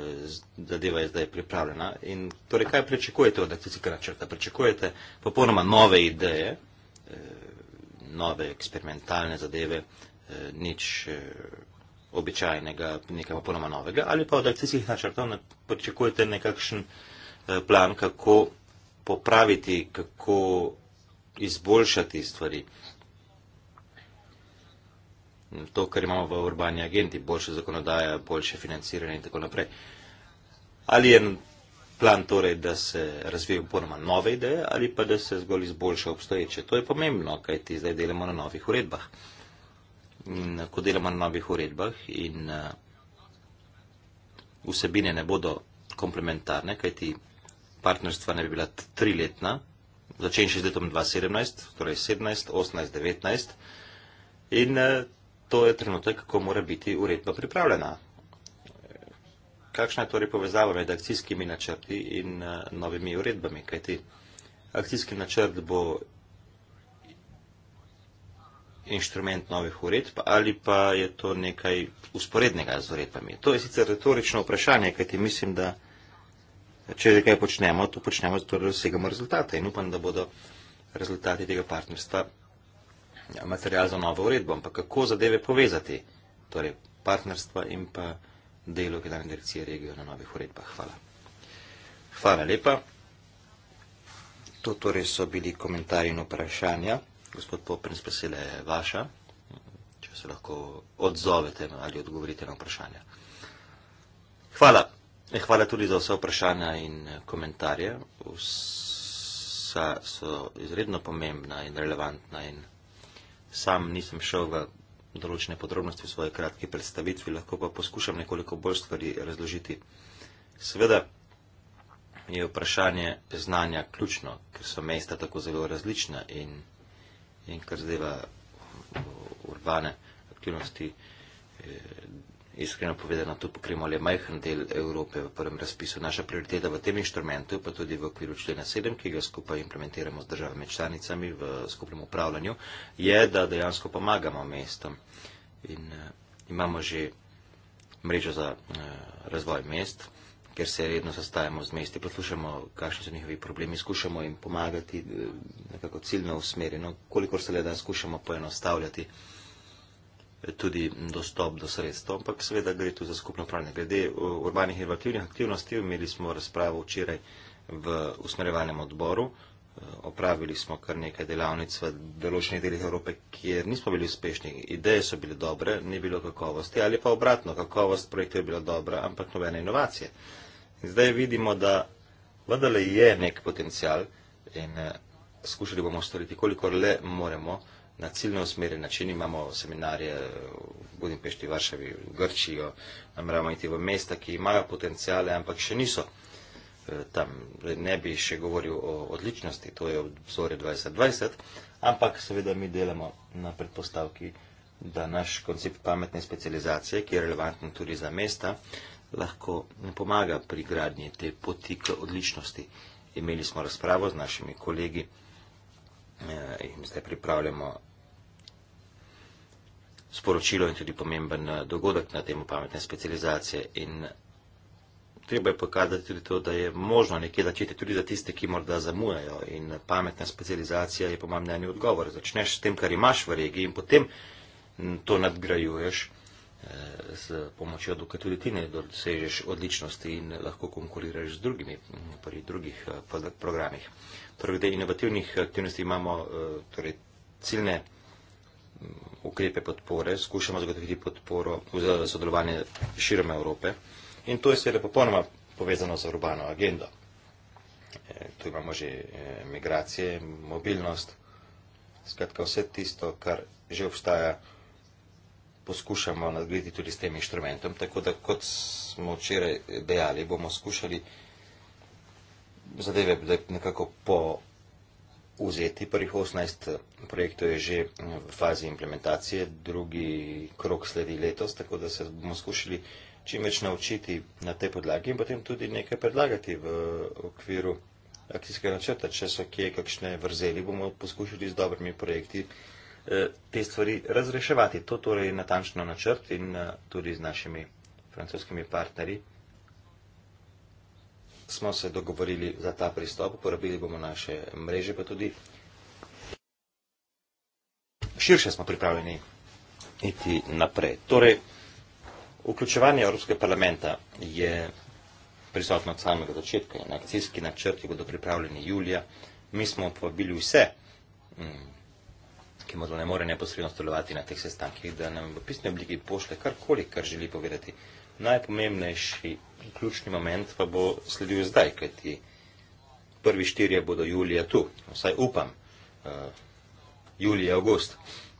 zadeva je zdaj pripravljena. In torej, kaj pričakujete od akcijskega načrta? Pričakujete popolnoma nove ideje, eh, nove eksperimentalne zadeve, nič običajnega, nekaj popolnoma novega, ali pa od akcijskih načrtov ne pričakujete nekakšen eh, plan, kako popraviti, kako izboljšati stvari. To, kar imamo v urbani agenti, boljša zakonodaja, boljše financiranje in tako naprej. Ali je plan torej, da se razvije uporoma nove ideje ali pa da se zgolj izboljša obstoječe. To je pomembno, kaj ti zdaj delamo na novih uredbah in eh, ko delamo na novih uredbah in eh, vsebine ne bodo komplementarne, kajti partnerstva ne bi bila triletna, začenj še z letom 2017, torej 17, 18, 19 in eh, to je trenutek, ko mora biti uredba pripravljena. Kakšna je torej povezava med akcijskimi načrti in novimi uredbami, kajti akcijski načrt bo izgledan, inštrument novih uredb ali pa je to nekaj usporednega z uredbami. To je sicer retorično vprašanje, kajti mislim, da če že kaj počnemo, to počnemo, zato da dosegamo rezultate in upam, da bodo rezultati tega partnerstva ja, material za novo uredbo. Ampak kako zadeve povezati, torej partnerstva in pa delo generalne direkcije regijo na novih uredbah. Hvala. Hvala lepa. To torej so bili komentarji in vprašanja. Gospod Poprin, spasila je vaša, če se lahko odzovete ali odgovorite na vprašanja. Hvala. Hvala tudi za vse vprašanja in komentarje. Vsa so izredno pomembna in relevantna in sam nisem šel v določene podrobnosti v svoje kratke predstavitvi, lahko pa poskušam nekoliko bolj stvari razložiti. Seveda je vprašanje znanja ključno, ker so mesta tako zelo različna in različna in kar zadeva eh, urbane aktivnosti, eh, iskreno povedano, to pokrimo le majhen del Evrope v prvem razpisu. Naša prioriteta v tem inštrumentu, pa tudi v okviru člena 7, ki ga skupaj implementiramo z državami članicami v skupnem upravljanju, je, da dejansko pomagamo mestom. In eh, imamo že mrežo za razvoj mest ker se redno sestajamo z mesti, poslušamo, kakšni so njihovi problemi, skušamo jim pomagati eh, nekako ciljno usmerjeno, kolikor se le da skušamo poenostavljati eh, tudi dostop do sredstva. Ampak seveda gre tu za skupno pravne. Glede eh, urbanih in vativnih aktivnosti imeli smo razpravo včeraj v usmerjevanem odboru. Opravili smo kar nekaj delavnic v določenih delih Evrope, kjer nismo bili uspešni. Ideje so bile dobre, ni bilo kakovosti ali pa obratno, kakovost projektov je bila dobra, ampak nobene inovacije. In zdaj vidimo, da vendarle je nek potencial in eh, skušali bomo storiti, kolikor le moremo, na ciljno usmerjen način. Imamo seminarje eh, v Budimpešti, Varšavi, v Grčijo, nameravamo iti v mesta, ki imajo potencijale, ampak še niso. Eh, tam ne bi še govoril o odličnosti, to je obzorje 2020, ampak seveda mi delamo na predpostavki, da naš koncept pametne specializacije, ki je relevanten tudi za mesta, lahko pomaga pri gradnji te poti k odličnosti. Imeli smo razpravo z našimi kolegi eh, in zdaj pripravljamo sporočilo in tudi pomemben eh, dogodek na temu pametne specializacije. In treba je pokazati tudi to, da je možno nekje začeti tudi za tiste, ki morda zamujajo. In pametna specializacija je po mojem mnenju odgovor. Začneš s tem, kar imaš v regiji in potem mm, to nadgrajuješ s pomočjo, dokaj tudi ti ne dosežeš odličnosti in lahko konkuriraš z drugimi pri drugih eh, programih. Torej, glede inovativnih aktivnosti imamo eh, torej, ciljne mm, ukrepe podpore, skušamo zagotoviti podporo za sodelovanje širom Evrope in to je seveda popolnoma povezano z urbano agendo. Eh, tu imamo že migracije, mobilnost, skratka vse tisto, kar že obstaja poskušamo nadgraditi tudi s tem inštrumentom. Tako da, kot smo včeraj dejali, bomo skušali zadeve nekako po vzeti. Prvih 18 eh, projektov je že mm, v fazi implementacije, drugi krok sledi letos, tako da se bomo skušali čim več naučiti na tej podlagi in potem tudi nekaj predlagati v okviru akcijskega načrta. Če so kje kakšne vrzeli, bomo poskušali z dobrimi projekti Eh, te stvari razreševati. To torej je natančno načrt in eh, tudi z našimi francoskimi partnerji smo se dogovorili za ta pristop, uporabili bomo naše mreže, pa tudi širše smo pripravljeni iti naprej. Torej, vključevanje Evropske parlamenta je prisotno od samega začetka. Na akcijski načrti bodo pripravljeni julija. Mi smo povabili vse mm, ki mu ne more neposredno stolovati na teh sestankih, da nam v pisni obliki pošle karkoli, kar želi povedati. Najpomembnejši ključni moment pa bo sledil zdaj, kajti prvi štirje bodo julija tu, vsaj upam, uh, eh, julija, august,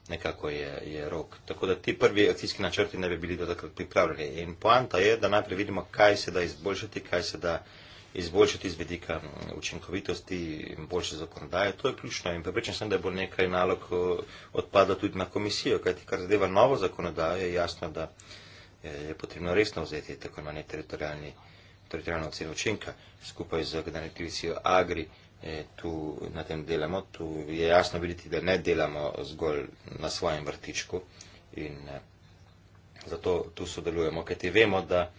nekako je, je rok. Tako da ti prvi akcijski načrti ne bi bili do takrat pripravljeni. In poanta je, da najprej vidimo, kaj se da izboljšati, kaj se da uh, izboljšati z vidika učinkovitosti in boljše zakonodaje. To je ključno in prepričan sem, da bo nekaj nalog odpadlo tudi na komisijo, kajti kar zadeva novo zakonodajo, je jasno, da je potrebno resno vzeti tako imenovani teritorijalni teritorijalno oceno učinka skupaj z generalno komisijo Agri. E, tu na tem delamo, tu je jasno videti, da ne delamo zgolj na svojem vrtičku in e, zato tu sodelujemo, kajti vemo, da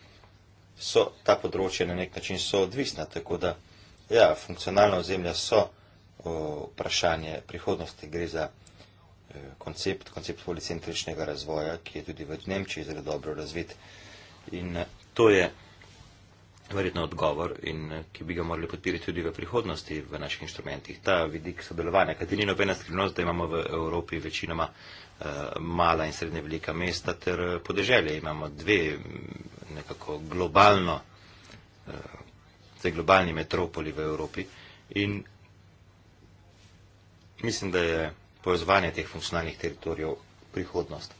so ta področja na nek način soodvisna. Tako da, ja, funkcionalna ozemlja so vprašanje prihodnosti. Gre za e, koncept, koncept policentričnega razvoja, ki je tudi v Nemčiji zelo dobro razvit. In e, to je verjetno odgovor in eh, ki bi ga morali podpirati tudi v prihodnosti v naših inštrumentih. Ta vidik sodelovanja, kajti ni nobena skrivnost, da imamo v Evropi večinoma eh, mala in srednje velika mesta ter eh, podeželje. Imamo dve mm, nekako globalno, dve globalni metropoli v Evropi in mislim, da je povezovanje teh funkcionalnih teritorijev prihodnost.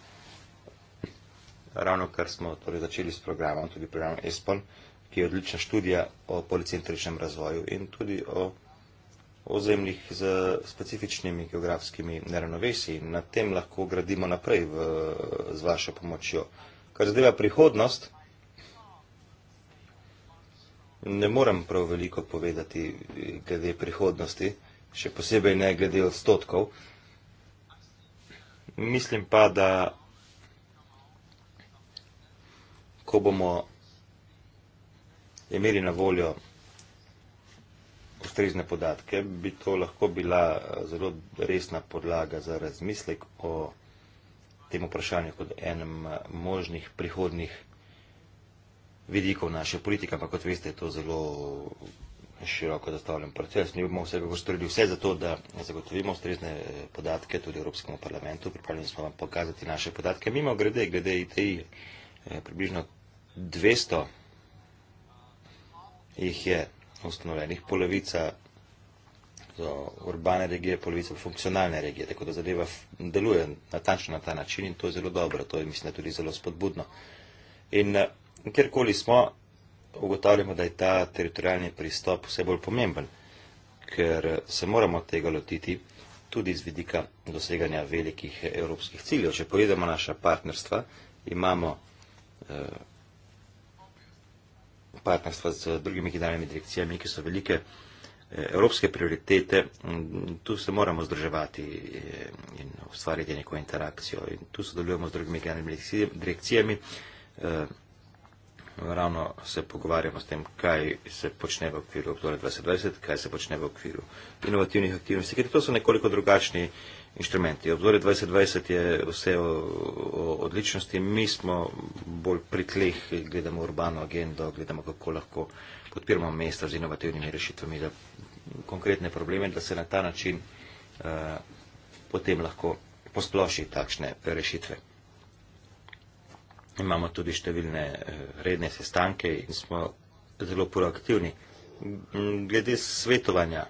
Ravno kar smo torej začeli s programom, tudi program ESPOL, ki je odlična študija o policentričnem razvoju in tudi o ozemljih z specifičnimi geografskimi neravnovesji. Na tem lahko gradimo naprej v, z vašo pomočjo. Kar zadeva prihodnost, ne morem prav veliko povedati glede prihodnosti, še posebej ne glede odstotkov. Mislim pa, da ko bomo imeli na voljo ustrezne podatke, bi to lahko bila eh, zelo resna podlaga za razmislek o tem vprašanju kot enem eh, možnih prihodnih vidikov naše politike, ampak kot veste, je to zelo široko zastavljen proces. Mi bomo vse kako storili vse za to, da zagotovimo ustrezne eh, podatke tudi Evropskemu parlamentu. Pripravljeni smo vam pokazati naše podatke. Mimo grede, glede ITI, približno 200 podatke, jih je ustanovenih polovica za urbane regije, polovica funkcionalne regije, tako da zadeva deluje natančno na ta način in to je zelo dobro, to je mislim tudi zelo spodbudno. In eh, kjerkoli smo, ugotavljamo, da je ta teritorijalni pristop vse bolj pomemben, ker eh, se moramo tega lotiti tudi z vidika doseganja velikih evropskih ciljev. Če pogledamo naša partnerstva, imamo eh, partnerstva z drugimi generalnimi direkcijami, ki so velike eh, evropske prioritete, tu se moramo združevati eh, in ustvariti neko interakcijo. In tu sodelujemo z drugimi generalnimi direkcijami. Eh, ravno se pogovarjamo s tem, kaj se počne v okviru oktober 2020, kaj se počne v okviru inovativnih aktivnosti, ker to so nekoliko drugačni eh, inštrumenti. Obzorje 2020 je vse o, o odličnosti, mi smo bolj pri tleh, gledamo urbano agendo, gledamo, kako lahko podpiramo mesta z inovativnimi rešitvami za konkretne probleme, da se na ta način uh, potem lahko posploši takšne rešitve. Imamo tudi številne eh, redne sestanke in smo zelo proaktivni. Glede svetovanja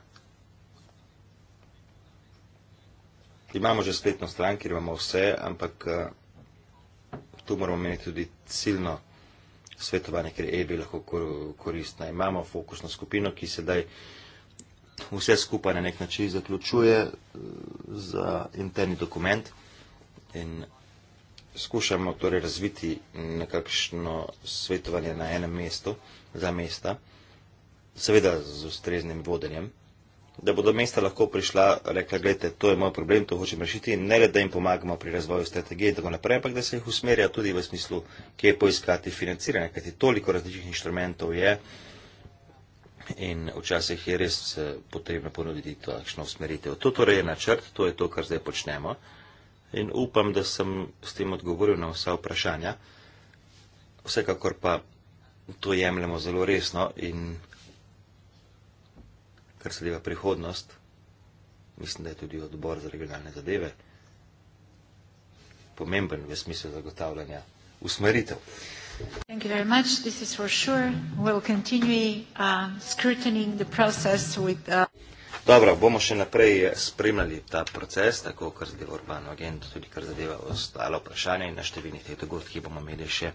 Imamo že spletno stran, kjer imamo vse, ampak eh, tu moramo imeti tudi ciljno svetovanje, ker je bi lahko koristna. Imamo fokusno skupino, ki sedaj vse skupaj na nek način zaključuje eh, za interni dokument in skušamo torej razviti nekakšno svetovanje na enem mestu, za mesta, seveda z ustreznim vodenjem da bodo mesta lahko prišla in rekla, gledajte, to je moj problem, to hočem rešiti, ne le da jim pomagamo pri razvoju strategije in tako naprej, ampak da se jih usmerja tudi v smislu, kje poiskati financiranje, kajti toliko različnih inštrumentov je in včasih je res eh, potrebno ponuditi takšno usmeritev. To torej je načrt, to je to, kar zdaj počnemo in upam, da sem s tem odgovoril na vsa vprašanja. Vsekakor pa to jemljemo zelo resno in kar se deva prihodnost, mislim, da je tudi odbor za regionalne zadeve pomemben v smislu zagotavljanja usmeritev. Thank you very much. This is for sure. We'll continue uh, um, scrutinizing the process with. Uh... Dobro, bomo še naprej spremljali ta proces, tako kar zadeva urbano agendo, tudi kar zadeva ostalo vprašanje in na številnih teh dogodkih bomo imeli še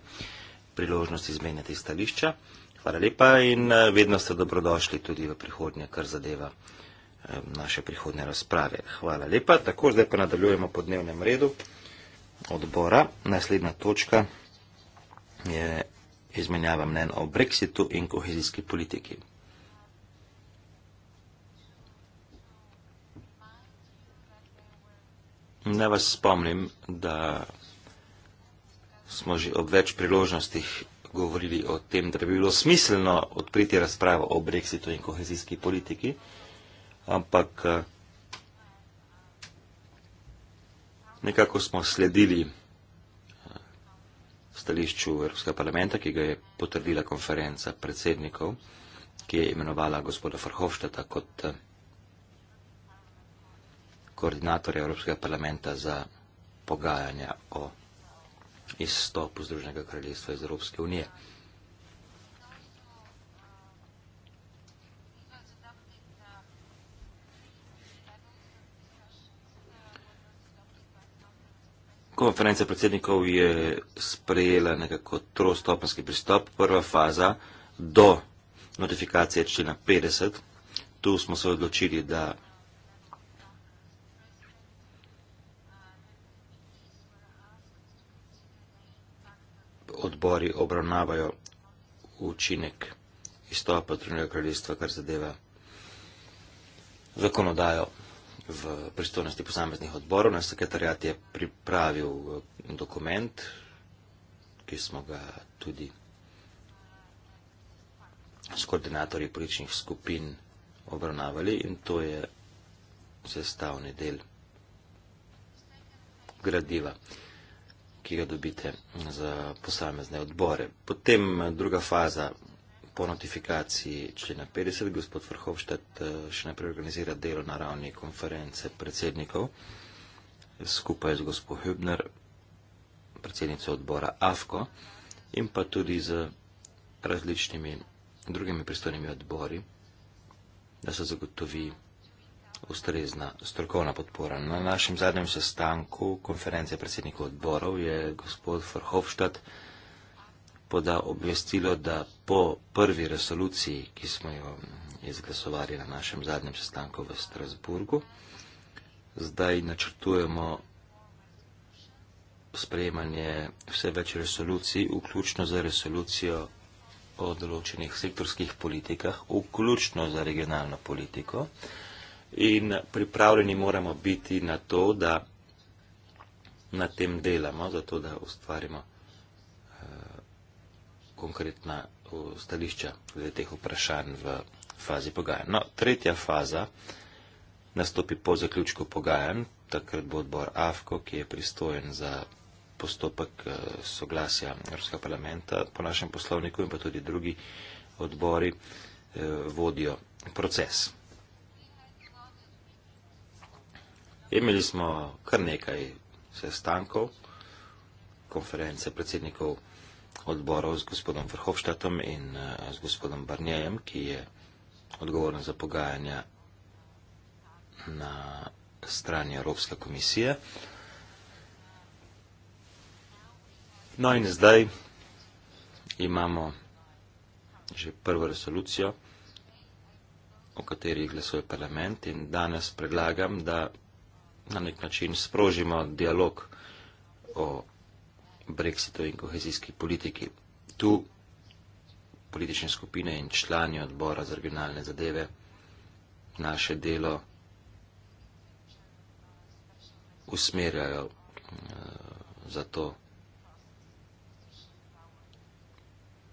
priložnost izmenjati stališča. Hvala lepa in eh, vedno ste dobrodošli tudi v prihodnje, kar zadeva eh, naše prihodne razprave. Hvala lepa. Tako, zdaj pa nadaljujemo po dnevnem redu odbora. Naslednja točka je izmenjava mnen o Brexitu in kohezijski politiki. Ne vas spomnim, da smo že ob več priložnostih govorili o tem, da bi bilo smiselno odpriti razpravo o brexitu in kohezijski politiki, ampak eh, nekako smo sledili eh, stališču Evropskega parlamenta, ki ga je potrdila konferenca predsednikov, ki je imenovala gospoda Farhofštata kot eh, koordinatorja Evropskega parlamenta za pogajanja o izstop Združenega kraljestva iz Evropske unije. Konferenca predsednikov je sprejela nekako trostopenski pristop. Prva faza do notifikacije člena 50. Tu smo se odločili, da odbori obravnavajo učinek izstopa patronega kraljestva, kar zadeva zakonodajo v pristojnosti posameznih odborov. Na sekretarjat je pripravil eh, dokument, ki smo ga tudi s koordinatorji političnih skupin obravnavali in to je sestavni del gradiva ki jo dobite za posamezne odbore. Potem eh, druga faza po notifikaciji člena 50, gospod Vrhovštet eh, še naprej organizira delo na ravni konference predsednikov skupaj z gospod Hübner, predsednico odbora AFKO in pa tudi z različnimi drugimi pristojnimi odbori, da se zagotovi ustrezna strokovna podpora. Na našem zadnjem sestanku konference predsednikov odborov je gospod Forhofstadt podal obvestilo, da po prvi resoluciji, ki smo jo izglasovali na našem zadnjem sestanku v Strasburgu, zdaj načrtujemo sprejemanje vse več resolucij, vključno za resolucijo o določenih sektorskih politikah, vključno za regionalno politiko. In pripravljeni moramo biti na to, da na tem delamo, zato da ustvarimo eh, konkretna stališča glede teh vprašanj v fazi pogajanj. No, tretja faza nastopi po zaključku pogajanj, takrat bo odbor AFKO, ki je pristojen za postopek eh, soglasja Evropskega parlamenta po našem poslovniku in pa tudi drugi odbori eh, vodijo proces. Imeli smo kar nekaj sestankov, konference predsednikov odborov z gospodom Vrhovštatom in eh, z gospodom Barnjejem, ki je odgovoren za pogajanja na strani Evropske komisije. No in zdaj imamo že prvo resolucijo, o kateri glasuje parlament in danes predlagam, da na nek način sprožimo dialog o brexitu in kohezijski politiki. Tu politične skupine in člani odbora za regionalne zadeve naše delo usmerjajo uh, za to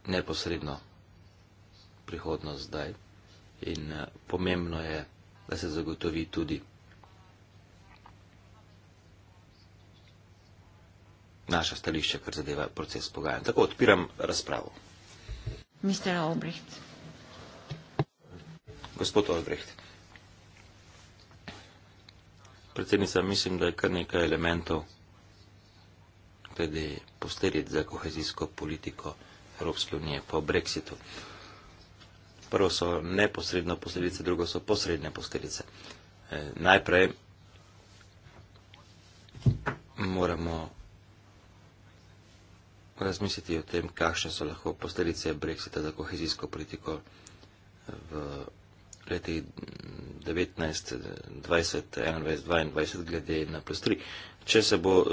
neposredno prihodnost zdaj in uh, pomembno je, da se zagotovi tudi naša stališča, kar zadeva proces pogajanja. Tako odpiram razpravo. Mr. Albrecht. Gospod Albrecht. Predsednica, mislim, da je kar nekaj elementov glede posteljic za kohezijsko politiko Evropske unije po Brexitu. Prvo so neposredno posledice, drugo so posredne posledice. E, najprej moramo razmisliti o tem, kakšne so lahko posledice Brexita za kohezijsko politiko v leti 19, 20, 21, 22, glede na plus 3. Če se bo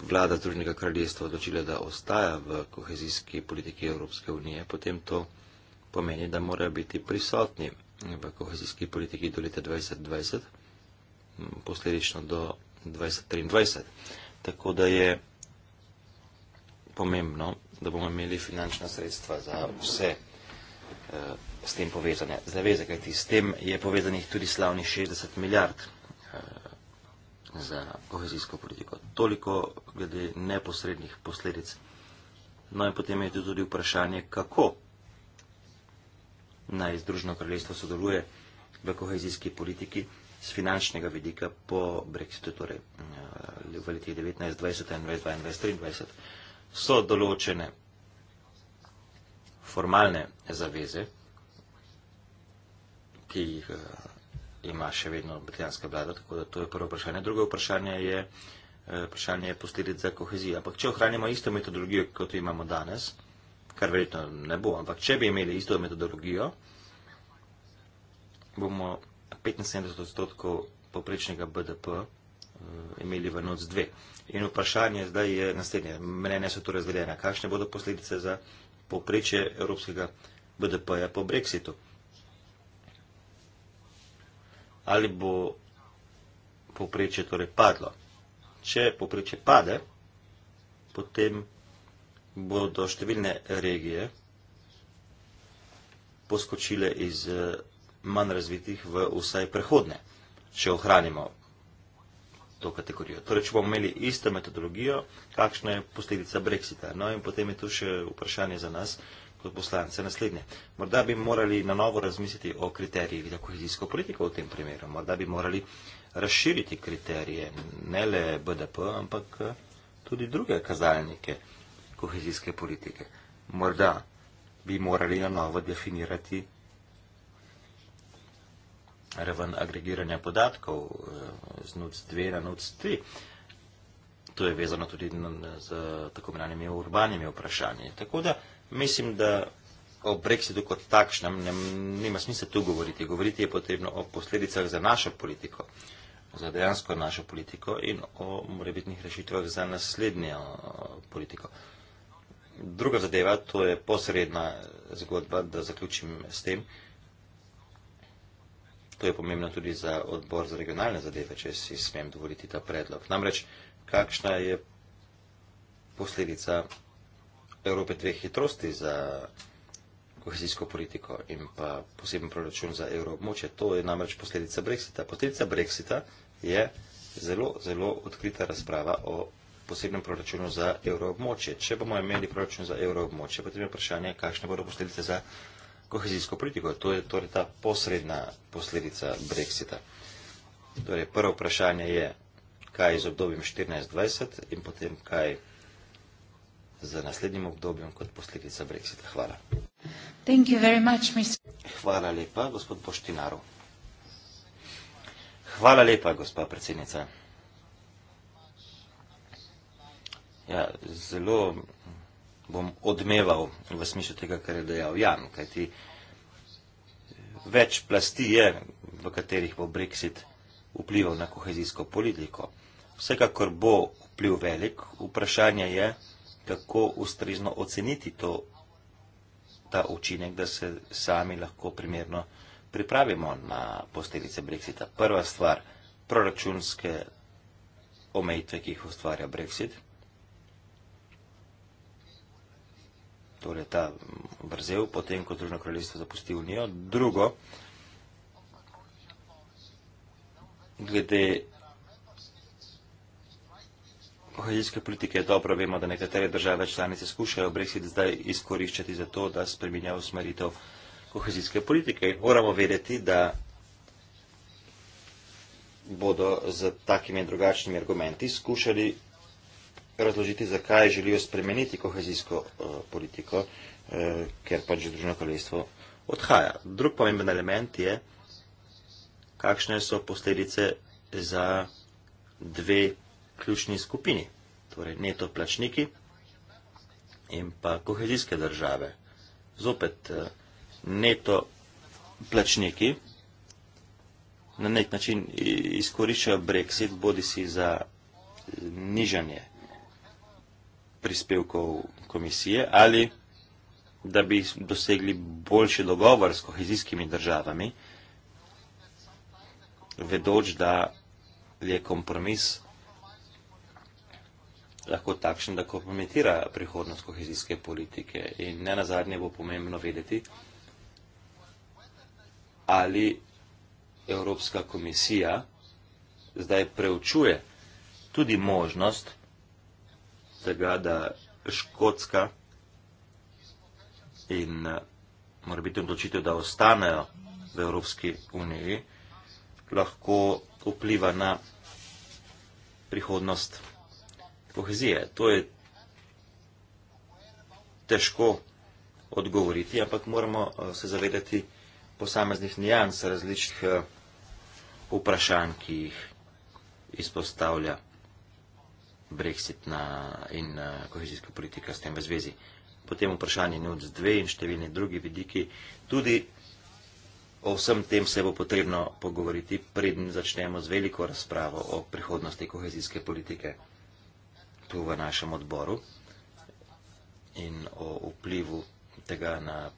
vlada Združenega kraljestva odločila, da ostaja v kohezijski politiki Evropske unije, potem to pomeni, da morajo biti prisotni v kohezijski politiki do leta 2020, posledično do 2023. Tako da je pomembno, da bomo imeli finančna sredstva za vse eh, s tem povezane zaveze, kajti s tem je povezanih tudi slavni 60 milijard eh, za kohezijsko politiko. Toliko glede neposrednih posledic. No in potem je tudi vprašanje, kako naj Združeno kraljestvo sodeluje v kohezijski politiki z finančnega vidika po brexitu, torej eh, v letih 19, 20, 21, 22, 23 so določene formalne zaveze, ki jih eh, ima še vedno britanska vlada, tako da to je prvo vprašanje. Drugo vprašanje je, eh, vprašanje je posledic za kohezijo. Ampak če ohranimo isto metodologijo, kot jo imamo danes, kar verjetno ne bo, ampak če bi imeli isto metodologijo, bomo 75 odstotkov poprečnega BDP Eh, imeli v noc dve. In vprašanje zdaj je naslednje. Mnenja so tu razdeljena. Kakšne bodo posledice za poprečje evropskega BDP-ja po Brexitu? Ali bo poprečje torej padlo? Če poprečje pade, potem bodo številne regije poskočile iz eh, manj razvitih v vsaj prehodne, če ohranimo to kategorijo. Torej, če bomo imeli isto metodologijo, kakšna je posledica brexita. No in potem je tu še vprašanje za nas kot poslance naslednje. Morda bi morali na novo razmisliti o kriterijih za kohezijsko politiko v tem primeru. Morda bi morali razširiti kriterije, ne le BDP, ampak tudi druge kazalnike kohezijske politike. Morda bi morali na novo definirati raven agregiranja podatkov eh, z NUC2 na NUC3. To je vezano tudi z tako imenovanimi urbanimi vprašanji. Tako da mislim, da o Brexitu kot takšnem nima smisla tu govoriti. Govoriti je potrebno o posledicah za našo politiko, za dejansko našo politiko in o morebitnih rešitvah za naslednjo eh, politiko. Druga zadeva, to je posredna zgodba, da zaključim s tem, To je pomembno tudi za odbor za regionalne zadeve, če si smem dovoliti ta predlog. Namreč, kakšna je posledica Evrope dveh hitrosti za kohezijsko politiko in pa poseben proračun za evroobmočje? To je namreč posledica Brexita. Posledica Brexita je zelo, zelo odkrita razprava o posebnem proračunu za evroobmočje. Če bomo imeli proračun za evroobmočje, potem je vprašanje, kakšne bodo posledice za evroobmočje kohezijsko politiko. To je torej ta posredna posledica brexita. Torej, prvo vprašanje je, kaj z obdobjem 14-20 in potem kaj za naslednjim obdobjem kot posledica brexita. Hvala. Thank you very much, Hvala lepa, gospod Poštinaru. Hvala lepa, gospa predsednica. Ja, zelo bom odmeval v smislu tega, kar je dejal Jan. Kajti več plasti je, v katerih bo Brexit vplival na kohezijsko politiko. Vsekakor bo vpliv velik, vprašanje je, kako ustrezno oceniti to, ta učinek, da se sami lahko primerno pripravimo na posledice Brexita. Prva stvar, proračunske omejitve, ki jih ustvarja Brexit. torej ta vrzel, potem ko Združeno kraljestvo zapusti Unijo. Drugo, glede kohezijske politike, dobro vemo, da nekatere države članice skušajo Brexit zdaj izkoriščati za to, da spreminja usmeritev kohezijske politike. Moramo vedeti, da bodo z takimi drugačnimi argumenti skušali razložiti, zakaj želijo spremeniti kohezijsko uh, politiko, uh, ker pač družino kraljestvo odhaja. Drug pomemben element je, kakšne so posledice za dve ključni skupini, torej neto plačniki in pa kohezijske države. Zopet eh, neto plačniki na nek način izkoriščajo brexit, bodi si za nižanje prispevkov komisije ali da bi dosegli boljši dogovor s kohezijskimi državami, vedoč, da je kompromis lahko takšen, da kompromitira prihodnost kohezijske politike. In ne nazadnje bo pomembno vedeti, ali Evropska komisija zdaj preučuje tudi možnost, tega, da Škotska in eh, mora biti odločitev, da ostanejo v Evropski uniji, lahko vpliva na prihodnost kohezije. To je težko odgovoriti, ampak moramo eh, se zavedati posameznih nijans različnih eh, vprašanj, ki jih izpostavlja brexit na, in uh, kohezijska politika s tem v zvezi. Potem vprašanje NUC2 in številni drugi vidiki. Tudi o vsem tem se bo potrebno pogovoriti, predn začnemo z veliko razpravo o prihodnosti kohezijske politike tu v našem odboru in o vplivu tega na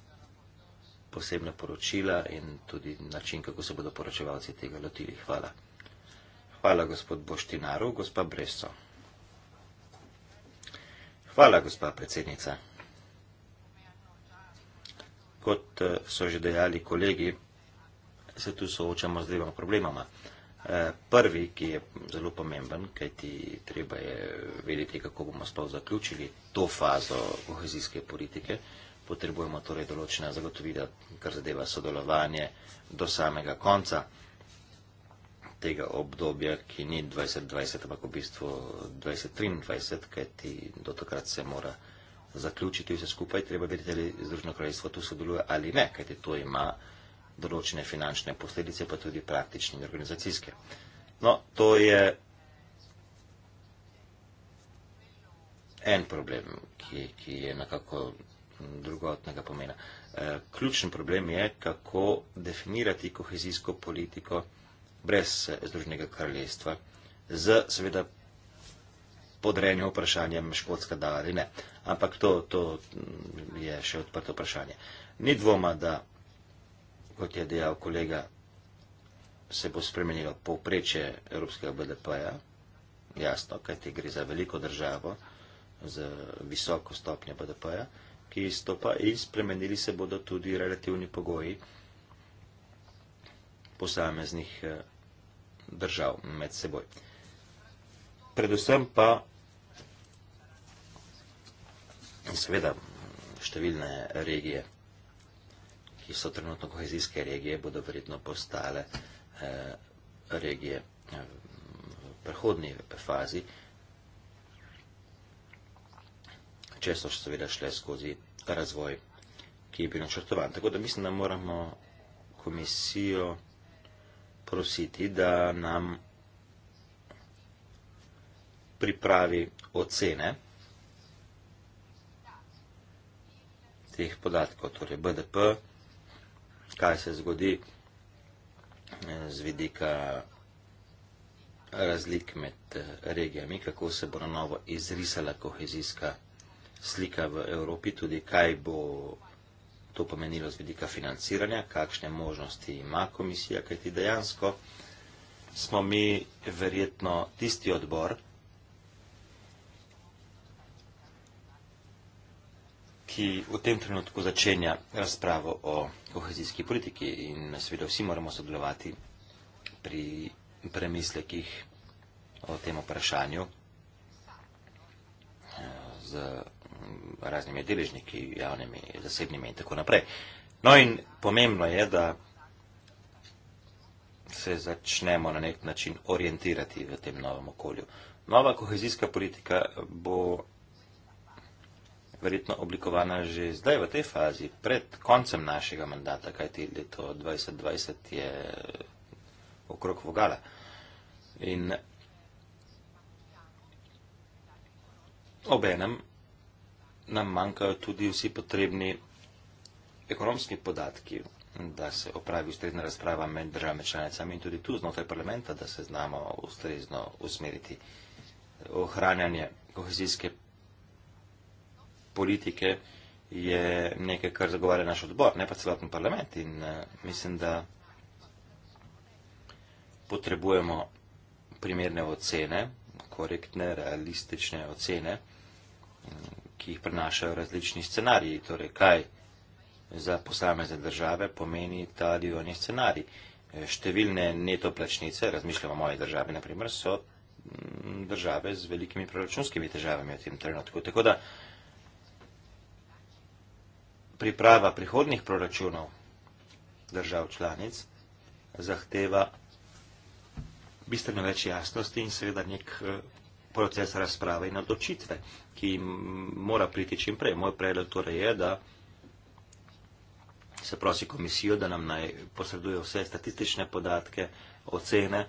posebna poročila in tudi način, kako se bodo poročevalci tega lotili. Hvala. Hvala, gospod Boštinaru, gospa Bresco. Hvala, gospa predsednica. Kot eh, so že dejali kolegi, se tu soočamo z dvema problemama. Eh, prvi, ki je zelo pomemben, kaj ti treba je vedeti, kako bomo sploh zaključili to fazo kohezijske politike, potrebujemo torej določena zagotovila, kar zadeva sodelovanje do samega konca tega obdobja, ki ni 2020, ampak v bistvu 2023, kajti do takrat se mora zaključiti vse skupaj, treba videti, ali Združeno kraljestvo tu sodeluje ali ne, kajti to ima določene finančne posledice, pa tudi praktične in organizacijske. No, to je en problem, ki, ki je nekako drugotnega pomena. E, ključen problem je, kako definirati kohezijsko politiko brez eh, Združenega kraljestva, z seveda podrejenim vprašanjem Škotska da ali ne. Ampak to, to mm, je še odprto vprašanje. Ni dvoma, da, kot je dejal kolega, se bo spremenilo povprečje evropskega BDP-ja, jasno, kajti gre za veliko državo z visoko stopnjo BDP-ja, ki izstopa in spremenili se bodo tudi relativni pogoji posameznih eh, držav med seboj. Predvsem pa in seveda številne regije, ki so trenutno kohezijske regije, bodo verjetno postale eh, regije eh, v prehodni fazi, če so seveda šle skozi razvoj, ki je bil načrtovan. Tako da mislim, da moramo komisijo prositi, da nam pripravi ocene teh podatkov, torej BDP, kaj se zgodi eh, z vidika razlik med eh, regijami, kako se bo na novo izrisala kohezijska slika v Evropi, tudi kaj bo vsega, to pomenilo z vidika financiranja, kakšne možnosti ima komisija, kajti dejansko smo mi verjetno tisti odbor, ki v tem trenutku začenja razpravo o kohezijski politiki in seveda vsi moramo sodelovati pri premislekih o tem vprašanju eh, z raznimi deležniki, javnimi, zasebnimi in tako naprej. No in pomembno je, da se začnemo na nek način orientirati v tem novem okolju. Nova kohezijska politika bo verjetno oblikovana že zdaj v tej fazi, pred koncem našega mandata, kajti leto 2020 je okrog vogala. In obenem nam manjkajo tudi vsi potrebni ekonomski podatki, da se opravi ustrezna razprava med državami članicami in tudi tu znotraj parlamenta, da se znamo ustrezno usmeriti ohranjanje kohezijske politike je nekaj, kar zagovarja naš odbor, ne pa celoten parlament. In eh, mislim, da potrebujemo primerne ocene, korektne, realistične ocene, ki jih prinašajo različni scenariji. Torej, kaj za posamezne države pomeni ta divjani scenarij. E, številne neto plačnice, razmišljamo o moje države, naprimer, so države z velikimi proračunskimi težavami v tem trenutku. Tako da priprava prihodnih proračunov držav članic zahteva bistveno več jasnosti in seveda nek e, proces razprave in odločitve, ki mora priti čim prej. Moj predlog torej je, da se prosi komisijo, da nam naj posreduje vse statistične podatke, ocene,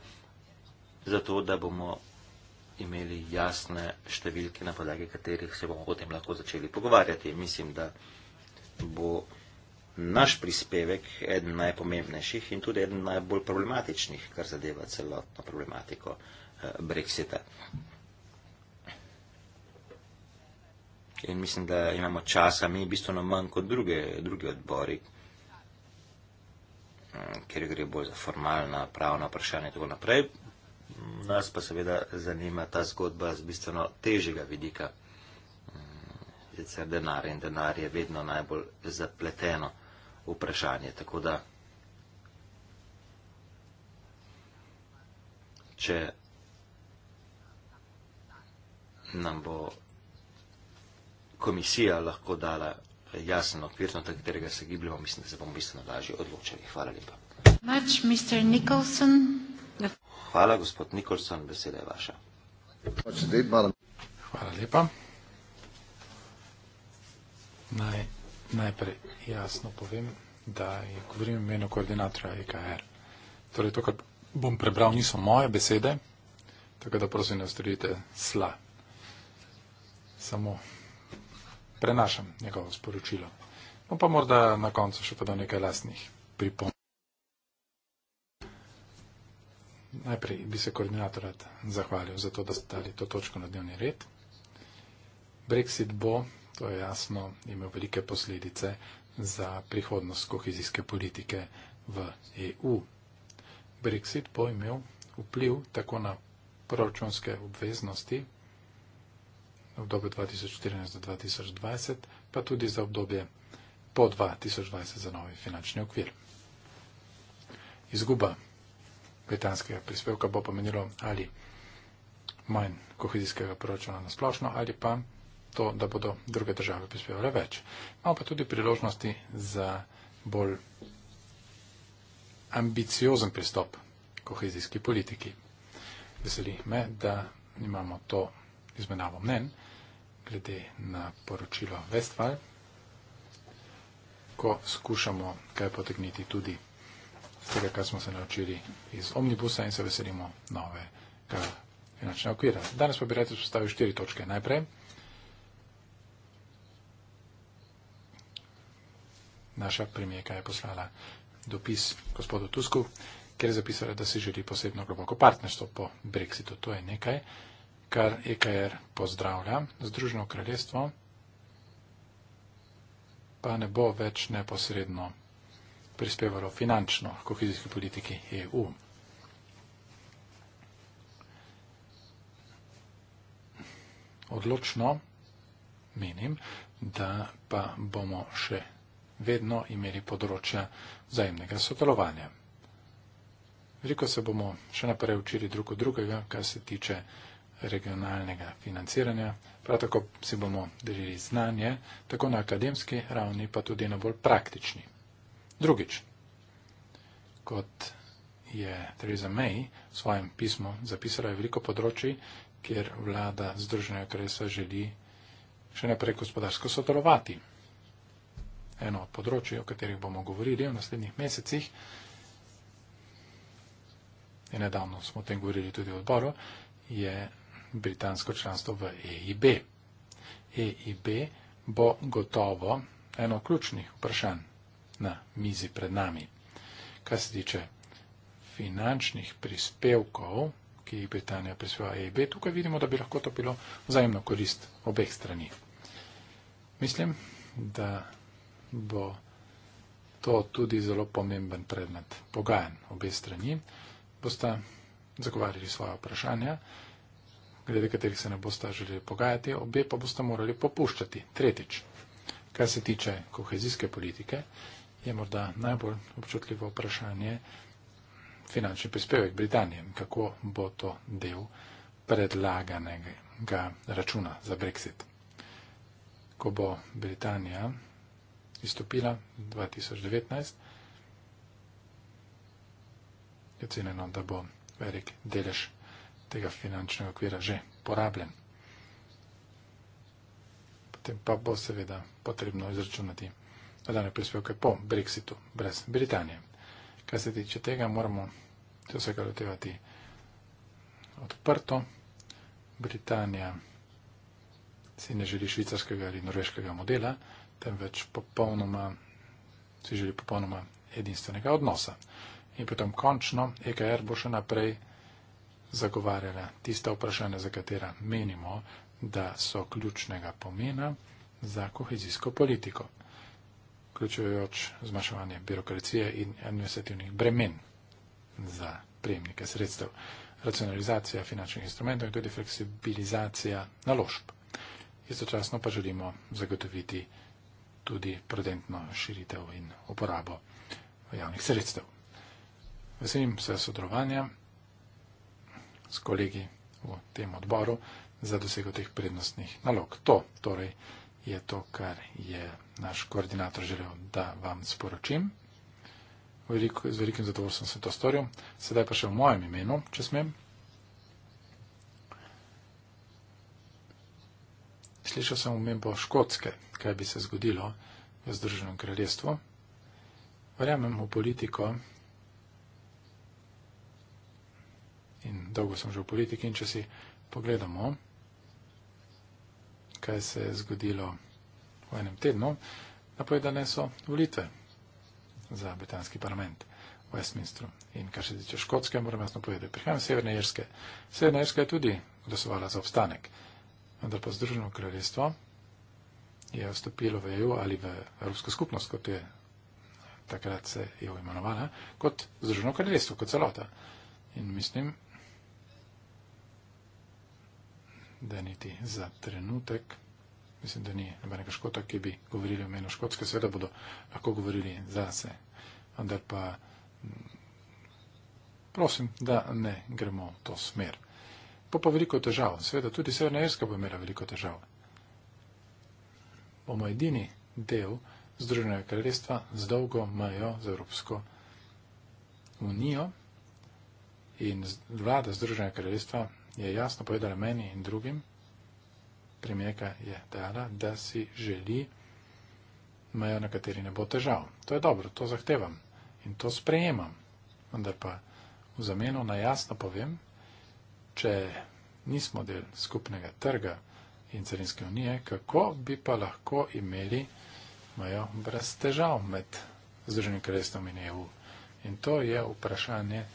zato da bomo imeli jasne številke, na podlagi katerih se bomo potem lahko začeli pogovarjati. Mislim, da bo naš prispevek eden najpomembnejših in tudi eden najbolj problematičnih, kar zadeva celotno problematiko eh, Brexita. in mislim, da imamo časa mi bistveno manj kot druge, druge odbori, mm, ker gre bolj za formalna pravna vprašanja in tako naprej. Nas pa seveda zanima ta zgodba z bistveno težjega vidika, mm, sicer denar in denar je vedno najbolj zapleteno vprašanje. Tako da, če nam bo komisija lahko dala jasen okvir, na katerega se gibljamo, mislim, da se bomo bistveno lažje odločili. Hvala lepa. Much, Mr. Nicholson. Hvala, gospod Nikolson, beseda je vaša. Hvala lepa. Naj, najprej jasno povem, da je govorim imeno koordinatora IKR. E torej, to, kar bom prebral, niso moje besede, tako da prosim, ne ustrojite sla. Samo prenašam njegovo sporočilo. No pa morda na koncu še pa do nekaj lastnih pripomb. Najprej bi se koordinator rad zahvalil za to, da ste dali to točko na dnevni red. Brexit bo, to je jasno, imel velike posledice za prihodnost kohezijske politike v EU. Brexit bo imel vpliv tako na proračunske obveznosti obdobju 2014 do 2020, pa tudi za obdobje po 2020 za novi finančni okvir. Izguba britanskega prispevka bo pomenilo ali manj kohezijskega proračuna na splošno, ali pa to, da bodo druge države prispevale več. Imamo pa tudi priložnosti za bolj ambiciozen pristop kohezijski politiki. Veseli me, da imamo to izmenavo mnen glede na poročilo Vestval, ko skušamo kaj potegniti tudi z tega, kar smo se naučili iz omnibusa in se veselimo nove finančne okvira. Danes pa bi rad izpostavil štiri točke. Najprej, naša premijeka je poslala dopis gospodu Tusku, ker je zapisala, da si želi posebno globoko partnerstvo po brexitu. To je nekaj, kar EKR pozdravlja, Združeno kraljestvo pa ne bo več neposredno prispevalo finančno kohezijski politiki EU. Odločno menim, da pa bomo še vedno imeli področja vzajemnega sodelovanja. Veliko se bomo še naprej učili drug od drugega, kar se tiče regionalnega financiranja. Prav tako si bomo delili znanje, tako na akademski ravni, pa tudi na bolj praktični. Drugič, kot je Theresa May v svojem pismu zapisala, je veliko področji, kjer vlada Združenja kresa želi še naprej gospodarsko sodelovati. Eno od področji, o katerih bomo govorili v naslednjih mesecih, je nedavno smo o tem govorili tudi v odboru, je britansko članstvo v EIB. EIB bo gotovo eno ključnih vprašanj na mizi pred nami. Kar se tiče finančnih prispevkov, ki jih Britanija prispeva EIB, tukaj vidimo, da bi lahko to bilo vzajemno korist obeh strani. Mislim, da bo to tudi zelo pomemben predmet pogajanj obeh strani. Boste zagovarjali svoje vprašanje glede katerih se ne boste želeli pogajati, obe pa boste morali popuščati. Tretjič, kar se tiče kohezijske politike, je morda najbolj občutljivo vprašanje finančni prispevek Britanije, kako bo to del predlaganega računa za Brexit. Ko bo Britanija izstopila 2019, je ocenjeno, da bo velik delež tega finančnega okvira že porabljen. Potem pa bo seveda potrebno izračunati dodane prispevke po Brexitu brez Britanije. Kaj se tiče tega, moramo to vsega lotevati odprto. Britanija si ne želi švicarskega ali norveškega modela, temveč popolnoma, si želi popolnoma edinstvenega odnosa. In potem končno EKR bo še naprej zagovarjala tista vprašanja, za katera menimo, da so ključnega pomena za kohezijsko politiko, vključujoč zmaševanje birokracije in administrativnih bremen za prejemnike sredstev, racionalizacija finančnih instrumentov in tudi fleksibilizacija naložb. Istočasno pa želimo zagotoviti tudi prudentno širitev in uporabo javnih sredstev. Veselim se sodelovanja s kolegi v tem odboru za dosego teh prednostnih nalog. To torej je to, kar je naš koordinator želel, da vam sporočim. Veliko, z velikim zadovoljstvom sem to storil. Sedaj pa še v mojem imenu, če smem. Slišal sem omembo Škotske, kaj bi se zgodilo v Združenem kraljestvu. Verjamem v politiko, in dolgo sem že v politiki in če si pogledamo, kaj se je zgodilo v enem tednu, napovedane so volitve za britanski parlament v Westminsteru. In kar se tiče škotske, moram jasno povedati, prihajam iz Severne Irske. Severna Irska je tudi glasovala za obstanek, vendar pa Združeno kraljestvo je vstopilo v EU ali v Evropsko skupnost, kot je takrat se je imenovala, kot Združeno kraljestvo, kot celota. In mislim, da niti za trenutek, mislim, da ni nobenega škota, ki bi govorili o imenu škotske, seveda bodo lahko govorili zase, vendar pa mm, prosim, da ne gremo v to smer. Pa pa veliko težav, seveda tudi Severna Irska bo imela veliko težav. Bomo edini del Združenega kraljestva z dolgo mejo z Evropsko unijo in vlada Združenega kraljestva je jasno povedala meni in drugim, premijeka je dala, da si želi mejo, na kateri ne bo težav. To je dobro, to zahtevam in to sprejemam. Vendar pa v zameno na jasno povem, če nismo del skupnega trga in carinske unije, kako bi pa lahko imeli mejo brez težav med Združenim kraljestvom in EU. In to je vprašanje,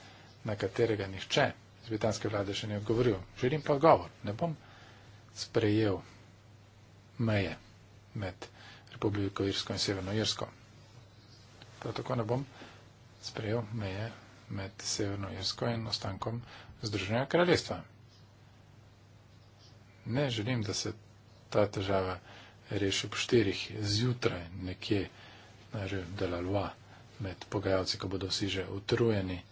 na katerega nihče iz britanske vlade še ni odgovoril. Želim pa odgovor. Ne bom sprejel meje med Republiko Irsko in Severno Irsko. Prav tako ne bom sprejel meje med Severno Irsko in ostankom Združenega kraljestva. Ne želim, da se ta težava reši ob štirih zjutraj nekje na Rue de la Loire med pogajalci, ko bodo vsi že utrujeni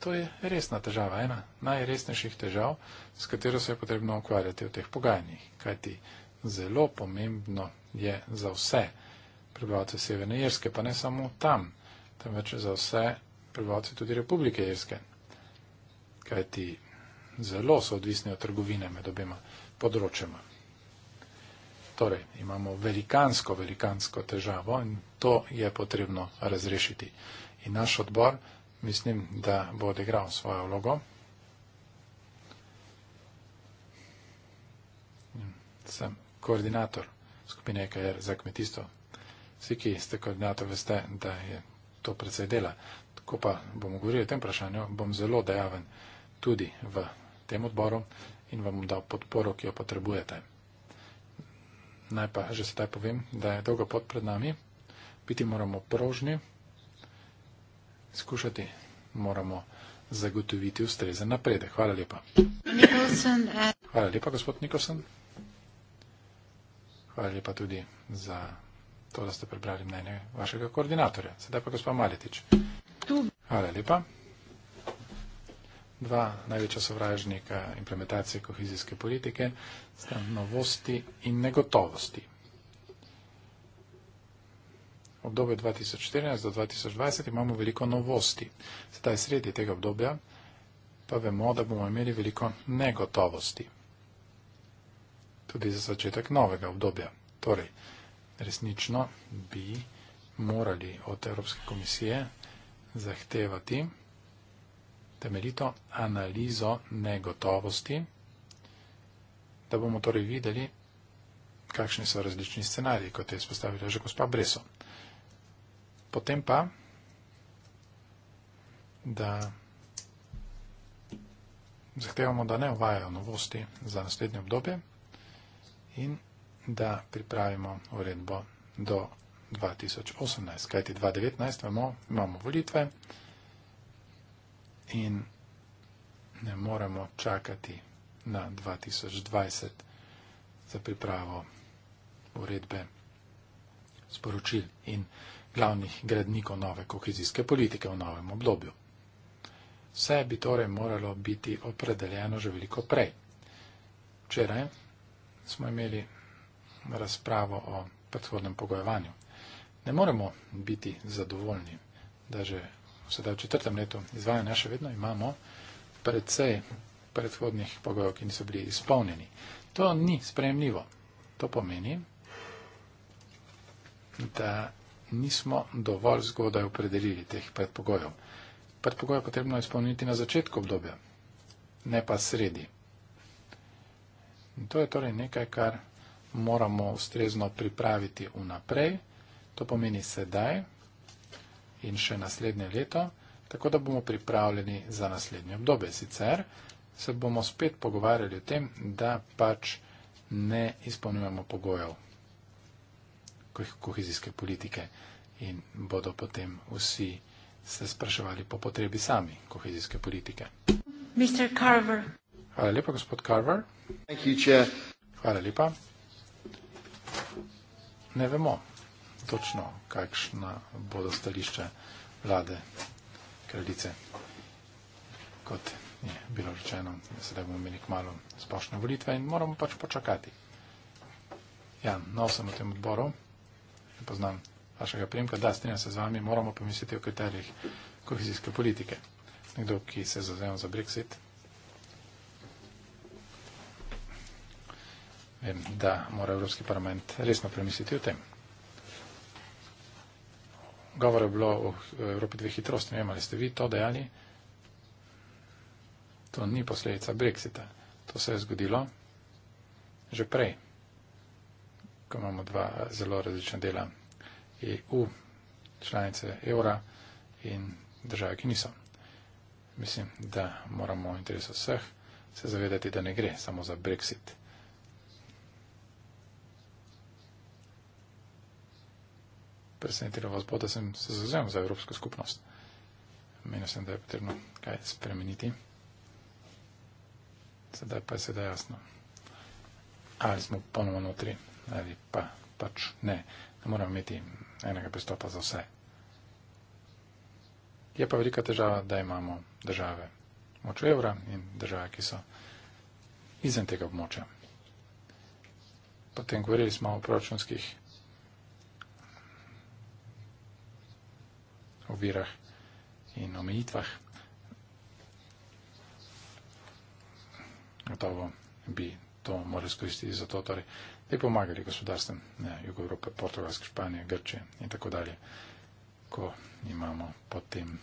to je resna težava, ena najresnejših težav, s katero se je potrebno ukvarjati v teh pogajanjih. Kajti zelo pomembno je za vse prebivalce Severne Irske, pa ne samo tam, temveč za vse prebivalce tudi Republike Irske. Kajti zelo so odvisni od trgovine med obema področjama. Torej, imamo velikansko, velikansko težavo in to je potrebno razrešiti. In naš odbor mislim, da bo odigral svojo vlogo. Sem koordinator skupine EKR za kmetijstvo. Vsi, ki ste koordinator, veste, da je to predvsej dela. Tako pa bomo govorili o tem vprašanju, bom zelo dejaven tudi v tem odboru in vam dal podporo, ki jo potrebujete. Naj pa že sedaj povem, da je dolga pot pred nami. Biti moramo prožni skušati, moramo zagotoviti ustrezen napredek. Hvala lepa. Nikolsen, eh. Hvala lepa, gospod Nikolsen. Hvala lepa tudi za to, da ste prebrali mnenje vašega koordinatorja. Sedaj pa gospod Maletič. Hvala lepa. Dva največja sovražnika implementacije kohezijske politike sta novosti in negotovosti obdobje 2014 do 2020 imamo veliko novosti. Sedaj sredi tega obdobja pa vemo, da bomo imeli veliko negotovosti. Tudi za začetek novega obdobja. Torej, resnično bi morali od Evropske komisije zahtevati temeljito analizo negotovosti, da bomo torej videli, kakšni so različni scenariji, kot je spostavila že gospa Breso potem pa, da zahtevamo, da ne uvajajo novosti za naslednje obdobje in da pripravimo uredbo do 2018. Kajti 2019 vemo, imamo volitve in ne moremo čakati na 2020 za pripravo uredbe sporočil in uh, glavnih gradnikov nove kohezijske politike v novem obdobju. Vse bi torej moralo biti opredeljeno že veliko prej. Včeraj smo imeli razpravo o predhodnem pogojevanju. Ne moremo biti zadovoljni, da že v sedaj v četrtem letu izvajanja še vedno imamo predvsej predhodnih pogojev, ki niso bili izpolnjeni. To ni sprejemljivo. To pomeni, da nismo dovolj zgodaj opredelili teh predpogojev. Predpogoje je potrebno izpolniti na začetku obdobja, ne pa sredi. In to je torej nekaj, kar moramo ustrezno pripraviti vnaprej, to pomeni sedaj in še naslednje leto, tako da bomo pripravljeni za naslednje obdobje. Sicer se bomo spet pogovarjali o tem, da pač ne izpolnjujemo pogojev kohezijske politike in bodo potem vsi se spraševali po potrebi sami kohezijske politike. Hvala lepa, gospod Carver. Hvala lepa. Ne vemo točno, kakšna bodo stališče vlade kraljice. Kot je bilo rečeno, sedaj bomo imeli kmalo splošne volitve in moramo pač počakati. Ja, nov sem v tem odboru ne poznam vašega primka, da strinjam se z vami, moramo pomisliti o kriterijih kohezijske politike. Nekdo, ki se zazema za Brexit, vem, da mora Evropski parlament resno premisliti o tem. Govor je bilo o Evropi dve hitrosti, ne vem, ali ste vi to dejali. To ni posledica Brexita. To se je zgodilo že prej ko imamo dva zelo različna dela EU, članice evra in države, ki niso. Mislim, da moramo v interesu vseh se zavedati, da ne gre samo za Brexit. Presenetilo vas bo, da sem se zauzel za Evropsko skupnost. Menil sem, da je potrebno kaj spremeniti. Sedaj pa je sedaj jasno. Ali smo ponovno notri? ali pa pač ne. Ne moramo imeti enega pristopa za vse. Je pa velika težava, da imamo države moč evra in države, ki so izven tega območja. Potem govorili smo o proračunskih ovirah in omejitvah. Gotovo bi to morali skoristiti za to. Torej, и помагали государствам на Юго-Европа, Португалска, Шпания, Гърчия и така далее. Ко имамо под тим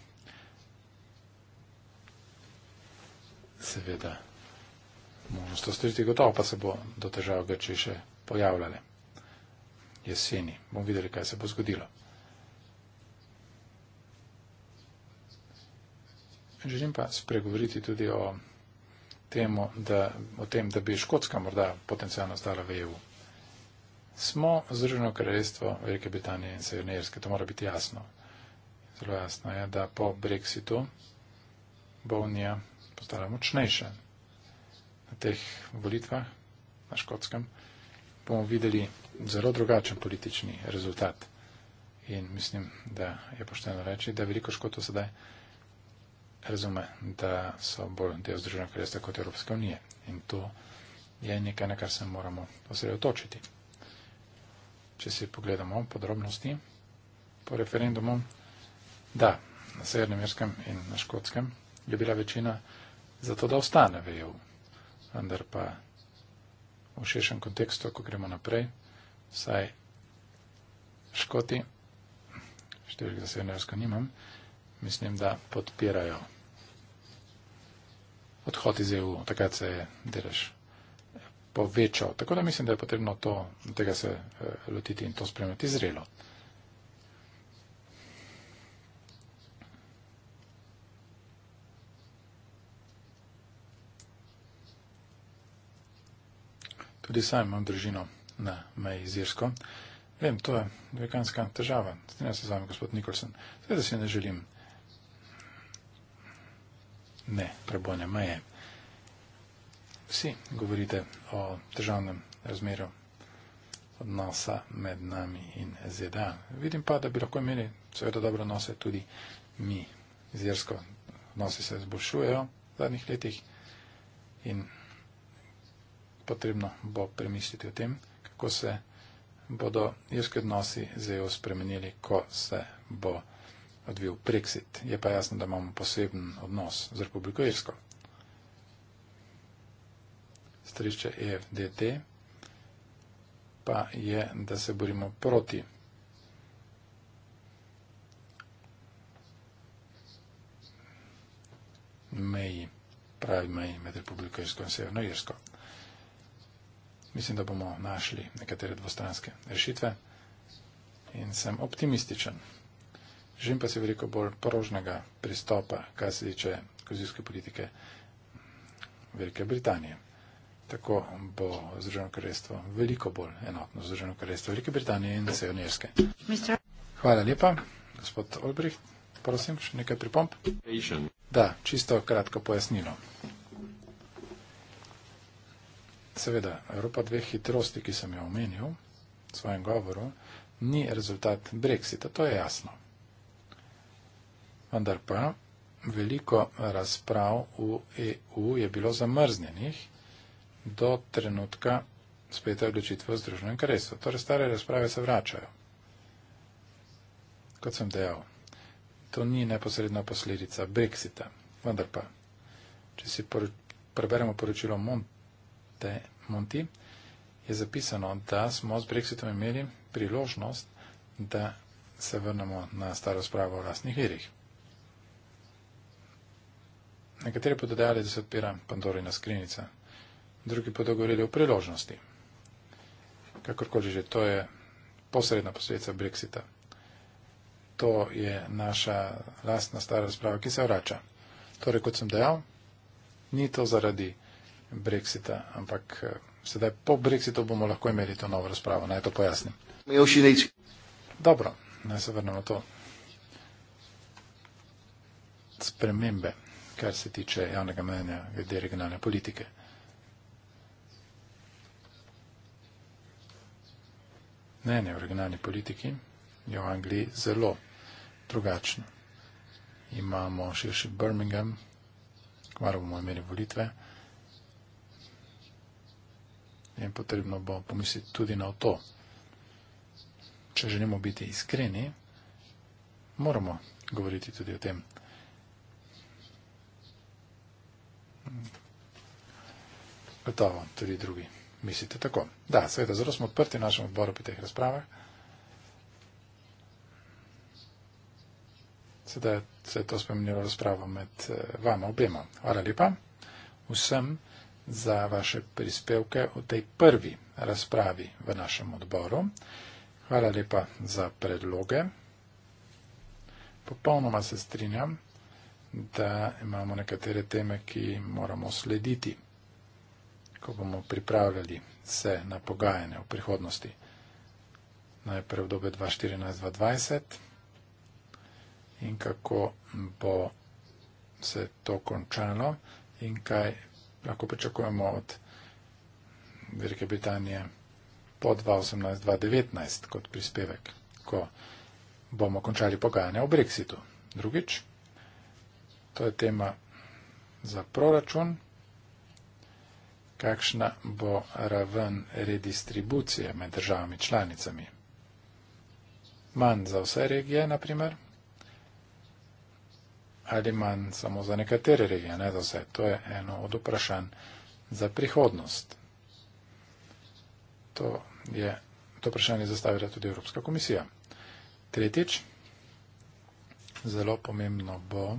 се веда можност да стоите готова, па се бо до тежава Гърчия ше появляли есени. Бо видели кај се бо сгодило. Želim pa spregovoriti tudi o tem, da, o tem, da bi Škotska morda potencialno stala v EU smo Združeno kraljestvo Velike Britanije in Severne Irske. To mora biti jasno. Zelo jasno je, da po Brexitu bo Unija postala močnejša. Na teh volitvah na Škotskem bomo videli zelo drugačen politični rezultat. In mislim, da je pošteno reči, da veliko Škotov sedaj razume, da so bolj del Združenega kraljestva kot Evropske unije. In to je nekaj, na kar se moramo osredotočiti če si pogledamo podrobnosti po referendumu, da na Severnem Irskem in na Škotskem je bila večina za to, da ostane v EU. Vendar pa v širšem kontekstu, ko gremo naprej, saj Škoti, številk za Severno Irsko nimam, mislim, da podpirajo odhod iz EU, takrat se je delež povečal. Tako da mislim, da je potrebno to, tega se eh, lotiti in to spremljati zrelo. Tudi sam imam družino na meji z Irsko. Vem, to je velikanska težava. Stina se z vami, gospod Nikolson. Sveda si ne želim ne prebojne meje vsi govorite o državnem razmerju odnosa med nami in ZDA. Vidim pa, da bi lahko imeli seveda dobro nose tudi mi z Jersko. Odnosi se zboljšujejo v zadnjih letih in potrebno bo premisliti o tem, kako se bodo jerski odnosi z EU spremenili, ko se bo odvil Brexit. Je pa jasno, da imamo poseben odnos z Republiko Irsko strešče EFDT, pa je, da se borimo proti. meji, pravi meji med Republiko Irsko in Severno Irsko. Mislim, da bomo našli nekatere dvostranske rešitve in sem optimističen. Želim pa se veliko bolj porožnega pristopa, kar se tiče kozijske politike Velike Britanije tako bo Združeno kraljestvo veliko bolj enotno, Združeno kraljestvo Velike Britanije in Sejonirske. Hvala lepa, gospod Olbricht. Prosim, še nekaj pripomp? Da, čisto kratko pojasnilo. Seveda, Evropa dveh hitrosti, ki sem jo omenil v svojem govoru, ni rezultat Brexita, to je jasno. Vendar pa veliko razprav v EU je bilo zamrznjenih do trenutka spete odločitve v združenem interesu. Torej, stare razprave se vračajo. Kot sem dejal, to ni neposredna posledica Brexita. Vendar pa, če si poru, preberemo poročilo Monte, Monti, je zapisano, da smo s Brexitom imeli priložnost, da se vrnemo na staro spravo o lastnih virih. Nekateri bodo dejali, da se odpira Pandorina skrinica drugi bodo govorili o priložnosti. Kakorkoli že, to je posredna posledica Brexita. To je naša lastna stara razprava, ki se vrača. Torej, kot sem dejal, ni to zaradi Brexita, ampak eh, sedaj po Brexitu bomo lahko imeli to novo razpravo. Naj to pojasnim. Dobro, naj se vrnemo to. Spremembe, kar se tiče javnega mnenja glede regionalne politike. mnenje o regionalni politiki, je v Angliji zelo drugačno. Imamo širši Birmingham, kmalo bomo imeli volitve in potrebno bo pomisliti tudi na to. Če želimo biti iskreni, moramo govoriti tudi o tem. Gotovo, tudi drugi mislite tako. Da, seveda, zelo smo odprti v našem odboru pri teh razpravah. Sedaj se je to spremenilo razpravo med eh, vama obema. Hvala lepa vsem za vaše prispevke v tej prvi razpravi v našem odboru. Hvala lepa za predloge. Popolnoma se strinjam, da imamo nekatere teme, ki moramo slediti ko bomo pripravljali se na pogajanje v prihodnosti. Najprej v dobe 2014-2020 in kako bo se to končalo in kaj lahko pričakujemo od Velike Britanije po 2018-2019 kot prispevek, ko bomo končali pogajanje o Brexitu. Drugič, to je tema za proračun kakšna bo raven redistribucije med državami članicami. Manj za vse regije, na primer, ali manj samo za nekatere regije, ne za vse. To je eno od vprašanj za prihodnost. To je to vprašanje zastavila tudi Evropska komisija. Tretjič, zelo pomembno bo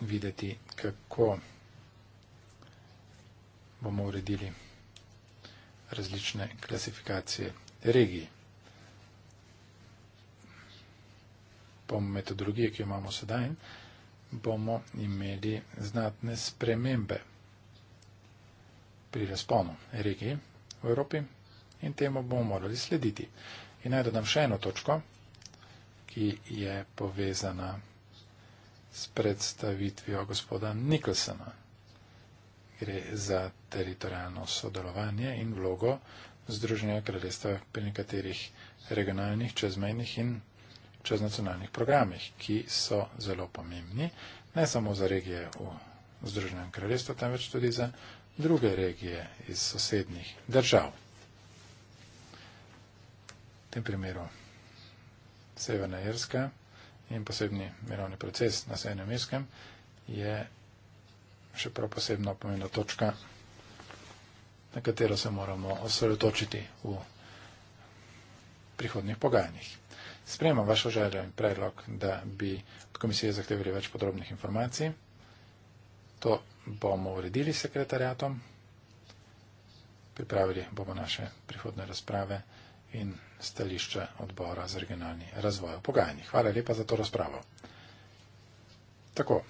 videti, kako bomo uredili različne klasifikacije regij. Po metodologiji, ki jo imamo sedaj, bomo imeli znatne spremembe pri razponu regij v Evropi in temu bomo morali slediti. In naj dodam še eno točko, ki je povezana s predstavitvijo gospoda Nikolsona. Gre za teritorijalno sodelovanje in vlogo Združenja kraljestva pri nekaterih regionalnih, čezmejnih in čeznacionalnih programih, ki so zelo pomembni, ne samo za regije v Združenem kraljestvu, temveč tudi za druge regije iz sosednjih držav. V tem primeru Severna Irska in posebni mirovni proces na Severnem Irskem je še prav posebno pomembna točka na katero se moramo osredotočiti v prihodnih pogajanjih. Sprejemam vašo željo in predlog, da bi od komisije zahtevali več podrobnih informacij. To bomo uredili s sekretarjatom, pripravili bomo naše prihodne razprave in stališče odbora za regionalni razvoj v pogajanjih. Hvala lepa za to razpravo. Tako.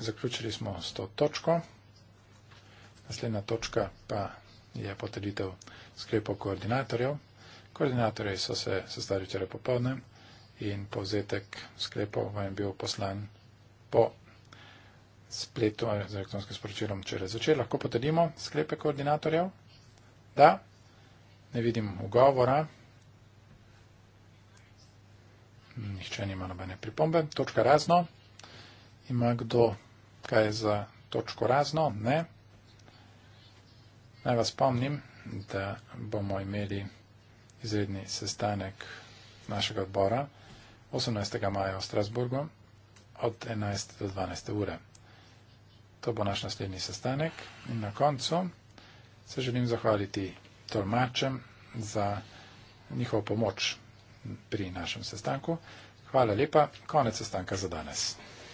zaključili smo s to točko. Naslednja točka pa je potreditev sklepov koordinatorjev. Koordinatorje so se sestavili včeraj popolne in povzetek sklepov vam je bil poslan po spletu z elektronskim sporočilom včeraj začel. Lahko potredimo sklepe koordinatorjev? Da. Ne vidim ugovora. Nihče nima nobene pripombe. Točka razno. Ima kdo kaj je za točko razno, ne. Naj vas spomnim, da bomo imeli izredni sestanek našega odbora 18. maja v Strasburgu od 11. do 12. ure. To bo naš naslednji sestanek in na koncu se želim zahvaliti tolmačem za njihovo pomoč pri našem sestanku. Hvala lepa, konec sestanka za danes.